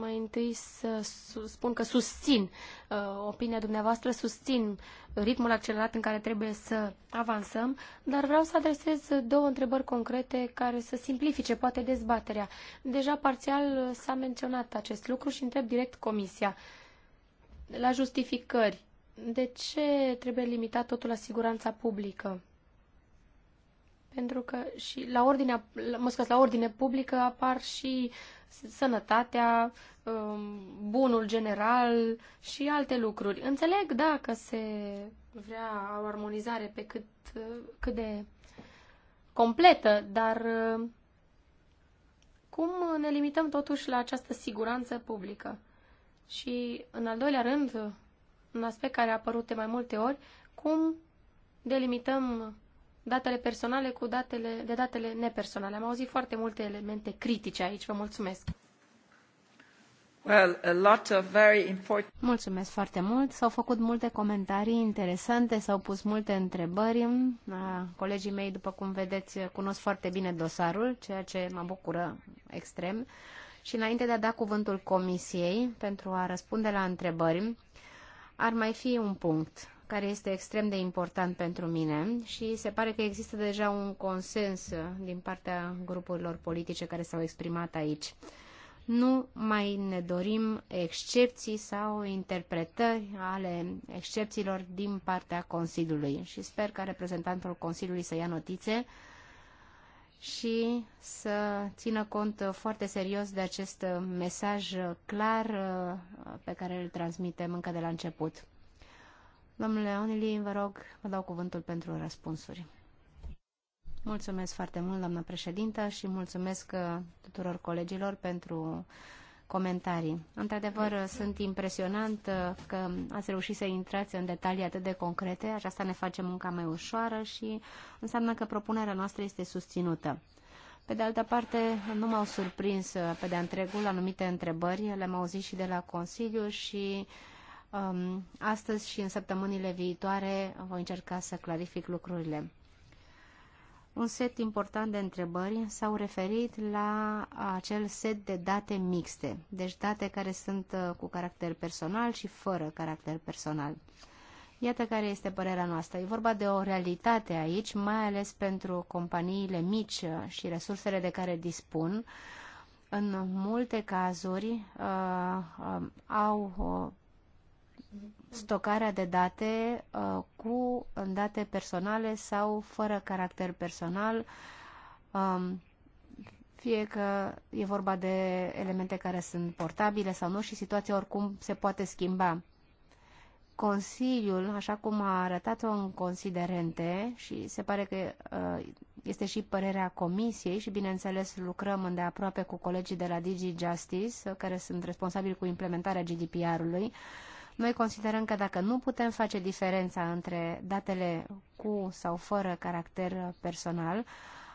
mai întâi să spun că susțin uh, opinia dumneavoastră, susțin ritmul accelerat în care trebuie să avansăm, dar vreau să adresez două întrebări concrete care să simplifice poate dezbaterea. Deja parțial s-a menționat acest lucru și întreb direct Comisia. La justificări, de ce trebuie limitat totul la siguranța publică? Pentru că și la ordinea, mă scuze, la ordine publică apar și uh, sănătatea, um, bunul general și alte lucruri. Înțeleg, da, că se vrea o armonizare pe cât, cât de completă, dar um, cum ne limităm totuși la această siguranță publică? Și, în al doilea rând, un aspect care a apărut de mai multe ori, cum delimităm datele personale cu datele, de datele nepersonale. Am auzit foarte multe elemente critice aici. Vă mulțumesc. Well, a lot of very important... Mulțumesc foarte mult. S-au făcut multe comentarii interesante, s-au pus multe întrebări. Colegii mei, după cum vedeți, cunosc foarte bine dosarul, ceea ce mă bucură extrem. Și înainte de a da cuvântul comisiei pentru a răspunde la întrebări, ar mai fi un punct care este extrem de important pentru mine și se pare că există deja un consens din partea grupurilor politice care s-au exprimat aici. Nu mai ne dorim excepții sau interpretări ale excepțiilor din partea Consiliului și sper ca reprezentantul Consiliului să ia notițe și să țină cont foarte serios de acest mesaj clar uh, pe care îl transmitem încă de la început. Domnule Onili, vă rog, vă dau cuvântul pentru răspunsuri. Mulțumesc foarte mult, doamnă președintă, și mulțumesc uh, tuturor colegilor pentru comentarii. Într-adevăr, uh, sunt impresionant uh, că ați reușit să intrați în detalii atât de concrete, aceasta ne face munca mai ușoară și înseamnă că propunerea noastră este susținută. Pe de altă parte, nu m-au surprins pe de întregul anumite întrebări, le-am auzit și de la Consiliu și uh, um, astăzi și în săptămânile viitoare voi încerca să clarific lucrurile. Un set important de întrebări s-au referit la acel set de date mixte, deci date care sunt uh, cu caracter personal și fără caracter personal. Iată care este părerea noastră. E vorba de o realitate aici, mai ales pentru companiile mici uh, și resursele de care dispun. În multe cazuri uh, uh, au uh, stocarea de date uh, cu date personale sau fără caracter personal, um, fie că e vorba de elemente care sunt portabile sau nu și situația oricum se poate schimba. Consiliul, așa cum a arătat-o în considerente și se pare că uh, este și părerea Comisiei și, bineînțeles, lucrăm îndeaproape cu colegii de la Digi Justice, care sunt responsabili cu implementarea GDPR-ului, uh, noi considerăm că dacă nu putem face diferența între datele cu sau fără caracter personal,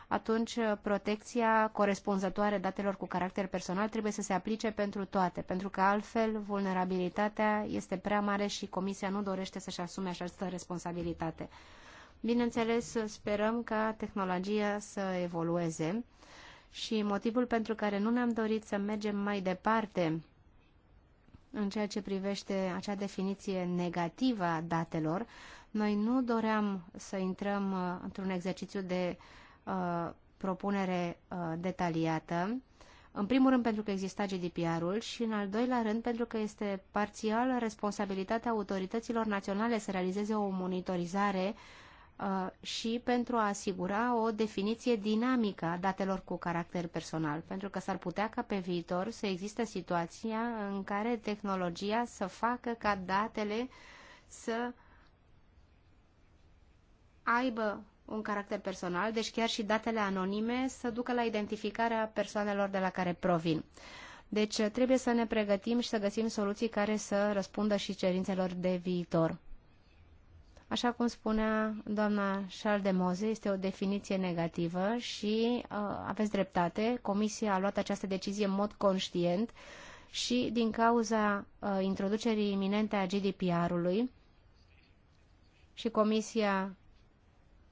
atunci protecția corespunzătoare datelor cu caracter personal trebuie să se aplice pentru toate, pentru că altfel vulnerabilitatea este prea mare și Comisia nu dorește să-și asume această responsabilitate. Bineînțeles, sperăm ca tehnologia să evolueze și motivul pentru care nu ne-am dorit să mergem mai departe în ceea ce privește acea definiție negativă a datelor, noi nu doream să intrăm uh, într-un exercițiu de uh, propunere uh, detaliată, în primul rând pentru că exista GDPR-ul și în al doilea rând pentru că este parțial responsabilitatea autorităților naționale să realizeze o monitorizare uh, Uh, și pentru a asigura o definiție dinamică a datelor cu caracter personal, pentru că s-ar putea ca pe viitor să existe situația în care tehnologia să facă ca datele să aibă un caracter personal, deci chiar și datele anonime să ducă la identificarea persoanelor de la care provin. Deci trebuie să ne pregătim și să găsim soluții care să răspundă și cerințelor de viitor. Așa cum spunea doamna Charles de Moze, este o definiție negativă și uh, aveți dreptate, Comisia a luat această decizie în mod conștient și din cauza uh, introducerii iminente a GDPR-ului și Comisia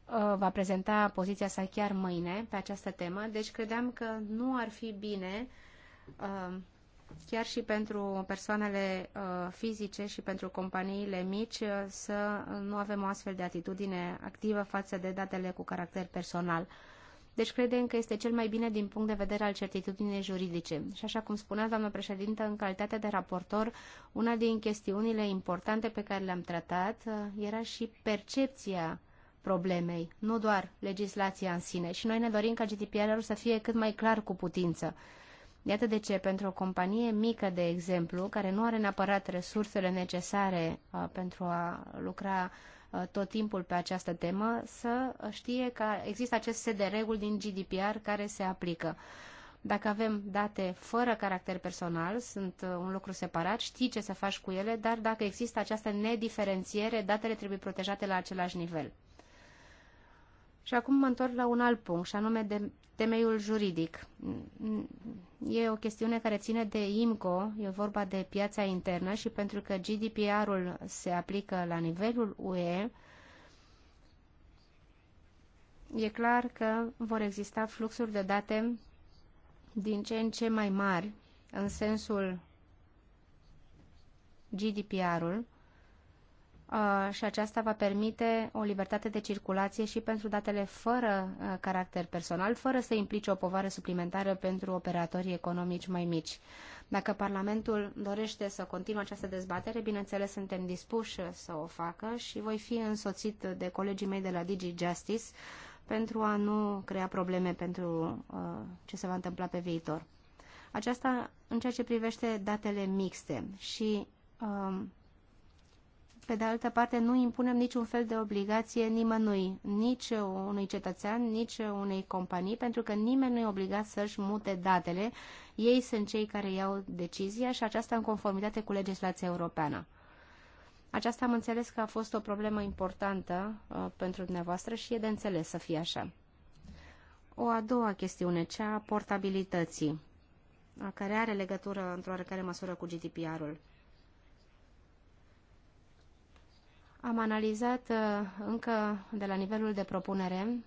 uh, va prezenta poziția sa chiar mâine pe această temă, deci credeam că nu ar fi bine uh, chiar și pentru persoanele uh, fizice și pentru companiile mici, uh, să nu avem o astfel de atitudine activă față de datele cu caracter personal. Deci credem că este cel mai bine din punct de vedere al certitudinii juridice. Și așa cum spunea doamna președintă, în calitate de raportor, una din chestiunile importante pe care le-am tratat uh, era și percepția problemei, nu doar legislația în sine. Și noi ne dorim ca GDPR-ul să fie cât mai clar cu putință. Iată de ce, pentru o companie mică, de exemplu, care nu are neapărat resursele necesare uh, pentru a lucra uh, tot timpul pe această temă, să știe că există acest set de reguli din GDPR care se aplică. Dacă avem date fără caracter personal, sunt uh, un lucru separat, știi ce să faci cu ele, dar dacă există această nediferențiere, datele trebuie protejate la același nivel. Și acum mă întorc la un alt punct, și anume de temeiul juridic. E o chestiune care ține de IMCO, e vorba de piața internă și pentru că GDPR-ul se aplică la nivelul UE, e clar că vor exista fluxuri de date din ce în ce mai mari în sensul GDPR-ul și aceasta va permite o libertate de circulație și pentru datele fără caracter personal, fără să implice o povară suplimentară pentru operatorii economici mai mici. Dacă Parlamentul dorește să continue această dezbatere, bineînțeles suntem dispuși să o facă și voi fi însoțit de colegii mei de la Digi Justice pentru a nu crea probleme pentru ce se va întâmpla pe viitor. Aceasta în ceea ce privește datele mixte și pe de altă parte, nu impunem niciun fel de obligație nimănui, nici unui cetățean, nici unei companii, pentru că nimeni nu e obligat să-și mute datele. Ei sunt cei care iau decizia și aceasta în conformitate cu legislația europeană. Aceasta am înțeles că a fost o problemă importantă uh, pentru dumneavoastră și e de înțeles să fie așa. O a doua chestiune, cea a portabilității, care are legătură într-o oarecare măsură cu GDPR-ul. Am analizat uh, încă de la nivelul de propunere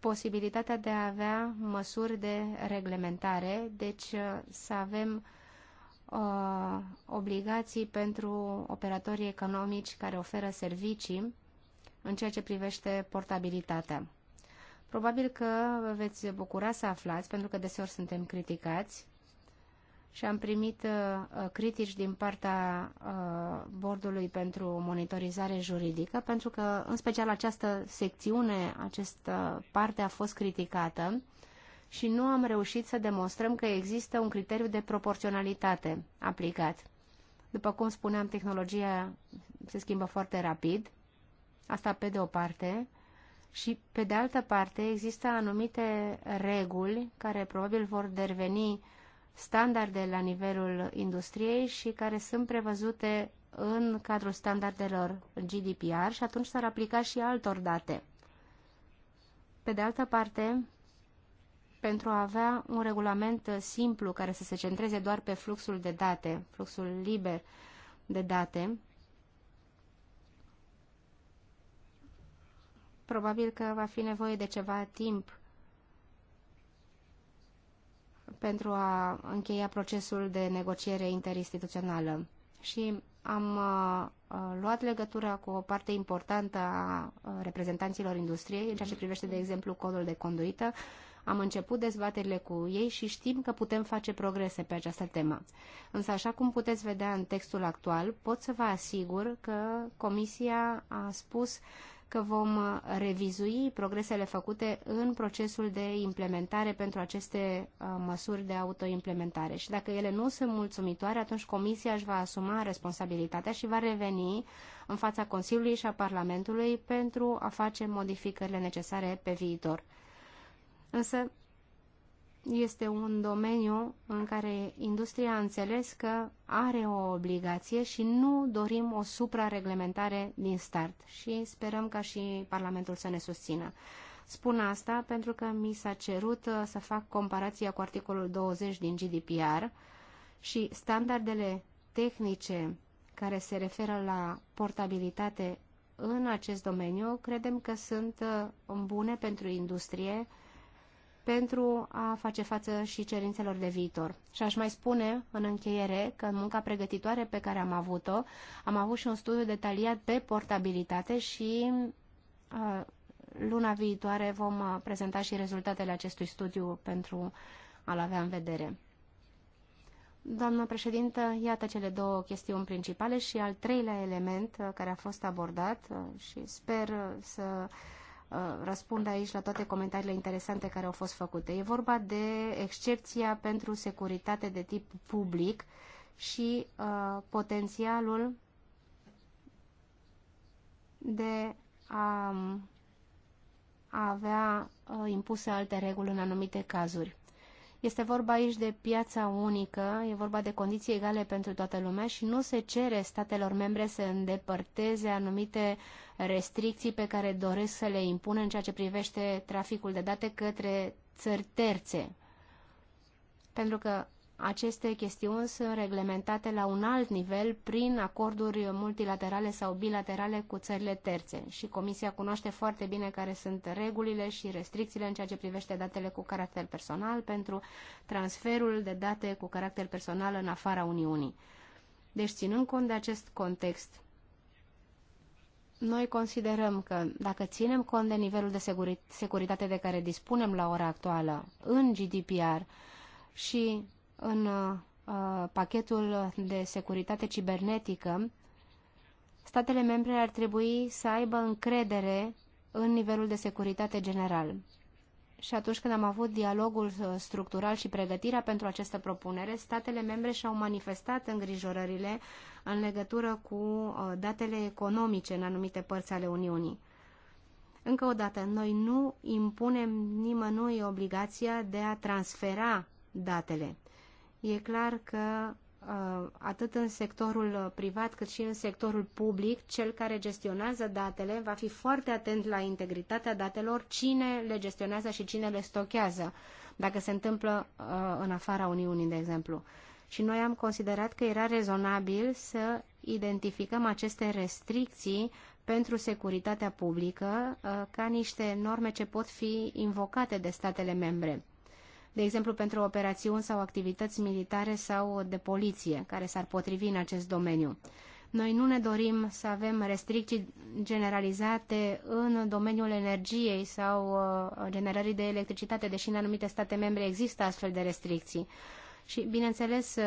posibilitatea de a avea măsuri de reglementare, deci uh, să avem uh, obligații pentru operatorii economici care oferă servicii în ceea ce privește portabilitatea. Probabil că vă veți bucura să aflați, pentru că deseori suntem criticați, și am primit uh, uh, critici din partea uh, bordului pentru monitorizare juridică, pentru că, în special, această secțiune, această parte a fost criticată și nu am reușit să demonstrăm că există un criteriu de proporționalitate aplicat. După cum spuneam, tehnologia se schimbă foarte rapid, asta pe de o parte, și pe de altă parte există anumite reguli care probabil vor deveni standarde la nivelul industriei și care sunt prevăzute în cadrul standardelor GDPR și atunci s-ar aplica și altor date. Pe de altă parte, pentru a avea un regulament simplu care să se centreze doar pe fluxul de date, fluxul liber de date, probabil că va fi nevoie de ceva timp pentru a încheia procesul de negociere interinstituțională. Și am uh, uh luat legătura cu o parte importantă a uh, reprezentanților industriei, în ceea ce privește, de exemplu, codul de conduită. Am început dezbaterile cu ei și știm că putem face progrese pe această temă. Însă, așa cum puteți vedea în textul actual, pot să vă asigur că Comisia a spus că vom uh, revizui progresele făcute în procesul de implementare pentru aceste uh, măsuri de autoimplementare. Și dacă ele nu sunt mulțumitoare, atunci Comisia își va asuma responsabilitatea și va reveni în fața Consiliului și a Parlamentului pentru a face modificările necesare pe viitor. Însă este un domeniu în care industria a înțeles că are o obligație și nu dorim o suprareglementare din start și sperăm ca și Parlamentul să ne susțină. Spun asta pentru că mi s-a cerut uh, să fac comparația cu articolul 20 din GDPR și standardele tehnice care se referă la portabilitate în acest domeniu, credem că sunt uh, bune pentru industrie, pentru a face față și cerințelor de viitor. Și aș mai spune în încheiere că în munca pregătitoare pe care am avut-o, am avut și un studiu detaliat pe portabilitate și uh, luna viitoare vom uh, prezenta și rezultatele acestui studiu pentru a-l avea în vedere. Doamnă președintă, iată cele două chestiuni principale și al treilea element uh, care a fost abordat uh, și sper să Uh, răspund aici la toate comentariile interesante care au fost făcute. E vorba de excepția pentru securitate de tip public și uh, potențialul de a, um, a avea uh, impuse alte reguli în anumite cazuri. Este vorba aici de piața unică, e vorba de condiții egale pentru toată lumea și nu se cere statelor membre să îndepărteze anumite uh, restricții pe care doresc să le impună în ceea ce privește traficul de date către țări terțe. Pentru că aceste chestiuni sunt reglementate la un alt nivel prin acorduri multilaterale sau bilaterale cu țările terțe și Comisia cunoaște foarte bine care sunt regulile și restricțiile în ceea ce privește datele cu caracter personal pentru transferul de date cu caracter personal în afara Uniunii. Deci, ținând cont de acest context, noi considerăm că dacă ținem cont de nivelul de securitate de care dispunem la ora actuală în GDPR și în uh, pachetul de securitate cibernetică, statele membre ar trebui să aibă încredere în nivelul de securitate general și atunci când am avut dialogul uh, structural și pregătirea pentru această propunere, statele membre și-au manifestat îngrijorările în legătură cu uh, datele economice în anumite părți ale Uniunii. Încă o dată, noi nu impunem nimănui obligația de a transfera datele. E clar că Uh, atât în sectorul privat cât și în sectorul public, cel care gestionează datele va fi foarte atent la integritatea datelor, cine le gestionează și cine le stochează, dacă se întâmplă uh, în afara Uniunii, de exemplu. Și noi am considerat că era rezonabil să identificăm aceste restricții pentru securitatea publică uh, ca niște norme ce pot fi invocate de statele membre de exemplu pentru operațiuni sau activități militare sau de poliție, care s-ar potrivi în acest domeniu. Noi nu ne dorim să avem restricții generalizate în domeniul energiei sau uh, generării de electricitate, deși în anumite state membre există astfel de restricții. Și, bineînțeles, uh,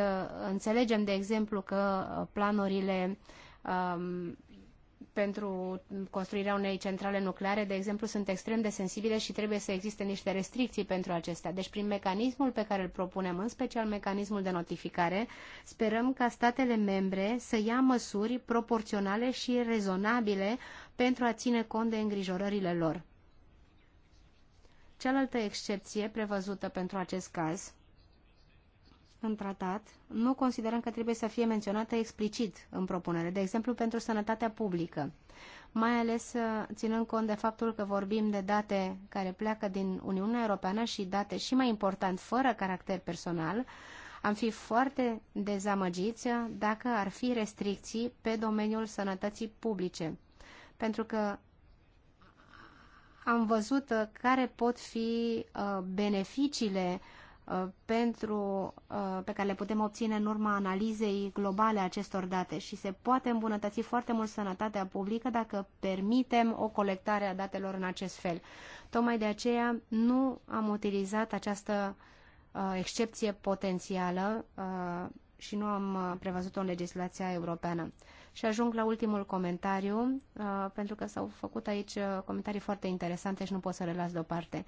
înțelegem, de exemplu, că uh, planurile um, pentru construirea unei centrale nucleare, de exemplu, sunt extrem de sensibile și trebuie să existe niște restricții pentru acestea. Deci, prin mecanismul pe care îl propunem, în special mecanismul de notificare, sperăm ca statele membre să ia măsuri proporționale și rezonabile pentru a ține cont de îngrijorările lor. Cealaltă excepție prevăzută pentru acest caz în tratat, nu considerăm că trebuie să fie menționată explicit în propunere, de exemplu pentru sănătatea publică, mai ales uh, ținând cont de faptul că vorbim de date care pleacă din Uniunea Europeană și date și mai important, fără caracter personal, am fi foarte dezamăgiți uh, dacă ar fi restricții pe domeniul sănătății publice. Pentru că am văzut uh, care pot fi beneficiile Uh, pentru, uh, pe care le putem obține în urma analizei globale a acestor date și se poate îmbunătăți foarte mult sănătatea publică dacă permitem o colectare a datelor în acest fel. Tocmai de aceea nu am utilizat această uh, excepție potențială și nu am prevăzut-o în legislația europeană. Și ajung la ultimul comentariu, pentru că s-au făcut aici comentarii foarte interesante și nu pot să le las deoparte.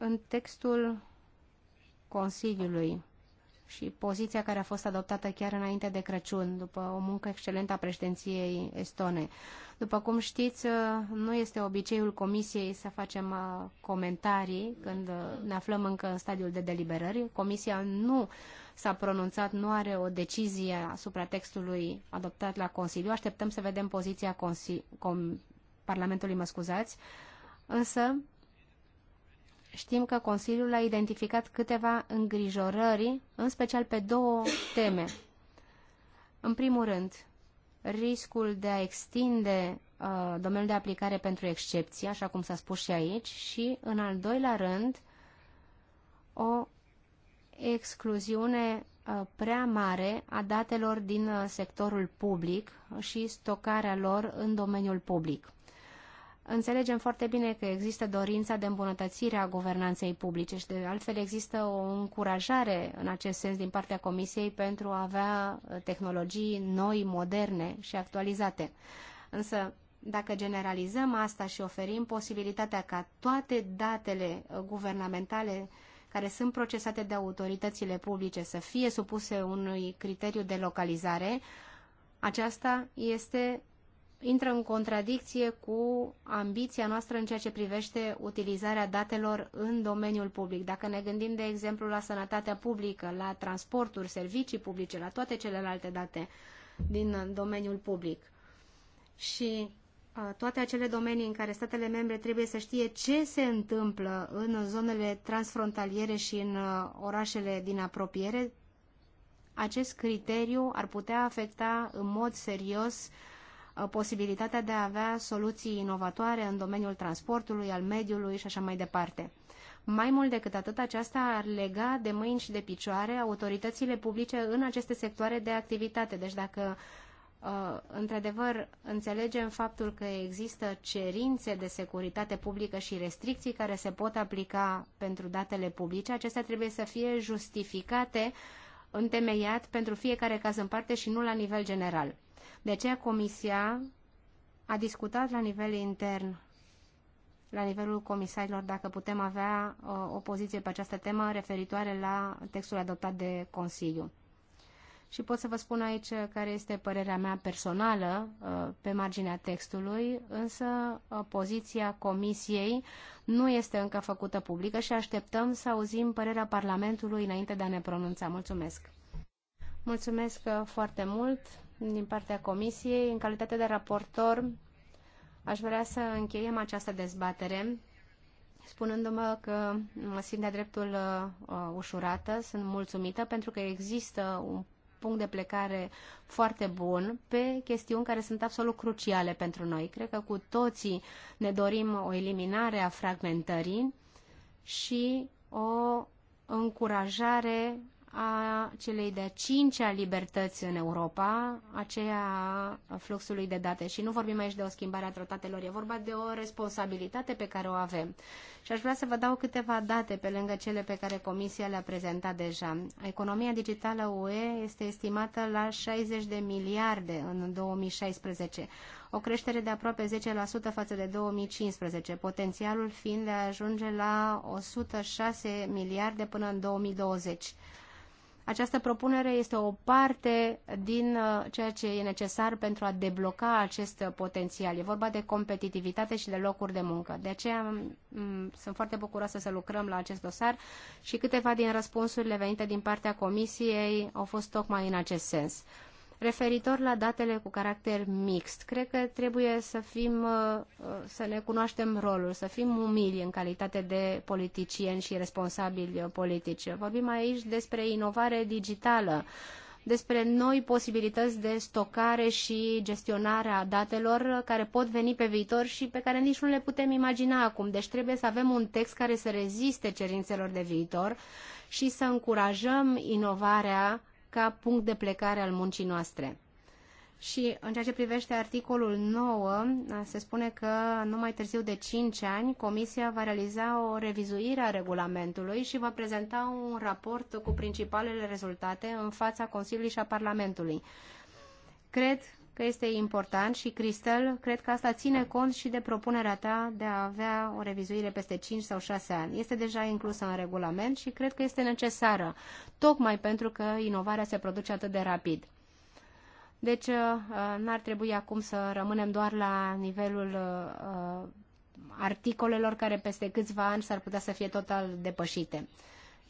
În textul Consiliului și poziția care a fost adoptată chiar înainte de Crăciun, după o muncă excelentă a președinției estone. După cum știți, nu este obiceiul Comisiei să facem uh, comentarii când uh, ne aflăm încă în stadiul de deliberări. Comisia nu s-a pronunțat, nu are o decizie asupra textului adoptat la Consiliu. Așteptăm să vedem poziția Consili- Com- Parlamentului, mă scuzați. Însă, Știm că Consiliul a identificat câteva îngrijorări, în special pe două teme. În primul rând, riscul de a extinde uh, domeniul de aplicare pentru excepții, așa cum s-a spus și aici, și, în al doilea rând, o excluziune uh, prea mare a datelor din uh, sectorul public și stocarea lor în domeniul public. Înțelegem foarte bine că există dorința de îmbunătățire a guvernanței publice și de altfel există o încurajare în acest sens din partea Comisiei pentru a avea uh, tehnologii noi, moderne și actualizate. Însă, dacă generalizăm asta și oferim posibilitatea ca toate datele uh, guvernamentale care sunt procesate de autoritățile publice să fie supuse unui criteriu de localizare, aceasta este intră în contradicție cu ambiția noastră în ceea ce privește utilizarea datelor în domeniul public. Dacă ne gândim, de exemplu, la sănătatea publică, la transporturi, servicii publice, la toate celelalte date din domeniul public. Și toate acele domenii în care statele membre trebuie să știe ce se întâmplă în zonele transfrontaliere și în orașele din apropiere, acest criteriu ar putea afecta în mod serios uh, Uh, posibilitatea de a avea soluții inovatoare în domeniul transportului, al mediului și așa mai departe. Mai mult decât atât, aceasta ar lega de mâini și de picioare autoritățile publice în aceste sectoare de activitate. Deci dacă uh, într-adevăr înțelegem faptul că există cerințe de securitate publică și restricții care se pot aplica pentru datele publice, acestea trebuie să fie justificate întemeiat pentru fiecare caz în parte și nu la nivel general. De aceea Comisia a discutat la nivel intern, la nivelul comisarilor, dacă putem avea uh, o poziție pe această temă referitoare la textul adoptat de Consiliu. Și pot să vă spun aici care este părerea mea personală uh, pe marginea textului, însă uh, poziția Comisiei nu este încă făcută publică și așteptăm să auzim părerea Parlamentului înainte de a ne pronunța. Mulțumesc! Mulțumesc foarte mult! din partea Comisiei. În calitate de raportor, aș vrea să încheiem această dezbatere spunându-mă că mă simt de dreptul uh, ușurată, sunt mulțumită pentru că există un punct de plecare foarte bun pe chestiuni care sunt absolut cruciale pentru noi. Cred că cu toții ne dorim o eliminare a fragmentării și o încurajare a celei de-a cincea libertăți în Europa, aceea a fluxului de date. Și nu vorbim aici de o schimbare a tratatelor, e vorba de o responsabilitate pe care o avem. Și aș vrea să vă dau câteva date pe lângă cele pe care Comisia le-a prezentat deja. Economia digitală UE este estimată la 60 de miliarde în 2016, o creștere de aproape 10% față de 2015, potențialul fiind de a ajunge la 106 miliarde până în 2020. Această propunere este o parte din uh, ceea ce e necesar pentru a debloca acest potențial. E vorba de competitivitate și de locuri de muncă. De aceea sunt foarte bucuroasă să lucrăm la acest dosar și câteva din răspunsurile venite din partea Comisiei au fost tocmai în acest sens. Referitor la datele cu caracter mixt, cred că trebuie să fim, uh, uh, să ne cunoaștem rolul, să fim umili în calitate de politicieni și responsabili politici. Vorbim aici despre inovare digitală, despre noi posibilități de stocare și gestionare a datelor care pot veni pe viitor și pe care nici nu le putem imagina acum. Deci trebuie să avem un text care să reziste cerințelor de viitor și să încurajăm inovarea ca punct de plecare al muncii noastre. Și în ceea ce privește articolul 9, se spune că nu mai târziu de 5 ani Comisia va realiza o revizuire a regulamentului și va prezenta un raport cu principalele rezultate în fața Consiliului și a Parlamentului. Cred că este important și, Cristel, cred că asta ține cont și de propunerea ta de a avea o revizuire peste 5 sau 6 ani. Este deja inclusă în regulament și cred că este necesară, tocmai pentru că inovarea se produce atât de rapid. Deci, uh, uh, n-ar trebui acum să rămânem doar la nivelul uh, articolelor care peste câțiva ani s-ar putea să fie total depășite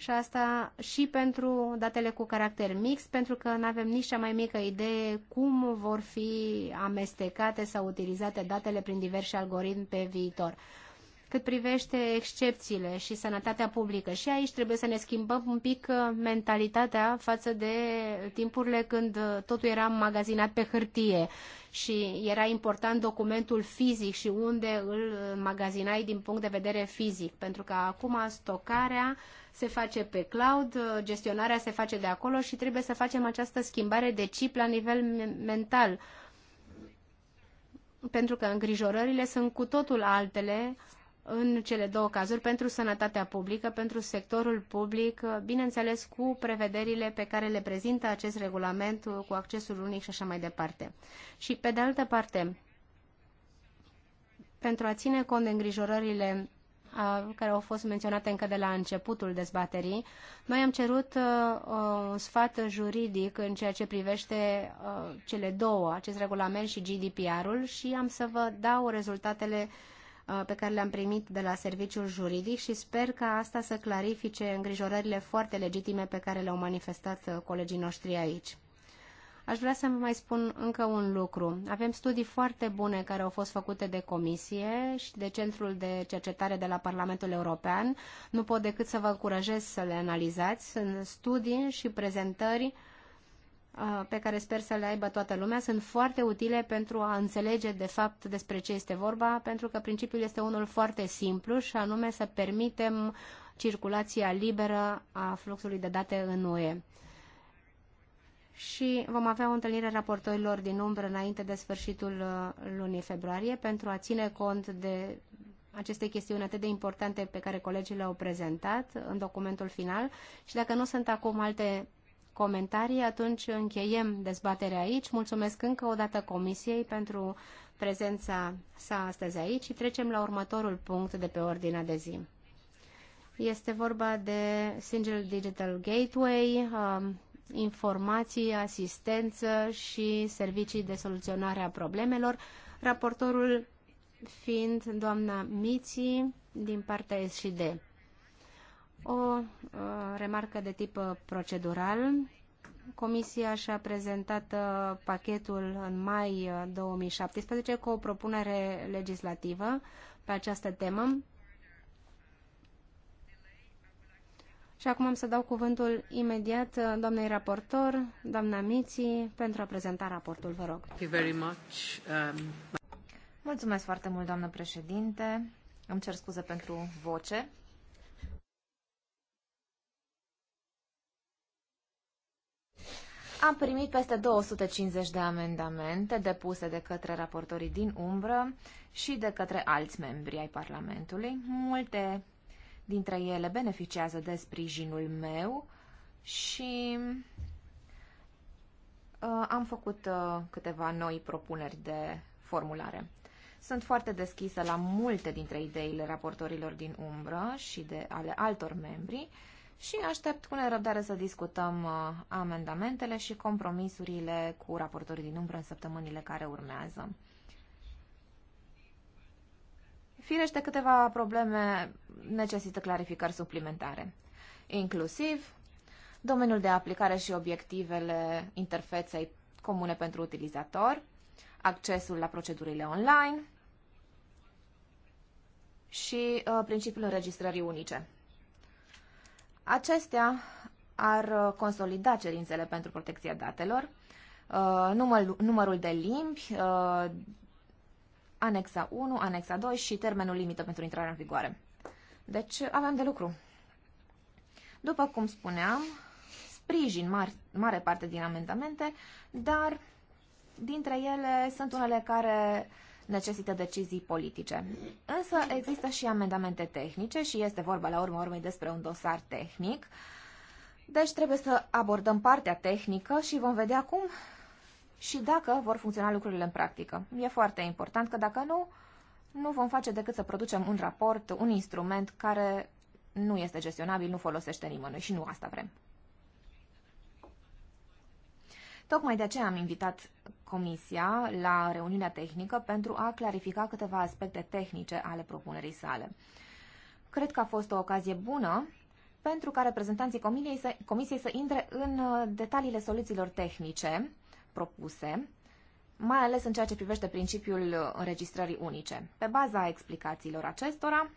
și asta și pentru datele cu caracter mix, pentru că nu avem nici cea mai mică idee cum vor fi amestecate sau utilizate datele prin diverse algoritmi pe viitor. Cât privește excepțiile și sănătatea publică, și aici trebuie să ne schimbăm un pic uh, mentalitatea față de timpurile când uh, totul era magazinat pe hârtie și era important documentul fizic și unde îl uh, magazinai din punct de vedere fizic, pentru că acum stocarea se face pe cloud, gestionarea se face de acolo și trebuie să facem această schimbare de chip la nivel mental. Pentru că îngrijorările sunt cu totul altele în cele două cazuri, pentru sănătatea publică, pentru sectorul public, bineînțeles cu prevederile pe care le prezintă acest regulament cu accesul unic și așa mai departe. Și pe de altă parte, pentru a ține cont de îngrijorările care au fost menționate încă de la începutul dezbaterii. Noi am cerut uh, uh, un sfat juridic în ceea ce privește uh, cele două, acest regulament și GDPR-ul și am să vă dau rezultatele pe care le-am primit de la serviciul juridic și sper ca asta să clarifice îngrijorările foarte legitime pe care le-au manifestat colegii noștri aici. Aș vrea să mai spun încă un lucru. Avem studii foarte bune care au fost făcute de Comisie și de Centrul de Cercetare de la Parlamentul European. Nu pot decât să vă încurajez să le analizați. Sunt studii și prezentări uh, pe care sper să le aibă toată lumea, sunt foarte utile pentru a înțelege de fapt despre ce este vorba, pentru că principiul este unul foarte simplu și anume să permitem circulația liberă a fluxului de date în UE și vom avea o întâlnire a raportorilor din umbră înainte de sfârșitul uh, lunii februarie pentru a ține cont de aceste chestiuni atât de importante pe care colegii le-au prezentat în documentul final și dacă nu sunt acum alte comentarii, atunci încheiem dezbaterea aici. Mulțumesc încă o dată Comisiei pentru prezența sa astăzi aici și trecem la următorul punct de pe ordinea de zi. Este vorba de Single Digital Gateway, uh, informații, asistență și servicii de soluționare a problemelor, raportorul fiind doamna Miți din partea SD. O uh, remarcă de tip uh, procedural. Comisia și-a prezentat uh, pachetul în mai 2017 uh, cu o propunere legislativă pe această temă Și acum am să dau cuvântul imediat uh, doamnei raportor, doamna Miții, pentru a prezenta raportul, vă rog. Um, Mulțumesc foarte mult, doamnă președinte. Îmi cer scuze pentru voce. Am primit peste 250 de amendamente depuse de către raportorii din umbră și de către alți membri ai Parlamentului. Multe dintre ele beneficiază de sprijinul meu și uh, am făcut uh, câteva noi propuneri de formulare. Sunt foarte deschisă la multe dintre ideile raportorilor din umbră și de ale altor membri și aștept cu nerăbdare să discutăm uh, amendamentele și compromisurile cu raportorii din umbră în săptămânile care urmează. Firește, câteva probleme necesită clarificări suplimentare, inclusiv domeniul de aplicare și obiectivele interfeței comune pentru utilizator, accesul la procedurile online și uh, principiul înregistrării unice. Acestea ar uh, consolida cerințele pentru protecția datelor, uh, numărul de limbi, uh, anexa 1, anexa 2 și termenul limită pentru intrarea în vigoare. Deci avem de lucru. După cum spuneam, sprijin mar mare parte din amendamente, dar dintre ele sunt unele care necesită decizii politice. Însă există și amendamente tehnice și este vorba la urmă urmei despre un dosar tehnic. Deci trebuie să abordăm partea tehnică și vom vedea cum și dacă vor funcționa lucrurile în practică. E foarte important că dacă nu, nu vom face decât să producem un raport, un instrument care nu este gestionabil, nu folosește nimănui și nu asta vrem. Tocmai de aceea am invitat Comisia la reuniunea tehnică pentru a clarifica câteva aspecte tehnice ale propunerii sale. Cred că a fost o ocazie bună pentru ca reprezentanții comisiei să, comisiei să intre în uh, detaliile soluțiilor tehnice propuse, mai ales în ceea ce privește principiul înregistrării unice. Pe baza explicațiilor acestora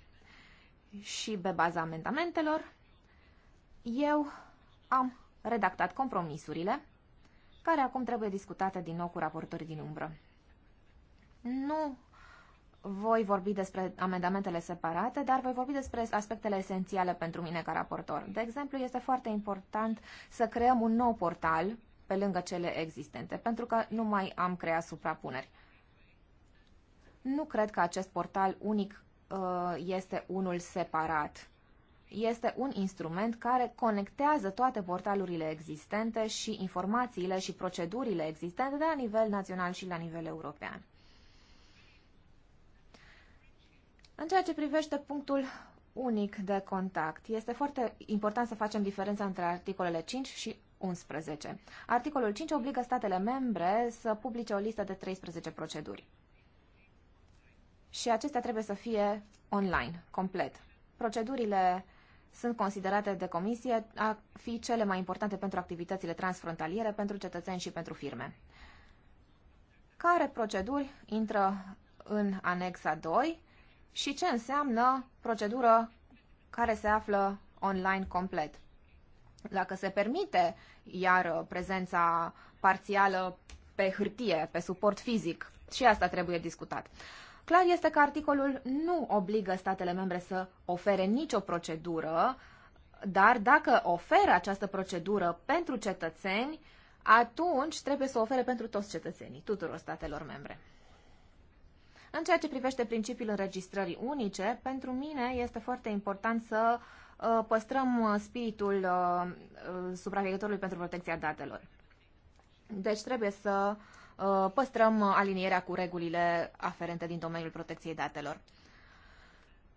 și pe baza amendamentelor, eu am redactat compromisurile, care acum trebuie discutate din nou cu raportorii din umbră. Nu voi vorbi despre amendamentele separate, dar voi vorbi despre aspectele esențiale pentru mine ca raportor. De exemplu, este foarte important să creăm un nou portal pe lângă cele existente, pentru că nu mai am creat suprapuneri. Nu cred că acest portal unic uh, este unul separat. Este un instrument care conectează toate portalurile existente și informațiile și procedurile existente de la nivel național și la nivel european. În ceea ce privește punctul unic de contact, este foarte important să facem diferența între articolele 5 și 11. Articolul 5 obligă statele membre să publice o listă de 13 proceduri. Și acestea trebuie să fie online, complet. Procedurile sunt considerate de comisie a fi cele mai importante pentru activitățile transfrontaliere, pentru cetățeni și pentru firme. Care proceduri intră în anexa 2 și ce înseamnă procedură care se află online complet? Dacă se permite iar uh, prezența parțială pe hârtie, pe suport fizic, și asta trebuie discutat. Clar este că articolul nu obligă statele membre să ofere nicio procedură, dar dacă oferă această procedură pentru cetățeni, atunci trebuie să o ofere pentru toți cetățenii, tuturor statelor membre. În ceea ce privește principiul înregistrării unice, pentru mine este foarte important să uh, Uh, păstrăm uh, spiritul uh, supraveghetorului pentru protecția datelor. Deci trebuie să păstrăm alinierea cu regulile aferente din domeniul protecției datelor.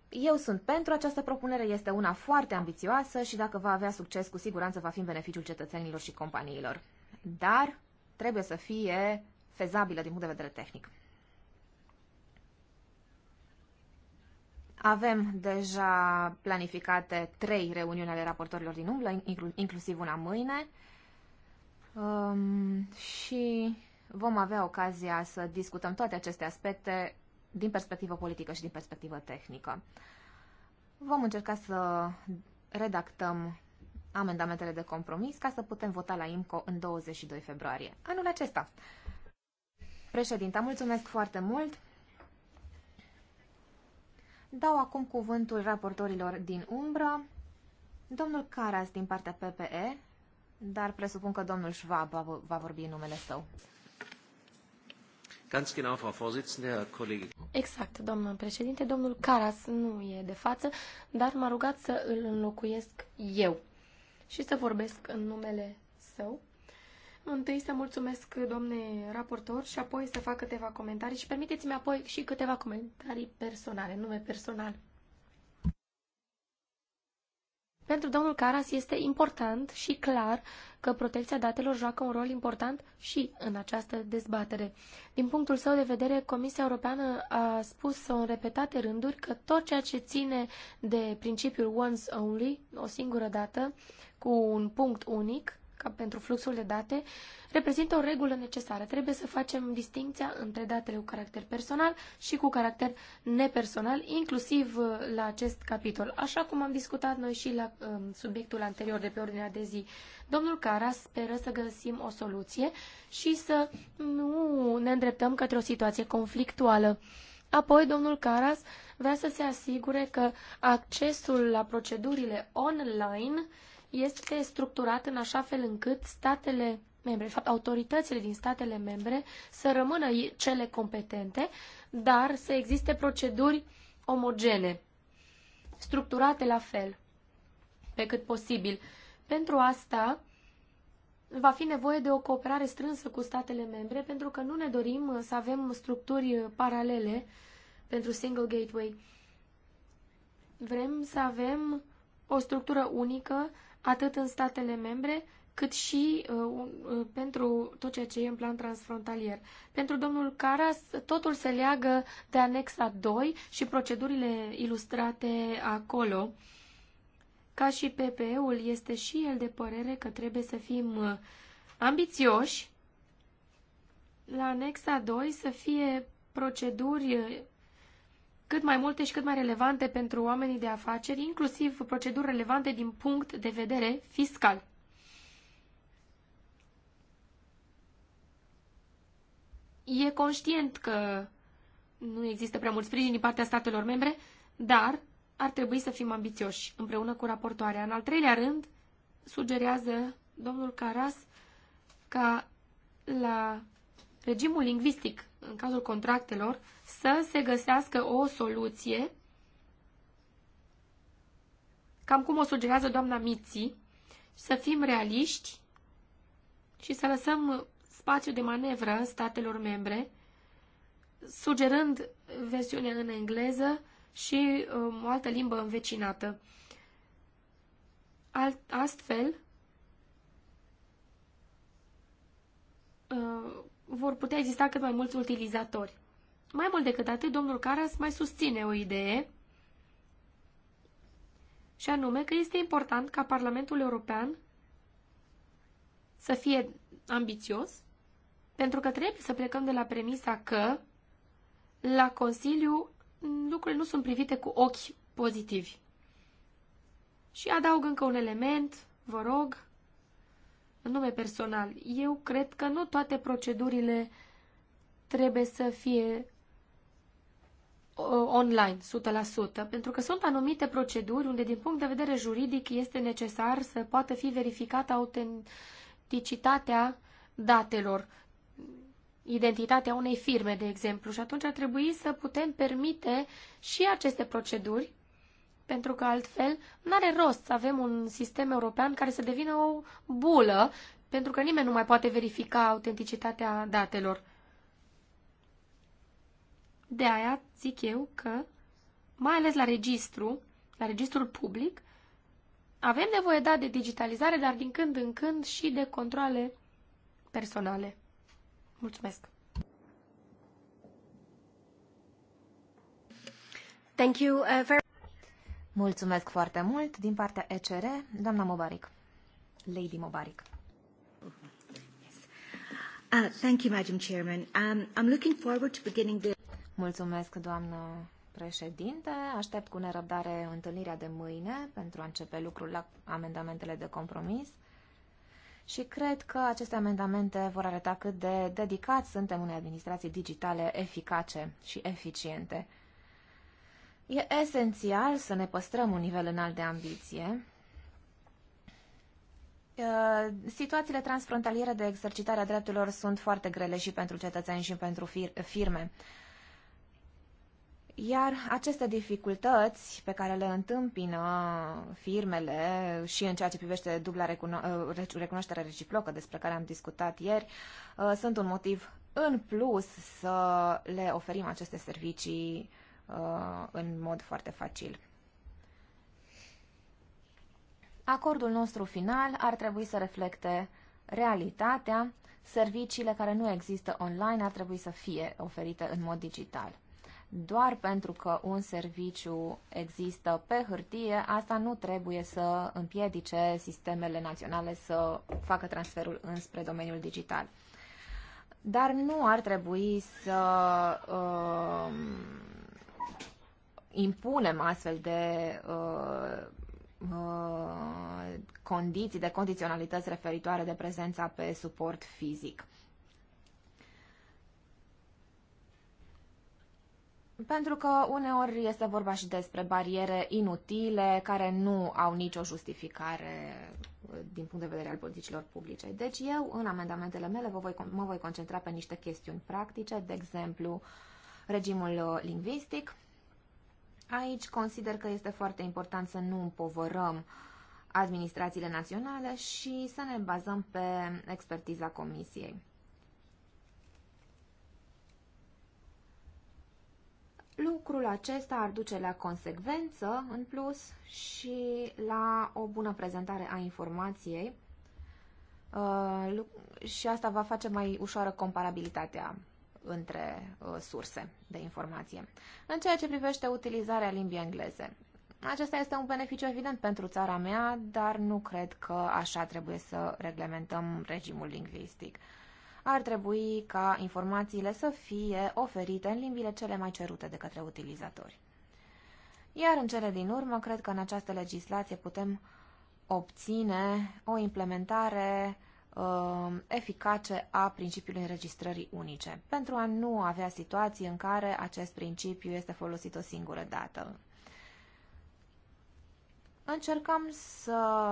Eu sunt pentru această propunere, este una foarte ambițioasă și dacă va avea succes, cu siguranță va fi în beneficiul cetățenilor și companiilor. Dar trebuie să fie fezabilă din punct de vedere tehnic. Avem deja planificate trei reuniuni ale raportorilor din umblă, inclusiv una mâine. Um, și vom avea ocazia să discutăm toate aceste aspecte din perspectivă politică și din perspectivă tehnică. Vom încerca să redactăm amendamentele de compromis ca să putem vota la IMCO în 22 februarie, anul acesta. Președinta, mulțumesc foarte mult! Dau acum cuvântul raportorilor din umbră. Domnul Caras din partea PPE, dar presupun că domnul Schwab va, vorbi în numele său. Exact, domnul președinte. Domnul Caras nu e de față, dar m-a rugat să îl înlocuiesc eu și să vorbesc în numele său întâi să mulțumesc domne raportor și apoi să fac câteva comentarii și permiteți-mi apoi și câteva comentarii personale, nume personal. Pentru domnul Caras este important și clar că protecția datelor joacă un rol important și în această dezbatere. Din punctul său de vedere, Comisia Europeană a spus în repetate rânduri că tot ceea ce ține de principiul once only, o singură dată, cu un punct unic, ca pentru fluxul de date, reprezintă o regulă necesară. Trebuie să facem distinția între datele cu caracter personal și cu caracter nepersonal, inclusiv uh, la acest capitol, așa cum am discutat noi și la um, subiectul anterior de pe ordinea de zi. Domnul Cara speră să găsim o soluție și să nu ne îndreptăm către o situație conflictuală. Apoi, domnul Caras vrea să se asigure că accesul la procedurile online uh, este structurat în așa fel încât statele membre, de fapt autoritățile din statele membre, să rămână cele competente, dar să existe proceduri omogene, structurate la fel, pe cât posibil. Pentru asta va fi nevoie de o cooperare strânsă cu statele membre, pentru că nu ne dorim uh, să avem structuri uh, paralele pentru Single Gateway. Vrem să avem o structură unică atât în statele membre, cât și uh, uh, pentru tot ceea ce e în plan transfrontalier. Pentru domnul Caras, totul se leagă de anexa 2 și procedurile ilustrate acolo. Ca și PPE-ul, este și el de părere că trebuie să fim uh, ambițioși la anexa 2 să fie proceduri uh, cât mai multe și cât mai relevante pentru oamenii de afaceri, inclusiv proceduri relevante din punct de vedere fiscal. E conștient că nu există prea mult sprijin din partea statelor membre, dar ar trebui să fim ambițioși împreună cu raportoarea. În al treilea rând, sugerează domnul Caras ca la regimul lingvistic în cazul contractelor, să se găsească o soluție, cam cum o sugerează doamna Miții, să fim realiști și să lăsăm spațiu de manevră statelor membre, sugerând versiunea în engleză și um, o altă limbă învecinată. Alt, astfel, uh, vor putea exista cât mai mulți utilizatori. Mai mult decât atât, domnul Caras mai susține o idee, și anume că este important ca Parlamentul European să fie ambițios, pentru că trebuie să plecăm de la premisa că la Consiliu lucrurile nu sunt privite cu ochi pozitivi. Și adaug încă un element, vă rog, în nume personal, eu cred că nu toate procedurile trebuie să fie uh, online, 100%, pentru că sunt anumite proceduri unde, din punct de vedere juridic, este necesar să poată fi verificată autenticitatea datelor, identitatea unei firme, de exemplu, și atunci ar trebui să putem permite și aceste proceduri pentru că altfel nu are rost să avem un sistem european care să devină o bulă, pentru că nimeni nu mai poate verifica autenticitatea datelor. De aia zic eu că, mai ales la registru, la registrul public, avem nevoie, da, de digitalizare, dar din când în când și de controle personale. Mulțumesc! Thank you, uh, very Mulțumesc foarte mult din partea ECR, doamna Mobaric. Lady Mobaric. Uh, thank you, Madam Chairman. Um, I'm looking forward to beginning the... Mulțumesc, doamnă președinte. Aștept cu nerăbdare întâlnirea de mâine pentru a începe lucrul la amendamentele de compromis. Și cred că aceste amendamente vor arăta cât de dedicați suntem unei administrații digitale eficace și eficiente. E esențial să ne păstrăm un nivel înalt de ambiție. Situațiile transfrontaliere de exercitare a drepturilor sunt foarte grele și pentru cetățeni și pentru firme. Iar aceste dificultăți pe care le întâmpină firmele și în ceea ce privește dubla recuno- recunoașterea reciprocă despre care am discutat ieri, sunt un motiv în plus să le oferim aceste servicii Uh, în mod foarte facil. Acordul nostru final ar trebui să reflecte realitatea, serviciile care nu există online ar trebui să fie oferite în mod digital. Doar pentru că un serviciu există pe hârtie, asta nu trebuie să împiedice sistemele naționale să facă transferul înspre domeniul digital. Dar nu ar trebui să uh, impunem astfel de uh, uh, condiții, de condiționalități referitoare de prezența pe suport fizic. Pentru că uneori este vorba și despre bariere inutile care nu au nicio justificare uh, din punct de vedere al politicilor publice. Deci eu, în amendamentele mele, vă voi, mă voi concentra pe niște chestiuni practice, de exemplu, regimul uh, lingvistic, Aici consider că este foarte important să nu împovărăm administrațiile naționale și să ne bazăm pe expertiza Comisiei. Lucrul acesta ar duce la consecvență în plus și la o bună prezentare a informației uh, și asta va face mai ușoară comparabilitatea între uh, surse de informație. În ceea ce privește utilizarea limbii engleze, acesta este un beneficiu evident pentru țara mea, dar nu cred că așa trebuie să reglementăm regimul lingvistic. Ar trebui ca informațiile să fie oferite în limbile cele mai cerute de către utilizatori. Iar în cele din urmă, cred că în această legislație putem obține o implementare Um, eficace a principiului înregistrării unice, pentru a nu avea situații în care acest principiu este folosit o singură dată. Încercăm să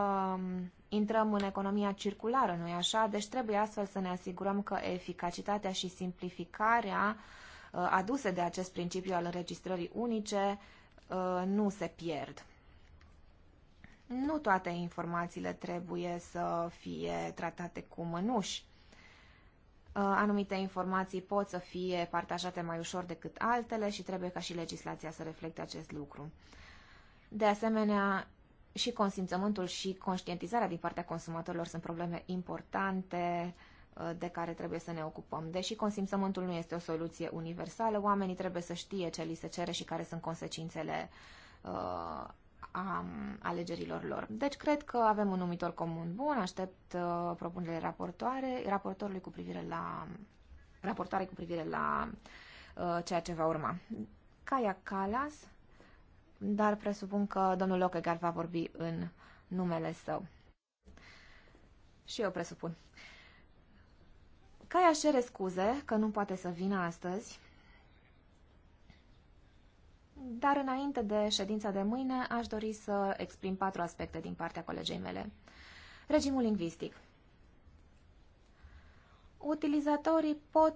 intrăm în economia circulară, nu-i așa? Deci trebuie astfel să ne asigurăm că eficacitatea și simplificarea uh, aduse de acest principiu al înregistrării unice uh, nu se pierd nu toate informațiile trebuie să fie tratate cu mânuși. Uh, anumite informații pot să fie partajate mai ușor decât altele și trebuie ca și legislația să reflecte acest lucru. De asemenea, și consimțământul și conștientizarea din partea consumatorilor sunt probleme importante uh, de care trebuie să ne ocupăm. Deși consimțământul nu este o soluție universală, oamenii trebuie să știe ce li se cere și care sunt consecințele uh, a alegerilor lor. Deci cred că avem un numitor comun bun, aștept uh, propunerile raportoare, raportorului cu privire la raportoare cu privire la uh, ceea ce va urma. Caia Calas, dar presupun că domnul Lockegar va vorbi în numele său. Și eu presupun. Caia cere scuze că nu poate să vină astăzi, dar înainte de ședința de mâine, aș dori să exprim patru aspecte din partea colegei mele. Regimul lingvistic. Utilizatorii pot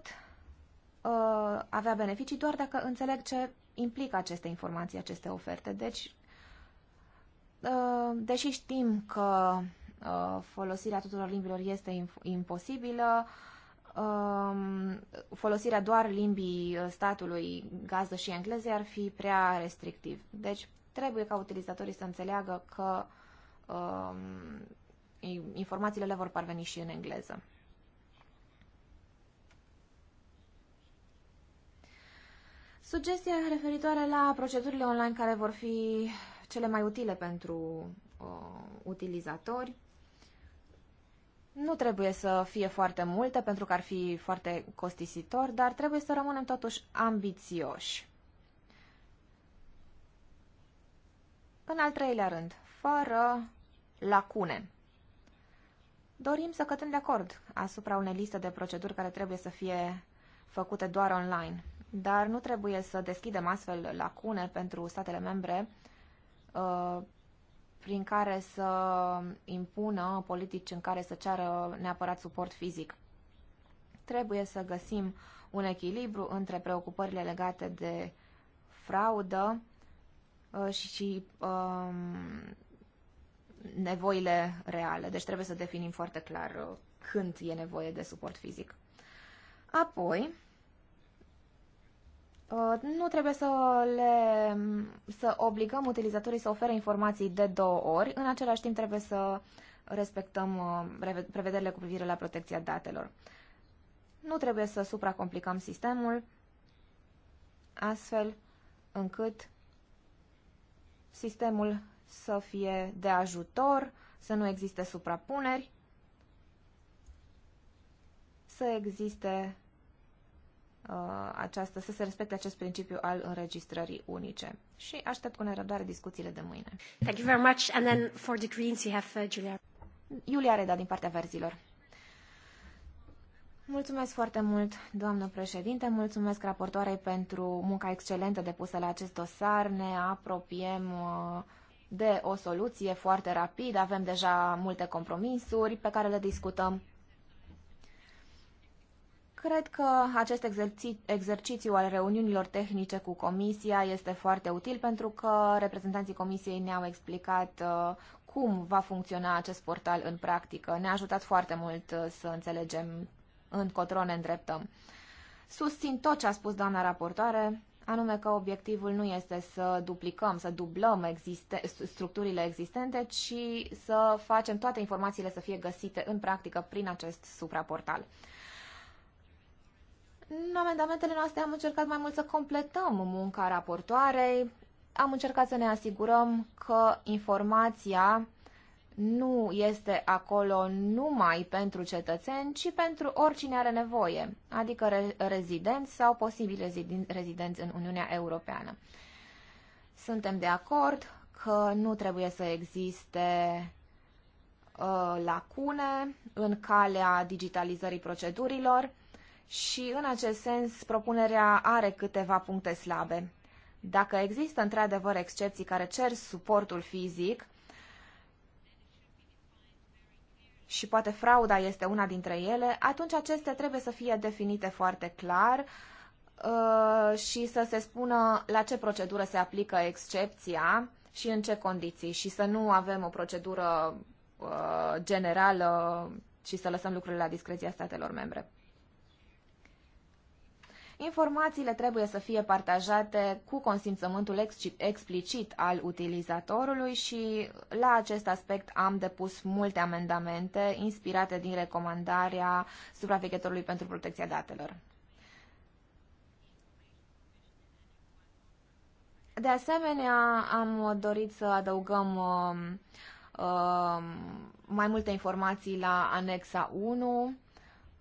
uh, avea beneficii doar dacă înțeleg ce implică aceste informații, aceste oferte. Deci, uh, deși știm că uh, folosirea tuturor limbilor este imposibilă, uh, Um, folosirea doar limbii uh, statului gazdă și engleze ar fi prea restrictiv. Deci trebuie ca utilizatorii să înțeleagă că um, informațiile le vor parveni și în engleză. Sugestia referitoare la procedurile online care vor fi cele mai utile pentru uh, utilizatori. Nu trebuie să fie foarte multe, pentru că ar fi foarte costisitor, dar trebuie să rămânem totuși ambițioși. În al treilea rând, fără lacune. Dorim să cătăm de acord asupra unei liste de proceduri care trebuie să fie făcute doar online, dar nu trebuie să deschidem astfel lacune pentru statele membre uh, prin care să impună politici în care să ceară neapărat suport fizic. Trebuie să găsim un echilibru între preocupările legate de fraudă uh, și, și um, nevoile reale. Deci trebuie să definim foarte clar uh, când e nevoie de suport fizic. Apoi, Uh, nu trebuie să, le, să obligăm utilizatorii să ofere informații de două ori, în același timp trebuie să respectăm uh, prevederile cu privire la protecția datelor. Nu trebuie să supracomplicăm sistemul astfel încât sistemul să fie de ajutor, să nu existe suprapuneri, să existe Uh, această, să se respecte acest principiu al înregistrării unice. Și aștept cu nerăbdare discuțiile de mâine. Thank you very much. And then for the Greens you have uh, Julia. Iulia Reda din partea verzilor. Mulțumesc foarte mult, doamnă președinte, mulțumesc raportoarei pentru munca excelentă depusă la acest dosar. Ne apropiem uh, de o soluție foarte rapid, avem deja multe compromisuri pe care le discutăm. Cred că acest exerci- exercițiu al reuniunilor tehnice cu Comisia este foarte util pentru că reprezentanții Comisiei ne-au explicat uh, cum va funcționa acest portal în practică. Ne-a ajutat foarte mult uh, să înțelegem încotro ne îndreptăm. Susțin tot ce a spus doamna raportoare, anume că obiectivul nu este să duplicăm, să dublăm existe- structurile existente, ci să facem toate informațiile să fie găsite în practică prin acest supraportal. În amendamentele noastre am încercat mai mult să completăm munca raportoarei, am încercat să ne asigurăm că informația nu este acolo numai pentru cetățeni, ci pentru oricine are nevoie, adică re- rezidenți sau posibili rezidenți în Uniunea Europeană. Suntem de acord că nu trebuie să existe uh, lacune în calea digitalizării procedurilor, și în acest sens propunerea are câteva puncte slabe. Dacă există într-adevăr excepții care cer suportul fizic, și poate frauda este una dintre ele, atunci acestea trebuie să fie definite foarte clar uh, și să se spună la ce procedură se aplică excepția și în ce condiții și să nu avem o procedură uh, generală și să lăsăm lucrurile la discreția statelor membre. Informațiile trebuie să fie partajate cu consimțământul explicit al utilizatorului și la acest aspect am depus multe amendamente inspirate din recomandarea supraveghetorului pentru protecția datelor. De asemenea, am dorit să adăugăm uh, uh, mai multe informații la anexa 1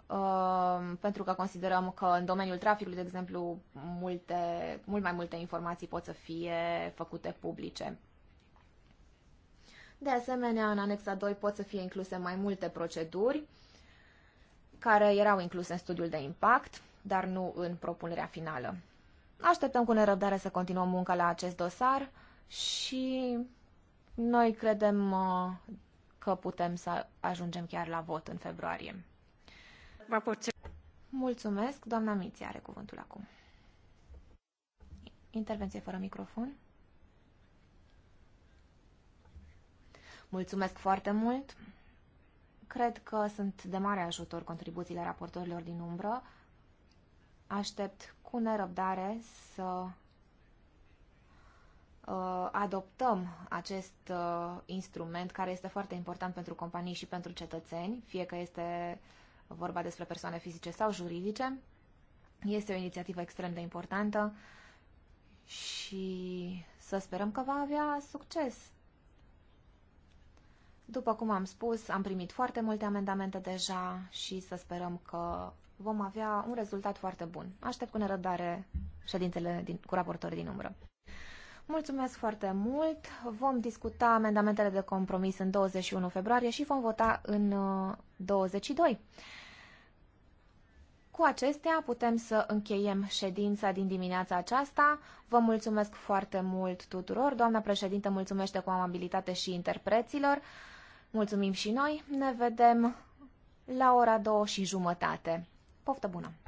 Um, pentru că considerăm că în domeniul traficului, de exemplu, multe, mult mai multe informații pot să fie făcute publice. De asemenea, în anexa 2 pot să fie incluse mai multe proceduri care erau incluse în studiul de impact, dar nu în propunerea finală. Așteptăm cu nerăbdare să continuăm munca la acest dosar și noi credem uh, că putem să ajungem chiar la vot în februarie. Mulțumesc. Doamna Miți are cuvântul acum. Intervenție fără microfon. Mulțumesc foarte mult. Cred că sunt de mare ajutor contribuțiile raportorilor din umbră. Aștept cu nerăbdare să uh, adoptăm acest uh, instrument care este foarte important pentru companii și pentru cetățeni, fie că este uh, vorba despre persoane fizice sau juridice. Este o inițiativă extrem de importantă și să sperăm că va avea succes. După cum am spus, am primit foarte multe amendamente deja și să sperăm că vom avea un rezultat foarte bun. Aștept cu nerăbdare ședințele din, cu raportorii din umbră. Mulțumesc foarte mult. Vom discuta amendamentele de compromis în 21 februarie și vom vota în 22. Uh, cu acestea putem să încheiem ședința din dimineața aceasta. Vă mulțumesc foarte mult tuturor. Doamna președintă mulțumește cu amabilitate și interpreților. Mulțumim și noi. Ne vedem la ora două și jumătate. Poftă bună!